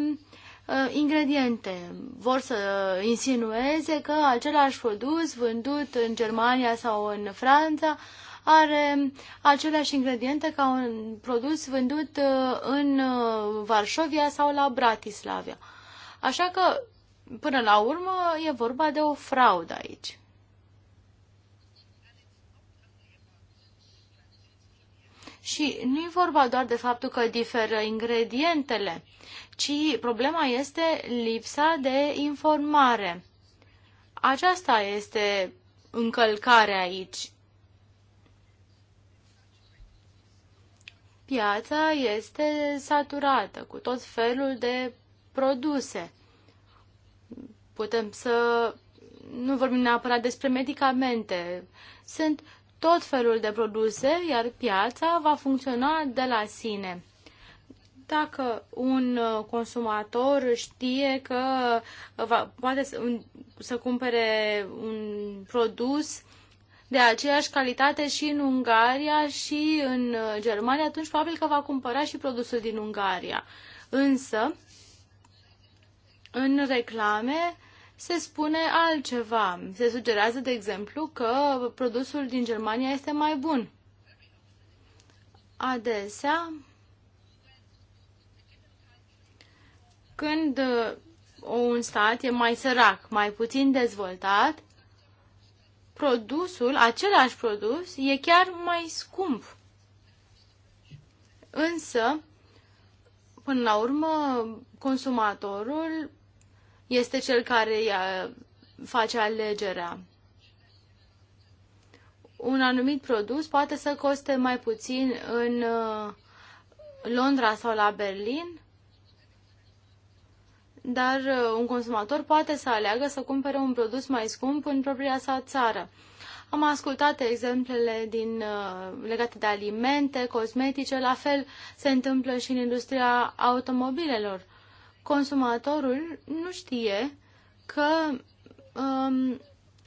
uh, ingrediente. Vor să insinueze că același produs vândut în Germania sau în Franța are aceleași ingrediente ca un produs vândut uh, în Varșovia sau la Bratislavia. Așa că, până la urmă, e vorba de o fraudă aici. Și nu e vorba doar de faptul că diferă ingredientele, ci problema este lipsa de informare. Aceasta este încălcarea aici. Piața este saturată cu tot felul de produse. Putem să nu vorbim neapărat despre medicamente. Sunt tot felul de produse, iar piața va funcționa de la sine. Dacă un uh, consumator știe că va, poate să, un, să cumpere un produs de aceeași calitate și în Ungaria și în uh, Germania, atunci probabil că va cumpăra și produsul din Ungaria. Însă, în reclame, se spune altceva. Se sugerează, de exemplu, că produsul din Germania este mai bun. Adesea, când uh, un stat e mai sărac, mai puțin dezvoltat, produsul, același produs, e chiar mai scump. Însă, până la urmă, consumatorul este cel care face alegerea. Un anumit produs poate să coste mai puțin în uh, Londra sau la Berlin, dar uh, un consumator poate să aleagă să cumpere un produs mai scump în propria sa țară. Am ascultat exemplele din, uh, legate de alimente, cosmetice, la fel se întâmplă și în industria automobilelor consumatorul nu știe că um,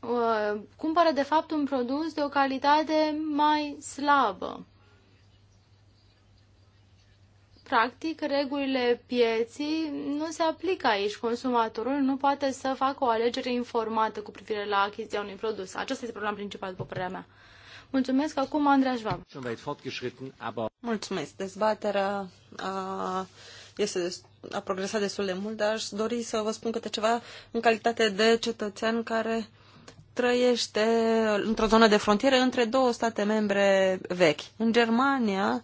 uh, cumpără de fapt un produs de o calitate mai slabă. Practic, regulile pieții nu se aplică aici. Consumatorul nu poate să facă o alegere informată cu privire la achiziția unui produs. Acesta este problema principală, după părerea mea. Mulțumesc. Acum, Andreea Schwab. Mulțumesc. Dezbaterea uh, este destul a progresat destul de mult, dar aș dori să vă spun câte ceva în calitate de cetățean care trăiește într-o zonă de frontieră între două state membre vechi. În Germania,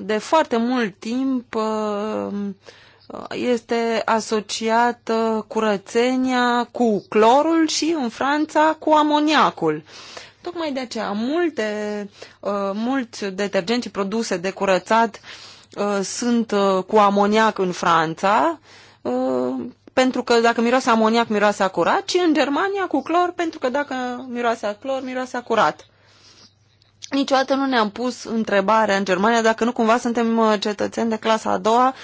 de foarte mult timp, este asociată curățenia cu clorul și în Franța cu amoniacul. Tocmai de aceea, multe, mulți detergenți produse de curățat uh, Uh, sunt uh, cu amoniac în Franța, uh, pentru că dacă miroase amoniac, miroase curat, ci în Germania cu clor, pentru că dacă miroase clor, miroase curat. Niciodată nu ne-am pus întrebarea în Germania dacă nu cumva suntem cetățeni de clasa a doua,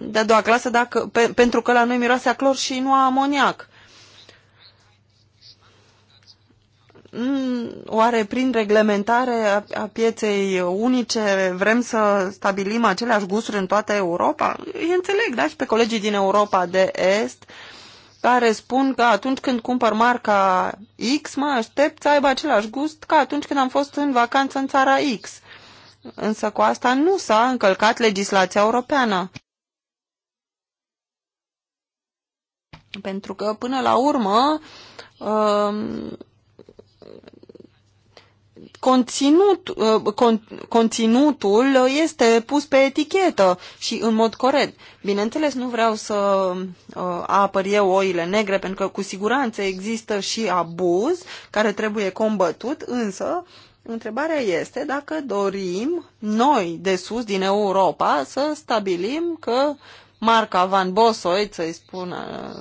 de a doua clasă, dacă, pe, pentru că la noi miroase clor și nu a amoniac. Mm, oare prin reglementare a pieței unice vrem să stabilim aceleași gusturi în toată Europa? Eu înțeleg, da, și pe colegii din Europa de Est care spun că atunci când cumpăr marca X, mă aștept să aibă același gust ca atunci când am fost în vacanță în țara X. Însă cu asta nu s-a încălcat legislația europeană. Pentru că, până la urmă, ă, conținut, uh, con, conținutul este pus pe etichetă și în mod corect. Bineînțeles, nu vreau să uh, apăr eu oile negre, pentru că cu siguranță există și abuz care trebuie combătut, însă întrebarea este dacă dorim noi de sus, din Europa, să stabilim că marca Van Bosoit, să-i spun,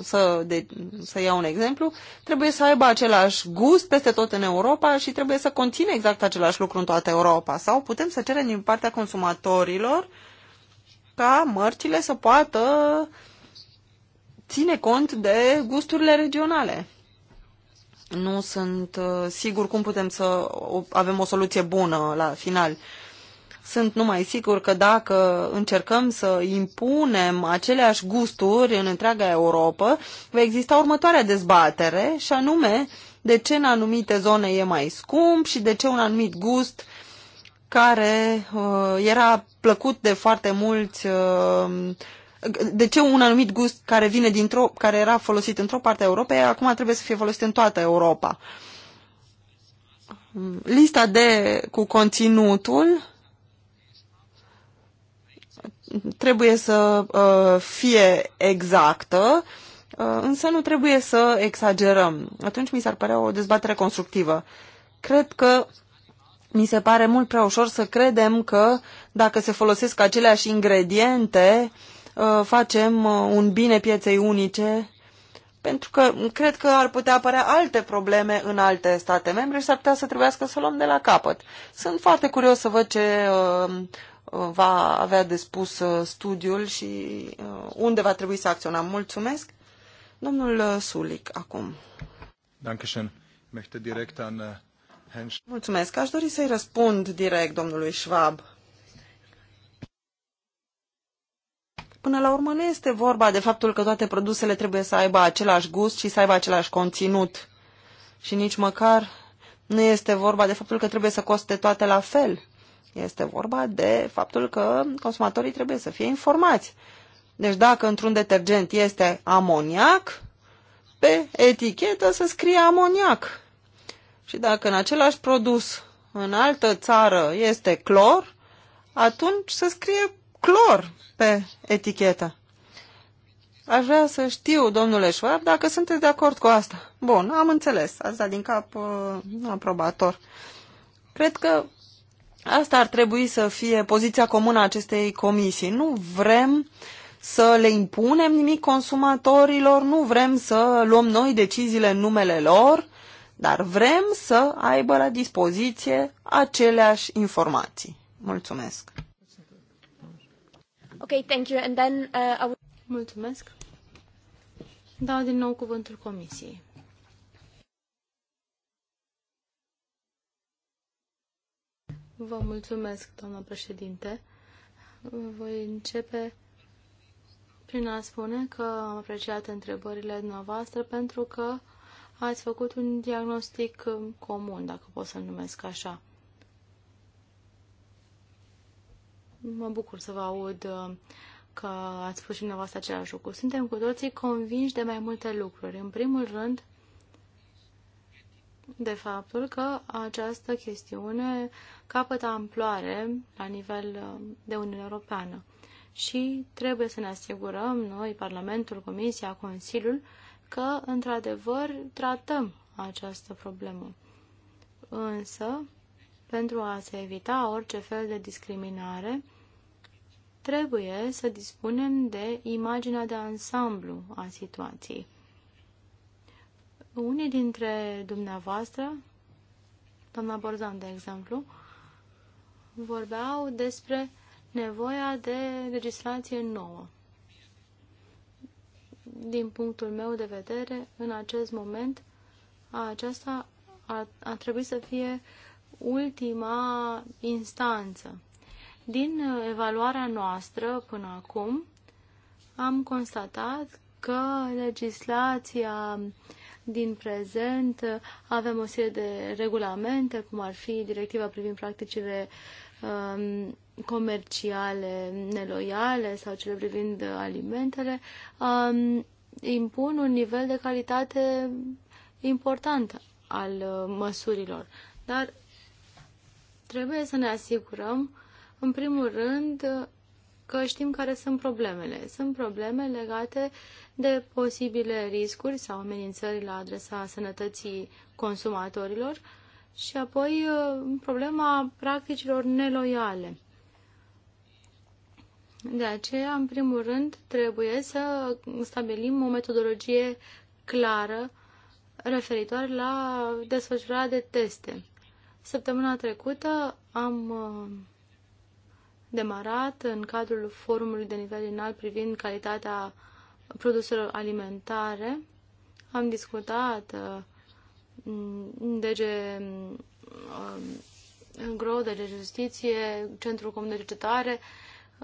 să, de, să iau un exemplu, trebuie să aibă același gust peste tot în Europa și trebuie să conține exact același lucru în toată Europa. Sau putem să cerem din partea consumatorilor ca mărcile să poată ține cont de gusturile regionale. Nu sunt uh, sigur cum putem să avem o soluție bună la final sunt numai sigur că dacă încercăm să impunem aceleași gusturi în întreaga Europa, va exista următoarea dezbatere și anume de ce în anumite zone e mai scump și de ce un anumit gust care uh, era plăcut de foarte mulți uh, de ce un anumit gust care vine dintr-o, care era folosit într-o parte a Europei, acum trebuie să fie folosit în toată Europa. Lista de cu conținutul trebuie să uh, fie exactă, uh, însă nu trebuie să exagerăm. Atunci mi s-ar părea o dezbatere constructivă. Cred că mi se pare mult prea ușor să credem că dacă se folosesc aceleași ingrediente, uh, facem un bine pieței unice, pentru că cred că ar putea apărea alte probleme în alte state membre și s-ar putea să trebuiască să luăm de la capăt. Sunt foarte curios să văd ce va avea de spus uh, studiul și uh, unde va trebui să acționăm. Mulțumesc. Domnul uh, Sulic, acum. Dankeschön. Möchte direct an äh, Mulțumesc. Aș dori să-i răspund direct domnului Schwab. Până la urmă nu este vorba de faptul că toate produsele trebuie să aibă același gust și să aibă același conținut. Și nici măcar nu este vorba de faptul că trebuie să coste toate la fel. Este vorba de faptul că consumatorii trebuie să fie informați. Deci dacă într-un detergent este amoniac, pe etichetă să scrie amoniac. Și dacă în același produs în altă țară este clor, atunci să scrie clor pe etichetă. Aș vrea să știu, domnule Schwab, dacă sunteți de acord cu asta. Bun, am înțeles. Asta din cap uh, aprobator. Cred că Asta ar trebui să fie poziția comună a acestei comisii. Nu vrem să le impunem nimic consumatorilor, nu vrem să luăm noi deciziile în numele lor, dar vrem să aibă la dispoziție aceleași informații. Mulțumesc! Ok, thank you. And then, uh, I... Mulțumesc! Dau din nou cuvântul comisiei. Vă mulțumesc, doamnă președinte. Voi începe prin a spune că am apreciat întrebările dumneavoastră pentru că ați făcut un diagnostic comun, dacă pot să-l numesc așa. Mă bucur să vă aud uh, că ați spus și dumneavoastră același lucru. Suntem cu toții convinși de mai multe lucruri. În primul rând, de faptul că această chestiune capătă amploare la nivel uh, de Uniune Europeană și trebuie să ne asigurăm noi, Parlamentul, Comisia, Consiliul, că, într-adevăr, tratăm această problemă. Însă, pentru a se evita orice fel de discriminare, trebuie să dispunem de imaginea de ansamblu a situației. Unii dintre dumneavoastră, doamna Borzan, de exemplu, vorbeau despre nevoia de legislație nouă. Din punctul meu de vedere, în acest moment, aceasta ar, ar trebui să fie ultima instanță. Din uh, evaluarea noastră până acum, am constatat că legislația uh, din prezent. Avem o serie de regulamente, cum ar fi directiva privind practicile um, comerciale neloiale sau cele privind alimentele, um, impun un nivel de calitate important al uh, măsurilor. Dar trebuie să ne asigurăm, în primul rând, că știm care sunt problemele. Sunt probleme legate uh, de posibile riscuri sau amenințări la adresa sănătății consumatorilor și apoi uh, problema practicilor neloiale. De aceea, în primul rând, trebuie să stabilim o metodologie clară referitor la desfășurarea de teste. Săptămâna trecută am uh, demarat în cadrul forumului de nivel înalt privind calitatea produselor alimentare. Am discutat uh, DG uh, Grow, DG Justiție, Centrul Comun de Cercetare,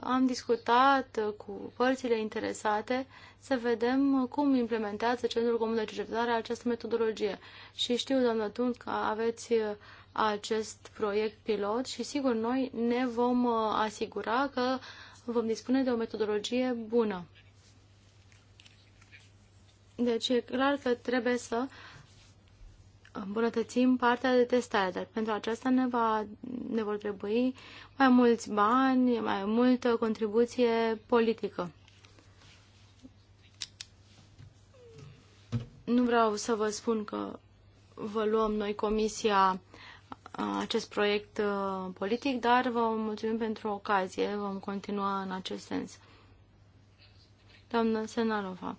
am discutat cu părțile interesate să vedem cum implementează Centrul Comun de Cercetare această metodologie. Și știu, doamnă Tun, că aveți uh, acest proiect pilot și, sigur, noi ne vom asigura că vom dispune de o metodologie bună. Deci e clar că trebuie să îmbunătățim partea de testare, dar pentru aceasta ne, va, ne vor trebui mai mulți bani, mai multă contribuție politică. Nu vreau să vă spun că vă luăm noi comisia acest proiect politic, dar vă mulțumim pentru ocazie, vom continua în acest sens. Doamnă Senarova.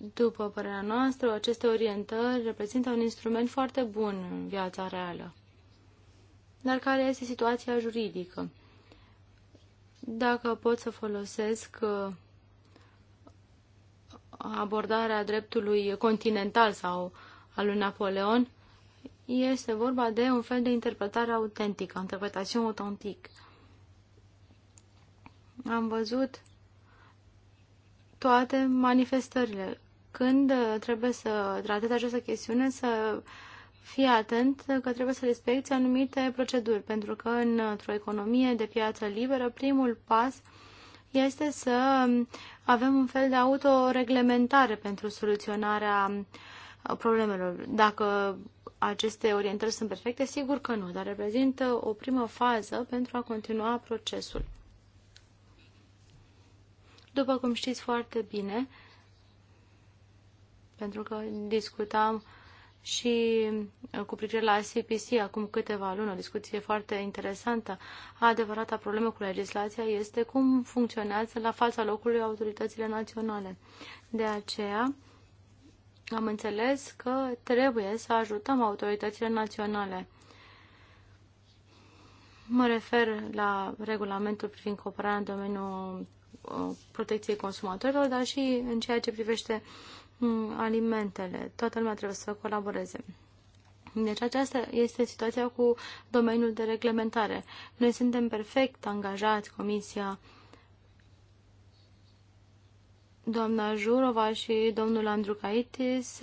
După părerea noastră, aceste orientări reprezintă un instrument foarte bun în viața reală. Dar care este situația juridică? Dacă pot să folosesc uh, abordarea dreptului continental sau al lui Napoleon, este vorba de un fel de interpretare autentică, interpretație autentic. Am văzut toate manifestările când uh, trebuie să tratezi această chestiune, să fii atent că trebuie să respecti anumite proceduri, pentru că într-o economie de piață liberă, primul pas este să avem un fel de autoreglementare pentru soluționarea uh, problemelor. Dacă aceste orientări sunt perfecte, sigur că nu, dar reprezintă o primă fază pentru a continua procesul. După cum știți foarte bine, pentru că discutam și uh, cu privire la CPC acum câteva luni, o discuție foarte interesantă. Adevărata problemă cu legislația este cum funcționează la fața locului autoritățile naționale. De aceea am înțeles că trebuie să ajutăm autoritățile naționale. Mă refer la regulamentul privind cooperarea în domeniul uh, protecției consumatorilor, dar și în ceea ce privește Mm, alimentele. Toată lumea trebuie să colaboreze. Deci aceasta este situația cu domeniul de reglementare. Noi suntem perfect angajați, Comisia, doamna Jurova și domnul Andrucaitis,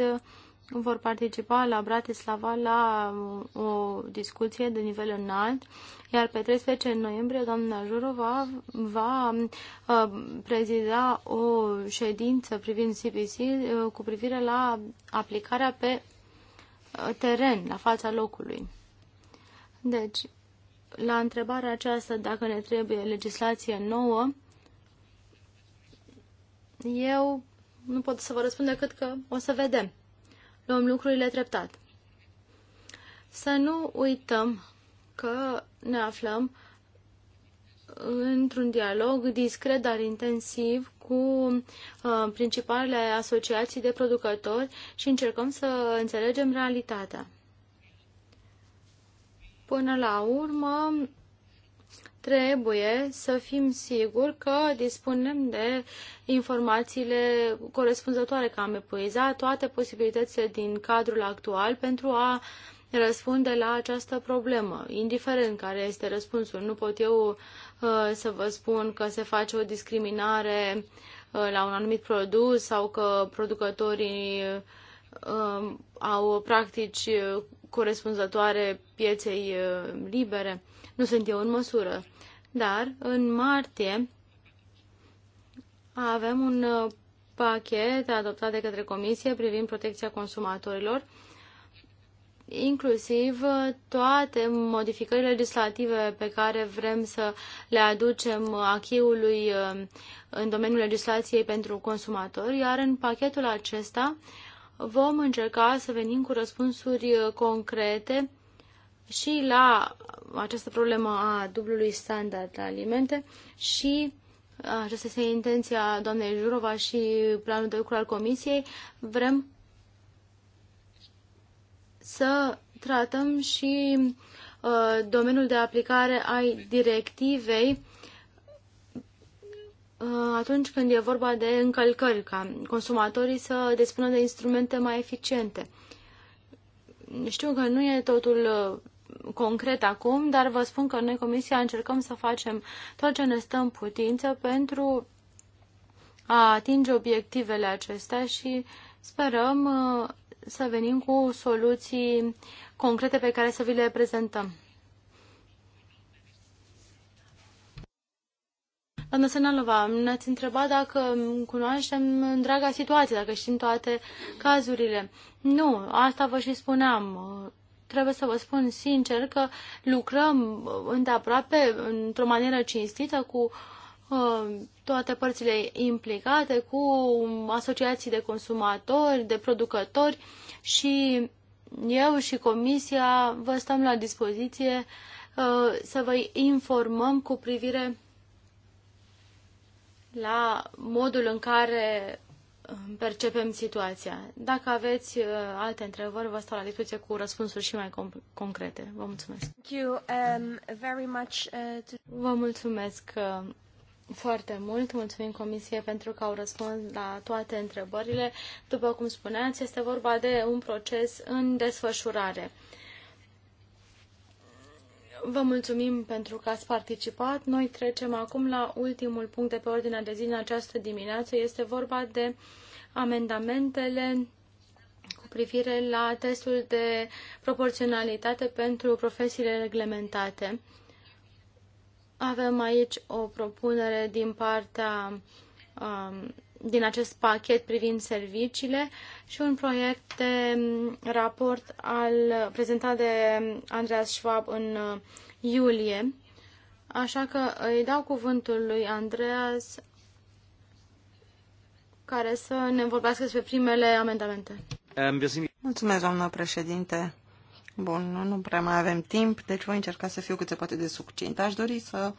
vor participa la Bratislava la um, o discuție de nivel înalt, iar pe 13 noiembrie doamna Jurova va, va uh, prezida o ședință privind CPC uh, cu privire la aplicarea pe uh, teren, la fața locului. Deci, la întrebarea aceasta dacă ne trebuie legislație nouă, eu nu pot să vă răspund decât că o să vedem luăm lucrurile treptat. Să nu uităm că ne aflăm într-un dialog discret, dar intensiv, cu uh, principalele asociații de producători și încercăm să înțelegem realitatea. Până la urmă, trebuie să fim siguri că dispunem de informațiile corespunzătoare, că am epuizat toate posibilitățile din cadrul actual pentru a răspunde la această problemă, indiferent care este răspunsul. Nu pot eu uh, să vă spun că se face o discriminare uh, la un anumit produs sau că producătorii uh, au practici uh, corespunzătoare pieței uh, libere nu sunt eu în măsură. Dar în martie avem un uh, pachet adoptat de către Comisie privind protecția consumatorilor, inclusiv uh, toate modificările legislative pe care vrem să le aducem achiului uh, în domeniul legislației pentru consumatori, iar în pachetul acesta vom încerca să venim cu răspunsuri concrete și la această problemă a dublului standard la alimente și uh, aceasta este intenția doamnei Jurova și planul de lucru al Comisiei, vrem să tratăm și uh, domeniul de aplicare ai directivei uh, atunci când e vorba de încălcări, ca consumatorii să despună de instrumente mai eficiente. Știu că nu e totul uh, concret acum, dar vă spun că noi, Comisia, încercăm să facem tot ce ne stă în putință pentru a atinge obiectivele acestea și sperăm uh, să venim cu soluții concrete pe care să vi le prezentăm. Doamna Senalova, ne-ați întrebat dacă cunoaștem întreaga situație, dacă știm toate cazurile. Nu, asta vă și spuneam trebuie să vă spun sincer că lucrăm îndeaproape, într-o manieră cinstită, cu uh, toate părțile implicate, cu asociații de consumatori, de producători și eu și Comisia vă stăm la dispoziție uh, să vă informăm cu privire la modul în care percepem situația. Dacă aveți uh, alte întrebări, vă stau la dispoziție cu răspunsuri și mai concrete. Vă mulțumesc. Thank you um, very much. Uh, vă mulțumesc uh, foarte mult. Mulțumim Comisiei pentru că au răspuns la toate întrebările. După cum spuneați, este vorba de un proces în desfășurare. Vă mulțumim pentru că ați participat. Noi trecem acum la ultimul punct de pe ordinea de zi în această dimineață. Este vorba de amendamentele cu privire la testul de proporționalitate pentru profesiile reglementate. Avem aici o propunere din partea um, din acest pachet privind serviciile și un proiect de raport al, prezentat de Andreas Schwab în uh, iulie. Așa că îi dau cuvântul lui Andreas care să ne vorbească despre primele amendamente. Mulțumesc, doamnă președinte. Bun, nu, nu prea mai avem timp, deci voi încerca să fiu cât se poate de succint. Aș dori să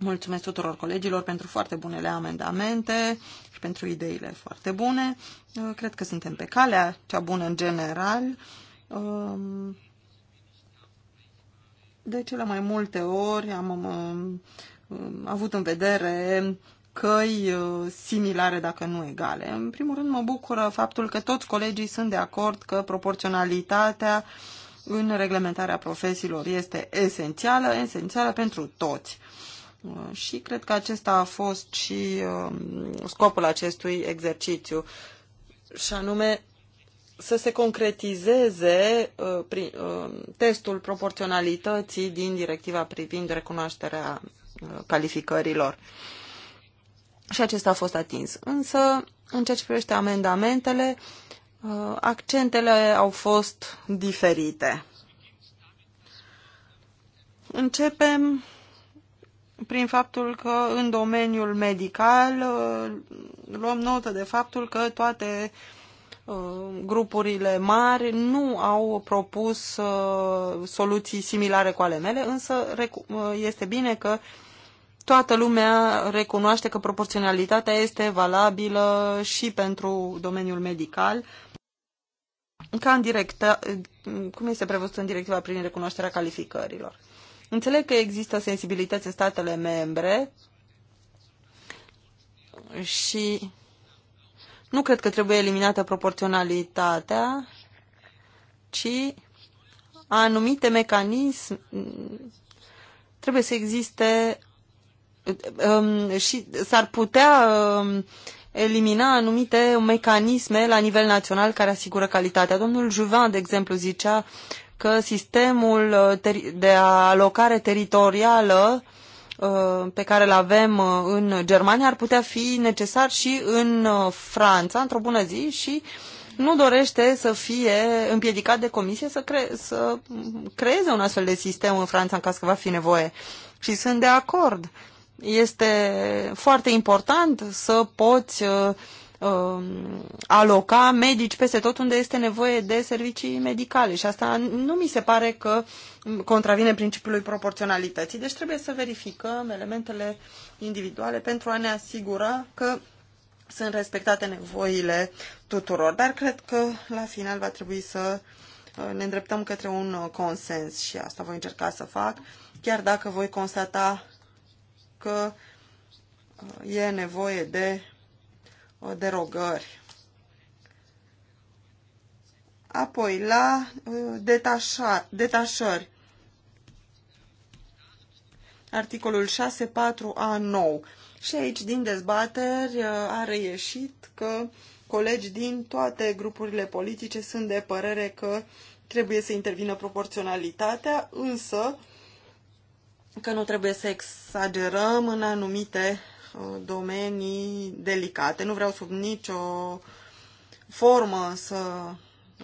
Mulțumesc tuturor colegilor pentru foarte bunele amendamente și pentru ideile foarte bune. Uh, cred că suntem pe calea cea bună în general. Um, de cele mai multe ori am um, um, avut în vedere căi uh, similare, dacă nu egale. În primul rând, mă bucură faptul că toți colegii sunt de acord că proporționalitatea în reglementarea profesiilor este esențială, esențială pentru toți. Uh, și cred că acesta a fost și um, scopul acestui exercițiu, și anume să se concretizeze uh, uh, testul proporționalității din directiva privind recunoașterea calificărilor. Și acesta a fost atins. Însă, în ceea ce privește amendamentele, accentele au fost diferite. Începem prin faptul că în domeniul medical uh, luăm notă de faptul că toate uh, grupurile mari nu au propus uh, soluții similare cu ale mele, însă este bine că toată lumea recunoaște că proporționalitatea este valabilă și pentru domeniul medical, ca în directa, cum este prevăzut în directiva prin recunoașterea calificărilor. Înțeleg că există sensibilitate în statele membre și nu cred că trebuie eliminată proporționalitatea, ci anumite mecanisme trebuie să existe um, și s-ar putea um, elimina anumite mecanisme la nivel național care asigură calitatea. Domnul Juvin, de exemplu, zicea că sistemul uh, de alocare teritorială uh, pe care îl avem uh, în Germania ar putea fi necesar și în Franța într-o bună zi și nu dorește să fie împiedicat de comisie să, cre- să creeze un astfel de sistem în Franța în caz că va fi nevoie. Și sunt de acord. Este foarte important să poți uh, aloca medici peste tot unde este nevoie de servicii medicale și asta nu mi se pare că contravine principiului proporționalității. Deci trebuie să verificăm elementele individuale pentru a ne asigura că sunt respectate nevoile tuturor. Dar cred că la final va trebui să uh, ne îndreptăm către un uh, consens și asta voi încerca să fac, chiar dacă voi constata că uh, e nevoie de derogări. Apoi, la uh, detașa, detașări. Articolul 6.4a9. Și aici, din dezbateri, uh, a reieșit că colegi din toate grupurile politice sunt de părere că trebuie să intervină proporționalitatea, însă că nu trebuie să exagerăm în anumite domenii delicate. Nu vreau sub nicio formă să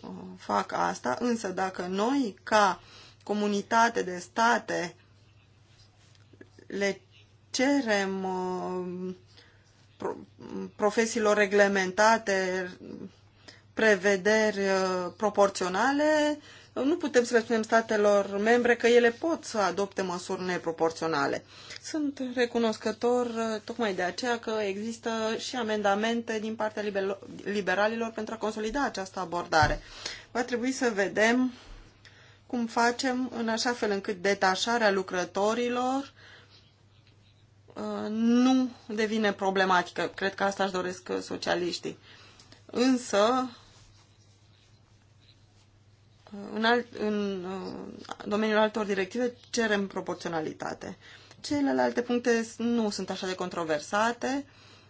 uh, fac asta, însă dacă noi, ca comunitate de state, le cerem uh, profesiilor reglementate prevederi uh, proporționale, nu putem să le spunem statelor membre că ele pot să adopte măsuri neproporționale. Sunt recunoscător uh, tocmai de aceea că există și amendamente din partea liberalilor pentru a consolida această abordare. Va trebui să vedem cum facem în așa fel încât detașarea lucrătorilor uh, nu devine problematică. Cred că asta își doresc uh, socialiștii. Însă, în, alt, în uh, domeniul altor directive cerem proporționalitate. Celelalte puncte nu sunt așa de controversate,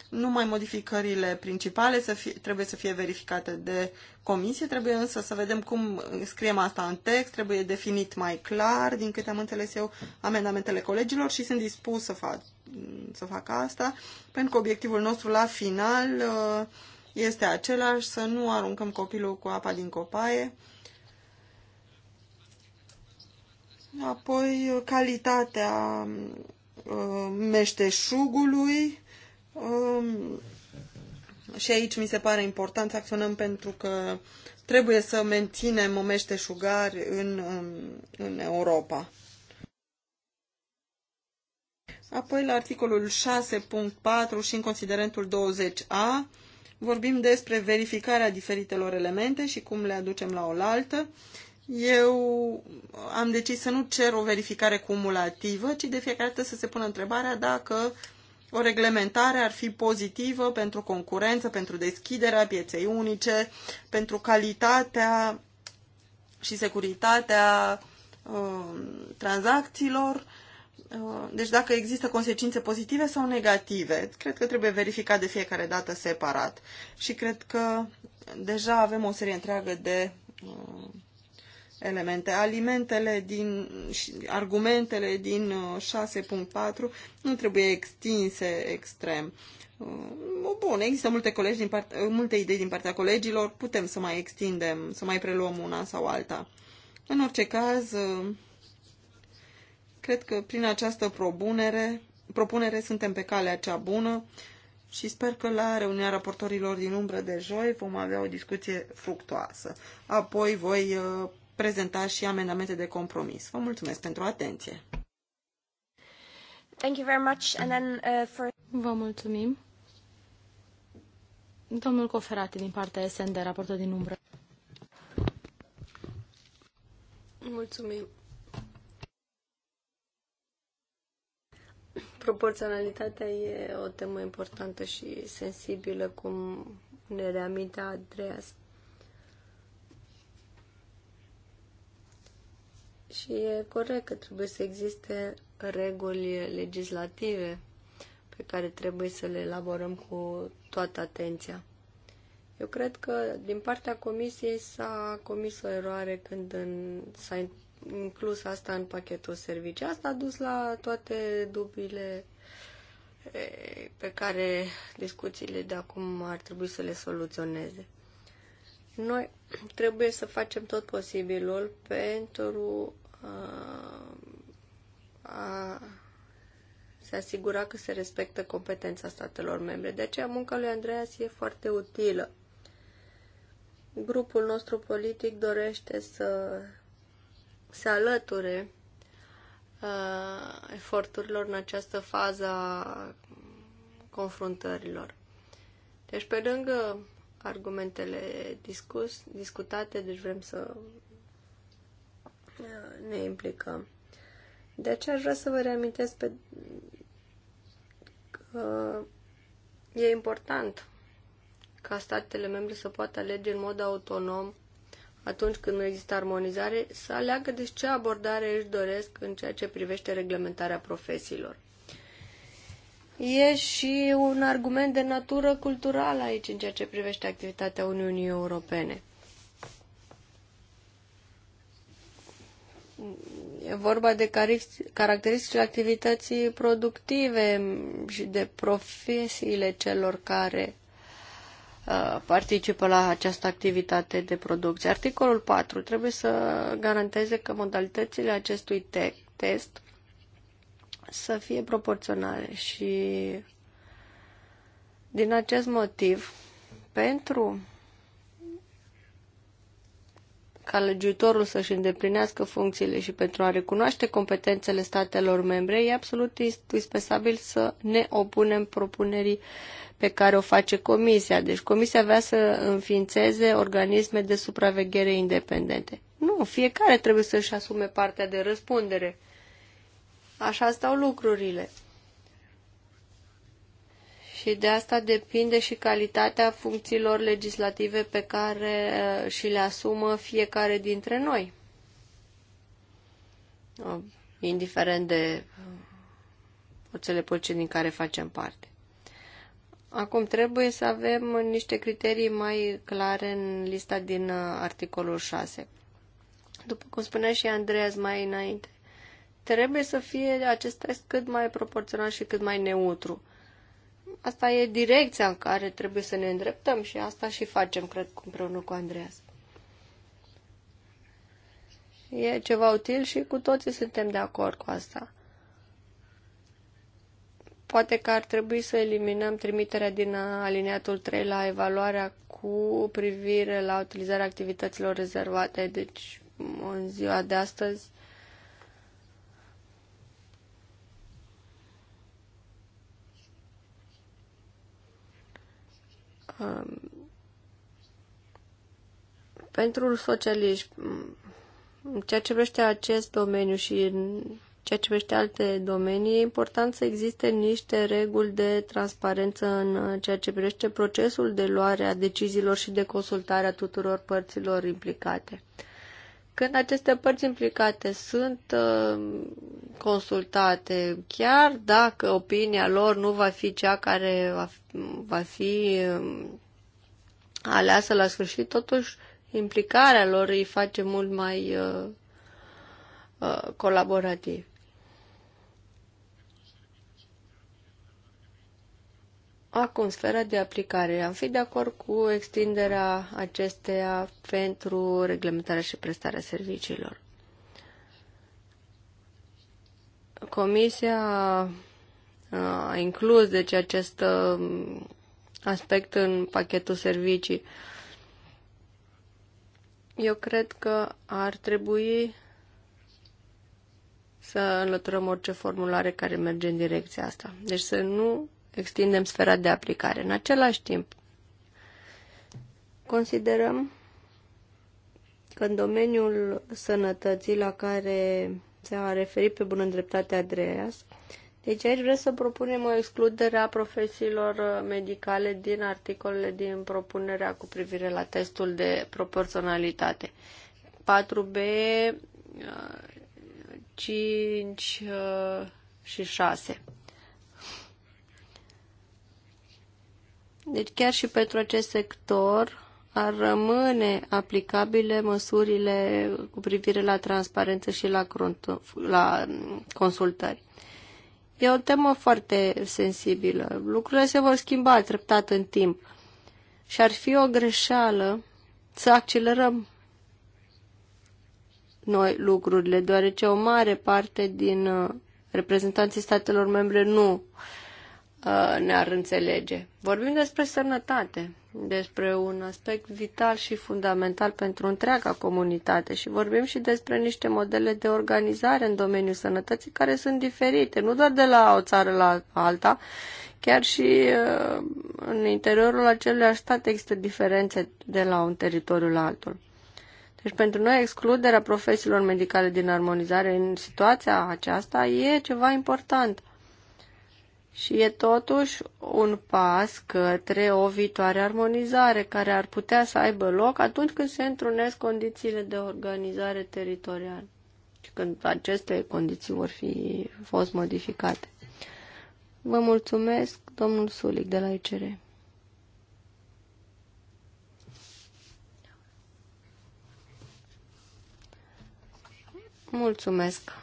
numai modificările principale să fie, trebuie să fie verificate de comisie, trebuie însă să vedem cum scriem asta în text, trebuie definit mai clar, din câte am înțeles eu, amendamentele colegilor și sunt dispus să fac, să fac asta, pentru că obiectivul nostru la final uh, este același, să nu aruncăm copilul cu apa din copaie, Apoi calitatea uh, meșteșugului um, și aici mi se pare important să acționăm pentru că trebuie să menținem meșteșugari în, um, în Europa. Apoi, la articolul 6.4 și în considerentul 20a, vorbim despre verificarea diferitelor elemente și cum le aducem la oaltă eu am decis să nu cer o verificare cumulativă, ci de fiecare dată să se pună întrebarea dacă o reglementare ar fi pozitivă pentru concurență, pentru deschiderea pieței unice, pentru calitatea și securitatea uh, tranzacțiilor. Uh, deci dacă există consecințe pozitive sau negative, cred că trebuie verificat de fiecare dată separat. Și cred că deja avem o serie întreagă de uh, elemente. Alimentele din, argumentele din 6.4 uh, nu trebuie extinse extrem. Uh, bun, există multe, colegi din part, uh, multe idei din partea colegilor, putem să mai extindem, să mai preluăm una sau alta. În orice caz, cred că prin această propunere, propunere suntem pe calea cea bună și sper că la reuniunea raportorilor din umbră de joi vom avea o discuție fructoasă. Apoi voi prezenta și amendamente de compromis. Vă mulțumesc pentru atenție. Thank you very much. And then, uh, for... Vă mulțumim. Domnul Coferati din partea SND, raportul din umbră. Mulțumim. Proporționalitatea e o temă importantă și sensibilă, cum ne reamintea Andreas. Și e corect că trebuie să existe reguli legislative pe care trebuie să le elaborăm cu toată atenția. Eu cred că din partea comisiei s-a comis o eroare când în, s-a inclus asta în pachetul servicii. Asta a dus la toate dubile pe care discuțiile de acum ar trebui să le soluționeze. Noi trebuie să facem tot posibilul pentru a se asigura că se respectă competența statelor membre. De aceea munca lui Andreas e foarte utilă. Grupul nostru politic dorește să se alăture a, eforturilor în această fază a confruntărilor. Deci, pe lângă argumentele discus, discutate, deci vrem să ne implicăm. De aceea aș vrea să vă reamintesc pe, că e important ca statele membre să poată alege în mod autonom atunci când nu există armonizare, să aleagă de ce abordare își doresc în ceea ce privește reglementarea profesiilor. E și un argument de natură culturală aici în ceea ce privește activitatea Uniunii Europene. E vorba de caracteristicile activității productive și de profesiile celor care uh, participă la această activitate de producție. Articolul 4 trebuie să garanteze că modalitățile acestui te- test să fie proporționale și din acest motiv, pentru ca legiuitorul să-și îndeplinească funcțiile și pentru a recunoaște competențele statelor membre, e absolut indispensabil să ne opunem propunerii pe care o face Comisia. Deci Comisia vrea să înființeze organisme de supraveghere independente. Nu, fiecare trebuie să-și asume partea de răspundere. Așa stau lucrurile și de asta depinde și calitatea funcțiilor legislative pe care uh, și le asumă fiecare dintre noi. Uh, indiferent de forțele uh, politice din care facem parte. Acum trebuie să avem niște criterii mai clare în lista din articolul 6. După cum spunea și Andreas mai înainte, trebuie să fie acest test cât mai proporțional și cât mai neutru. Asta e direcția în care trebuie să ne îndreptăm și asta și facem, cred, împreună cu Andreas. E ceva util și cu toții suntem de acord cu asta. Poate că ar trebui să eliminăm trimiterea din aliniatul 3 la evaluarea cu privire la utilizarea activităților rezervate. Deci, în ziua de astăzi, Um, pentru socialiști, în ceea ce vrește acest domeniu și în ceea ce vrește alte domenii, e important să existe niște reguli de transparență în ceea ce vrește procesul de luare a deciziilor și de consultare a tuturor părților implicate când aceste părți implicate sunt uh, consultate, chiar dacă opinia lor nu va fi cea care va, va fi um, aleasă la sfârșit, totuși implicarea lor îi face mult mai uh, uh, colaborativ. Acum, sfera de aplicare. Am fi de acord cu extinderea acesteia pentru reglementarea și prestarea serviciilor. Comisia a inclus deci acest um, aspect în pachetul servicii. Eu cred că ar trebui să înlăturăm orice formulare care merge în direcția asta. Deci să nu extindem sfera de aplicare. În același timp, considerăm că în domeniul sănătății la care se a referit pe bună dreptate Andreas, deci aici vrem să propunem o excludere a profesiilor medicale din articolele din propunerea cu privire la testul de proporționalitate. 4B, 5 uh, uh, și 6. Deci chiar și pentru acest sector ar rămâne aplicabile măsurile cu privire la transparență și la, la consultări. E o temă foarte sensibilă. Lucrurile se vor schimba treptat în timp și ar fi o greșeală să accelerăm noi lucrurile, deoarece o mare parte din uh, reprezentanții statelor membre nu uh, Uh, ne-ar înțelege. Vorbim despre sănătate, despre un aspect vital și fundamental pentru întreaga comunitate și vorbim și despre niște modele de organizare în domeniul sănătății care sunt diferite, nu doar de la o țară la alta, chiar și uh, în interiorul acelui stat există diferențe de la un teritoriu la altul. Deci pentru noi excluderea profesiilor medicale din armonizare în situația aceasta e ceva important – și e totuși un pas către o viitoare armonizare care ar putea să aibă loc atunci când se întrunesc condițiile de organizare teritorială și când aceste condiții vor fi fost modificate. Vă mulțumesc, domnul Sulic de la ICR. Mulțumesc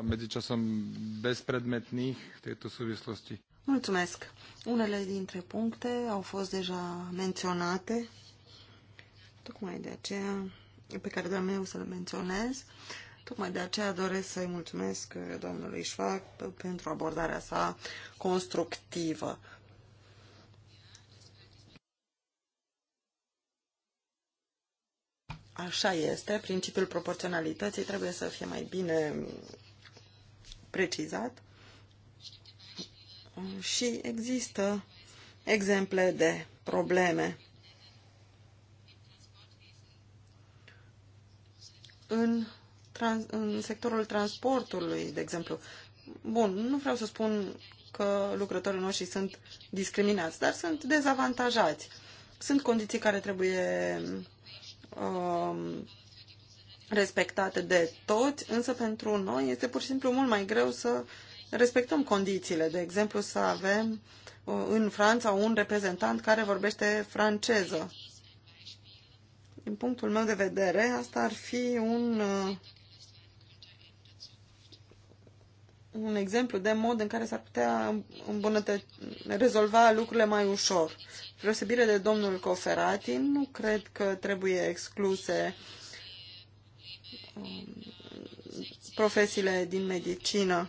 medzičasom bezpredmetných v tejto súvislosti. Mulțumesc. Unele dintre puncte au fost deja menționate, tocmai de aceea, pe care doar eu să le menționez, tocmai de aceea doresc să-i mulțumesc domnului Șfac pentru abordarea sa constructivă. Așa este, principiul proporționalității trebuie să fie mai bine precizat și există exemple de probleme. În, trans, în sectorul transportului, de exemplu. Bun, nu vreau să spun că lucrătorii noștri sunt discriminați, dar sunt dezavantajați. Sunt condiții care trebuie uh, respectate de toți, însă pentru noi este pur și simplu mult mai greu să respectăm condițiile. De exemplu, să avem uh, în Franța un reprezentant care vorbește franceză. Din punctul meu de vedere, asta ar fi un, uh, un exemplu de mod în care s-ar putea îmbunătă- rezolva lucrurile mai ușor. Preosebire de domnul Coferati, nu cred că trebuie excluse uh, profesiile din medicină.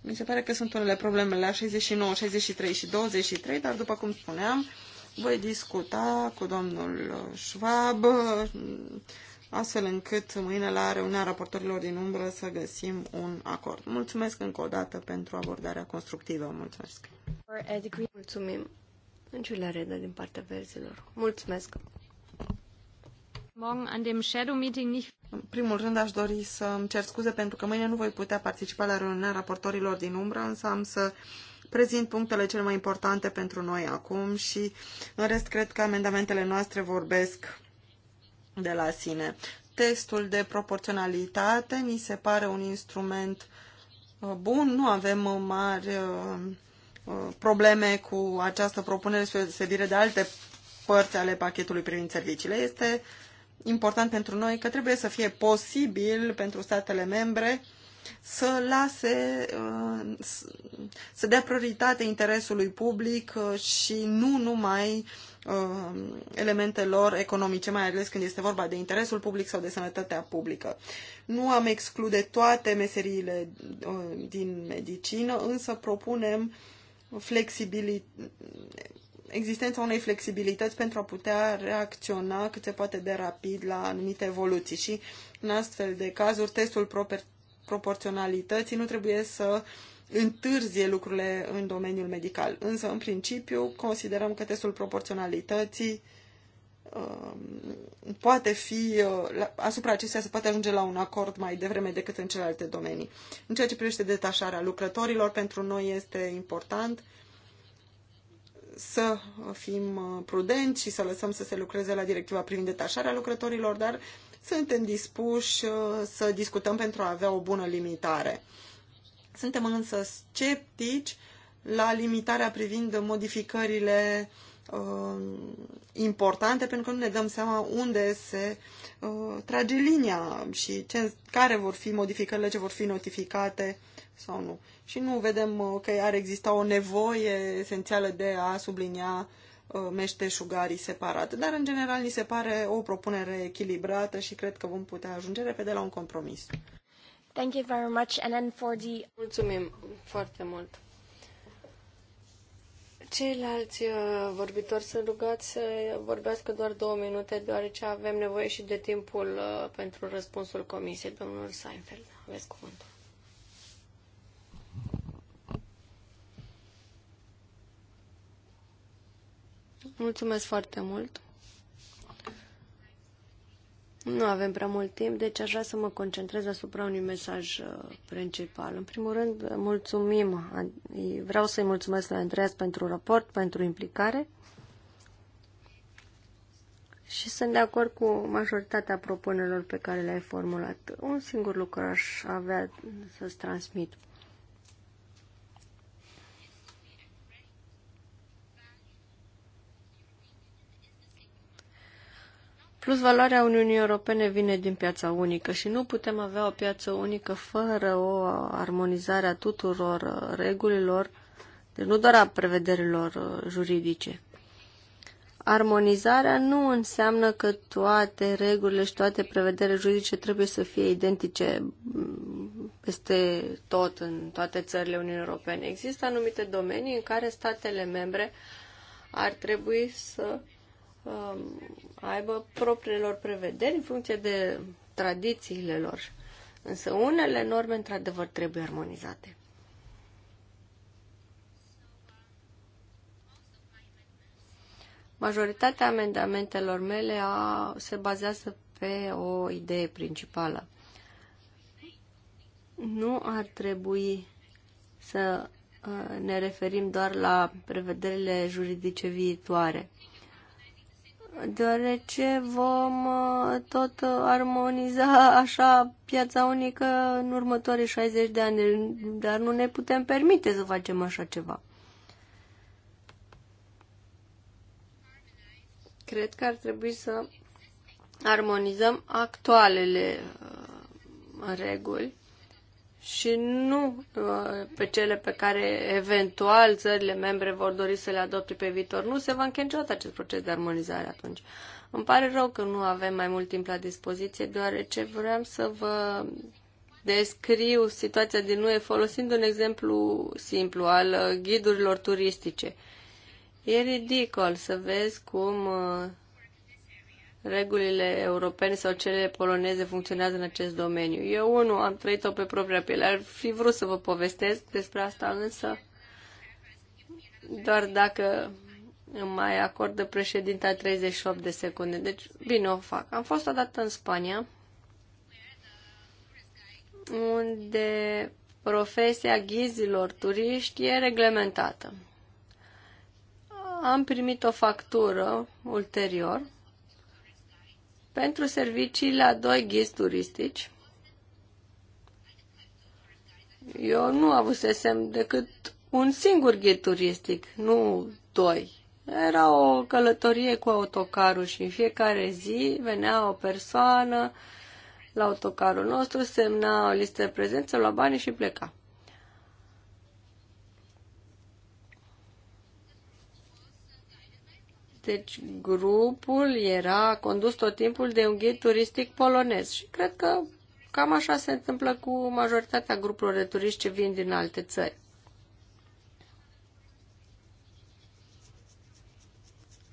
Mi se pare că sunt unele probleme la 69, 63 și 23, dar după cum spuneam, voi discuta cu domnul Schwab astfel încât mâine la reuniunea raportorilor din umbră să găsim un acord. Mulțumesc încă o dată pentru abordarea constructivă. Mulțumesc! Mulțumim! Giulia Reda din partea verzilor. Mulțumesc! În primul rând aș dori să îmi cer scuze pentru că mâine nu voi putea participa la reuniunea raportorilor din umbră, însă am să prezint punctele cele mai importante pentru noi acum și în rest cred că amendamentele noastre vorbesc de la sine. Testul de proporționalitate mi se pare un instrument uh, bun, nu avem uh, mari uh, Uh, probleme cu această propunere spre deosebire de alte părți ale pachetului privind serviciile. Este important pentru noi că trebuie să fie posibil pentru statele membre să lase, uh, să dea prioritate interesului public uh, și nu numai elementelor economice, mai ales când este vorba de interesul public sau de sănătatea publică. Nu am exclude toate meseriile din medicină, însă propunem uh, flexibilit existența unei flexibilități pentru a putea reacționa cât se poate de rapid la anumite evoluții și în astfel de cazuri testul proporționalității nu trebuie să întârzie lucrurile în domeniul medical. Însă, în principiu, considerăm că testul proporționalității Um, poate fi, uh, asupra acestea se poate ajunge la un acord mai devreme decât în celelalte domenii. În ceea ce privește detașarea lucrătorilor, pentru noi este important să fim uh, prudenți și să lăsăm să se lucreze la directiva privind detașarea lucrătorilor, dar suntem dispuși uh, să discutăm pentru a avea o bună limitare. Suntem însă sceptici la limitarea privind modificările uh, Um, importante pentru că nu ne dăm seama unde se uh, trage linia și ce, care vor fi modificările ce vor fi notificate sau nu. Și nu vedem uh, că ar exista o nevoie esențială de a sublinia uh, meșteșugarii separat. Dar, în general, ni se pare o propunere echilibrată și cred că vom putea ajunge repede la un compromis. Thank you very much and then for the... Mulțumim foarte mult Ceilalți uh, vorbitori sunt rugați să vorbească doar două minute, deoarece avem nevoie și de timpul uh, pentru răspunsul comisiei. Domnul Seinfeld, aveți cuvântul. Mulțumesc foarte mult. Nu avem prea mult timp, deci aș vrea să mă concentrez asupra unui mesaj uh, principal. În primul rând, mulțumim, vreau să-i mulțumesc la Andreas pentru raport, pentru implicare și sunt de acord cu majoritatea propunerilor pe care le-ai formulat. Un singur lucru aș avea să-ți transmit. Plus valoarea Uniunii Europene vine din piața unică și nu putem avea o piață unică fără o armonizare a tuturor uh, regulilor, deci nu doar a prevederilor uh, juridice. Armonizarea nu înseamnă că toate regulile și toate prevederile juridice trebuie să fie identice mm, peste tot în toate țările Uniunii Europene. Există anumite domenii în care statele membre ar trebui să Um, aibă propriilor prevederi în funcție de tradițiile lor. Însă unele norme, într-adevăr, trebuie armonizate. Majoritatea amendamentelor mele a, se bazează pe o idee principală. Nu ar trebui să uh, ne referim doar la prevederile juridice viitoare, deoarece vom uh, tot uh, armoniza așa piața unică în următorii 60 de ani, dar nu ne putem permite să facem așa ceva. Cred că ar trebui să armonizăm actualele uh, reguli și nu uh, pe cele pe care eventual țările membre vor dori să le adopte pe viitor. Nu se va încheia niciodată acest proces de armonizare atunci. Îmi pare rău că nu avem mai mult timp la dispoziție, deoarece vreau să vă descriu situația din UE folosind un exemplu simplu al uh, ghidurilor turistice. E ridicol să vezi cum uh, regulile europene sau cele poloneze funcționează în acest domeniu. Eu, unul, am trăit-o pe propria piele. Ar fi vrut să vă povestesc despre asta, însă doar dacă îmi mai acordă președinta 38 de secunde. Deci, bine o fac. Am fost odată în Spania, unde profesia ghizilor turiști e reglementată. Am primit o factură ulterior pentru servicii la doi ghizi turistici. Eu nu avusesem decât un singur ghid turistic, nu doi. Era o călătorie cu autocarul și în fiecare zi venea o persoană la autocarul nostru, semna o listă de prezență, lua banii și pleca. Deci grupul era condus tot timpul de un ghid turistic polonez și cred că cam așa se întâmplă cu majoritatea grupurilor de turiști ce vin din alte țări.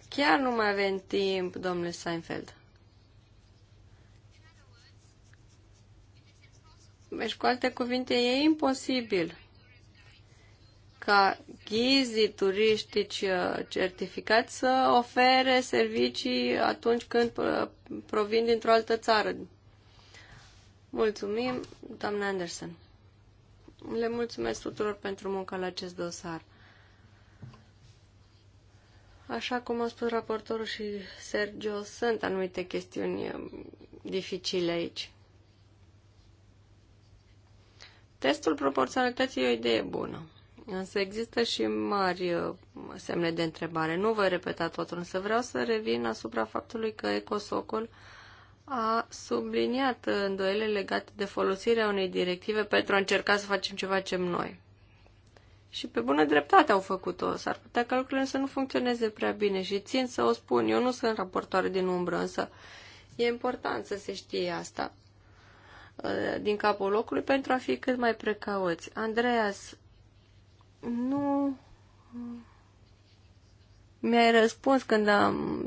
Chiar nu mai avem timp, domnule Seinfeld. Deci, cu alte cuvinte, e imposibil ca ghizii turistici uh, certificați să ofere servicii atunci când uh, provin dintr-o altă țară. Mulțumim, doamna Anderson. Le mulțumesc tuturor pentru munca la acest dosar. Așa cum a spus raportorul și Sergio, sunt anumite chestiuni um, dificile aici. Testul proporționalității e o idee bună. Însă există și mari uh, semne de întrebare. Nu voi repeta totul, însă vreau să revin asupra faptului că Ecosocol a subliniat îndoiele legate de folosirea unei directive pentru a încerca să facem ce facem noi. Și pe bună dreptate au făcut-o. S-ar putea ca lucrurile să nu funcționeze prea bine și țin să o spun. Eu nu sunt raportoare din umbră, însă e important să se știe asta uh, din capul locului pentru a fi cât mai precauți. Andreas nu mm, mi-ai răspuns când am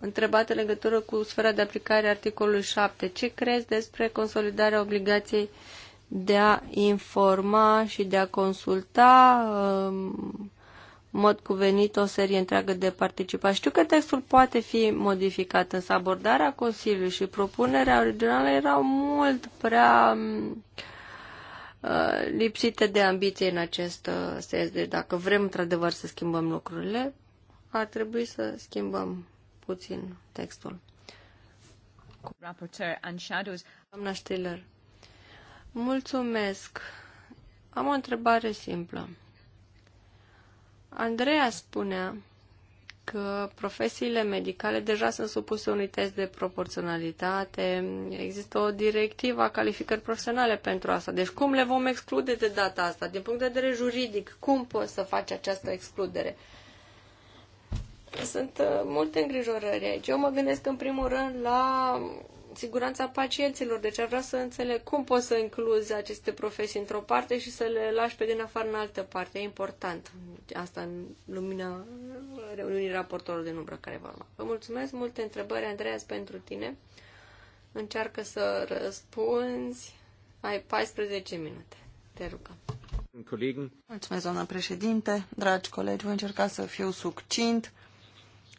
întrebat în legătură cu sfera de aplicare articolului 7. Ce crezi despre consolidarea obligației de a informa și de a consulta mm, în mod cuvenit o serie întreagă de participați. Știu că textul poate fi modificat, însă abordarea Consiliului și propunerea originală erau mult prea uh, Uh, lipsite de ambiție în acest uh, sens. Deci dacă vrem într-adevăr să schimbăm lucrurile, ar trebui să schimbăm puțin textul. Rapporteur and Shadows. Doamna Stiller, mulțumesc. Am o întrebare simplă. Andreea spunea că profesiile medicale deja sunt supuse unui test de proporționalitate, există o directivă a calificări profesionale pentru asta. Deci cum le vom exclude de data asta? Din punct de vedere juridic, cum poți să faci această excludere? Sunt uh, multe îngrijorări aici. Eu mă gândesc în primul rând la siguranța pacienților. Deci ar vrea să înțeleg cum poți să incluzi aceste profesii într-o parte și să le lași pe din afară în altă parte. E important asta în lumina reuniunii raportorului de număr care va urma. Vă mulțumesc, multe întrebări, Andreea, pentru tine. Încearcă să răspunzi. Ai 14 minute. Te rugăm. Colegii. Mulțumesc, doamna președinte. Dragi colegi, voi încerca să fiu succint,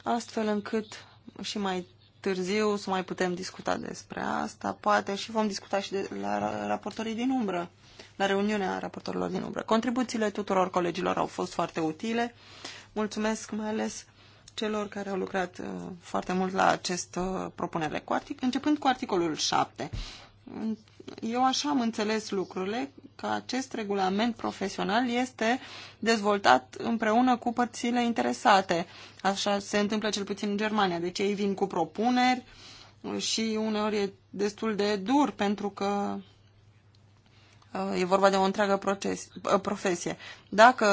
astfel încât și mai târziu să mai putem discuta despre asta, poate și vom discuta și de, la raportorii din umbră, la reuniunea raportorilor din umbră. Contribuțiile tuturor colegilor au fost foarte utile. Mulțumesc mai ales celor care au lucrat uh, foarte mult la acest uh, propunere, cu artic- începând cu articolul 7 eu așa am înțeles lucrurile, că acest regulament profesional este dezvoltat împreună cu părțile interesate. Așa se întâmplă cel puțin în Germania. Deci ei vin cu propuneri și uneori e destul de dur pentru că uh, e vorba de o întreagă proces, uh, profesie. Dacă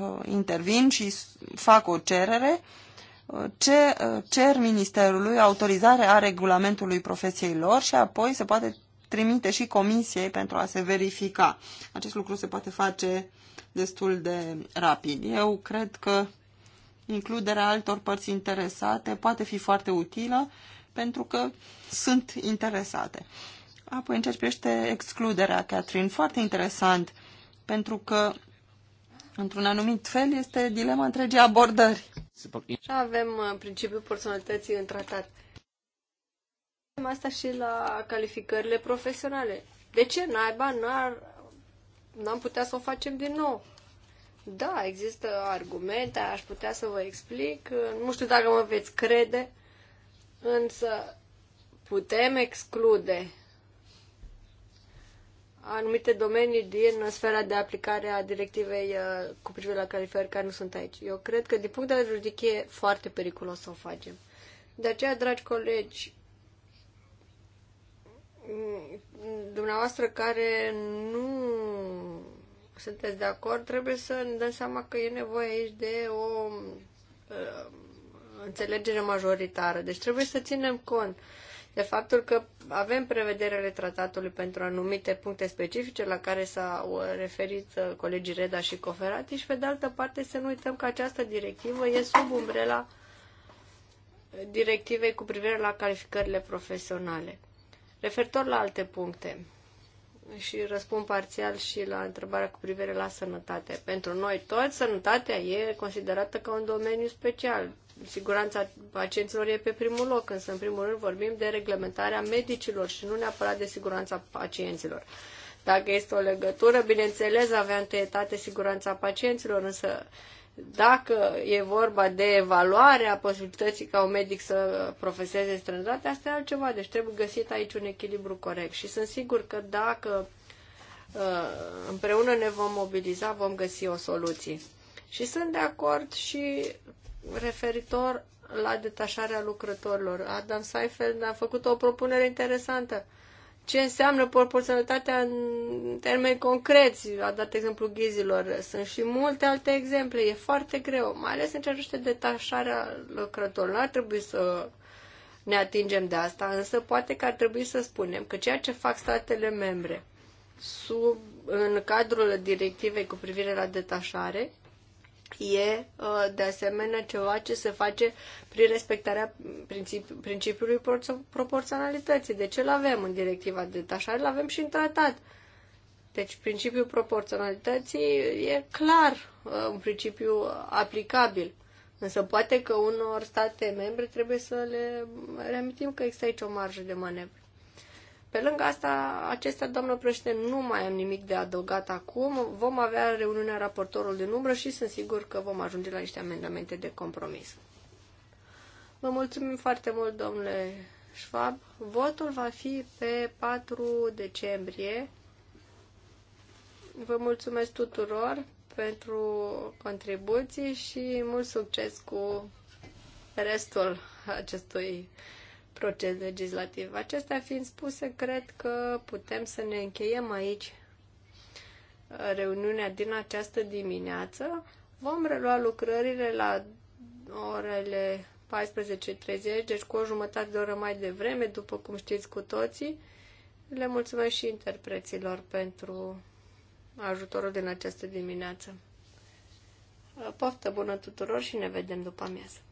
uh, intervin și fac o cerere, ce cer ministerului autorizarea regulamentului profesiei lor și apoi se poate trimite și comisiei pentru a se verifica. Acest lucru se poate face destul de rapid. Eu cred că includerea altor părți interesate poate fi foarte utilă pentru că sunt interesate. Apoi, în ceea ce privește excluderea, Catherine, foarte interesant, pentru că într-un anumit fel, este dilema întregii abordări. Și avem uh, principiul personalității în tratat. asta și la calificările profesionale. De ce naiba n-ar, n-am putea să o facem din nou? Da, există argumente, aș putea să vă explic. Uh, nu știu dacă mă veți crede, însă putem exclude anumite domenii din sfera de aplicare a directivei uh, cu privire la calificări care nu sunt aici. Eu cred că din punct de vedere juridic e foarte periculos să o facem. De aceea, dragi colegi, mm, dumneavoastră care nu sunteți de acord, trebuie să ne dăm seama că e nevoie aici de o uh, înțelegere majoritară. Deci trebuie să ținem cont uh, de faptul că avem prevederele tratatului pentru anumite puncte specifice la care s-au referit uh, colegii Reda și Coferati și pe de altă parte să nu uităm că această directivă e sub umbrela directivei cu privire la calificările profesionale. Referitor la alte puncte, și răspund parțial și la întrebarea cu privire la sănătate. Pentru noi toți, sănătatea e considerată ca un domeniu special. Siguranța pacienților e pe primul loc, însă în primul rând vorbim de reglementarea medicilor și nu neapărat de siguranța pacienților. Dacă este o legătură, bineînțeles, avea întâietate siguranța pacienților, însă dacă e vorba de evaluarea posibilității ca un medic să profeseze străinătate, asta e altceva. Deci trebuie găsit aici un echilibru corect. Și sunt sigur că dacă uh, împreună ne vom mobiliza, vom găsi o soluție. Și sunt de acord și referitor la detașarea lucrătorilor. Adam Seifeld a făcut o propunere interesantă. Uh, ce înseamnă proporționalitatea în termeni concreți. A dat exemplu ghizilor. Sunt și multe alte exemple. E foarte greu, mai ales în ce privește detașarea lucrătorilor. Ar trebui să ne atingem de asta, însă poate că ar trebui să spunem că ceea ce fac statele membre sub, în cadrul directivei cu privire la detașare e uh, de asemenea ceva ce se face prin respectarea principi- principiului proporționalității. Deci îl avem în directiva de detașare, îl avem și în tratat. Deci principiul proporționalității e clar uh, un principiu aplicabil. Însă poate că unor state membre trebuie să le reamintim că există aici o marjă de manevră. Pe lângă asta, acestea, doamnă președinte, nu mai am nimic de adăugat acum. Vom avea reuniunea raportorul din umbră și sunt sigur că vom ajunge la niște amendamente de compromis. Vă mulțumim foarte mult, domnule Schwab. Votul va fi pe 4 decembrie. Vă mulțumesc tuturor pentru contribuții și mult succes cu restul acestui proces legislativ. Acestea fiind spuse, cred că putem să ne încheiem aici uh, reuniunea din această dimineață. Vom relua lucrările la orele 14.30, deci cu o jumătate de oră mai devreme, după cum știți cu toții. Le mulțumesc și interpreților pentru ajutorul din această dimineață. Uh, poftă bună tuturor și ne vedem după amiază.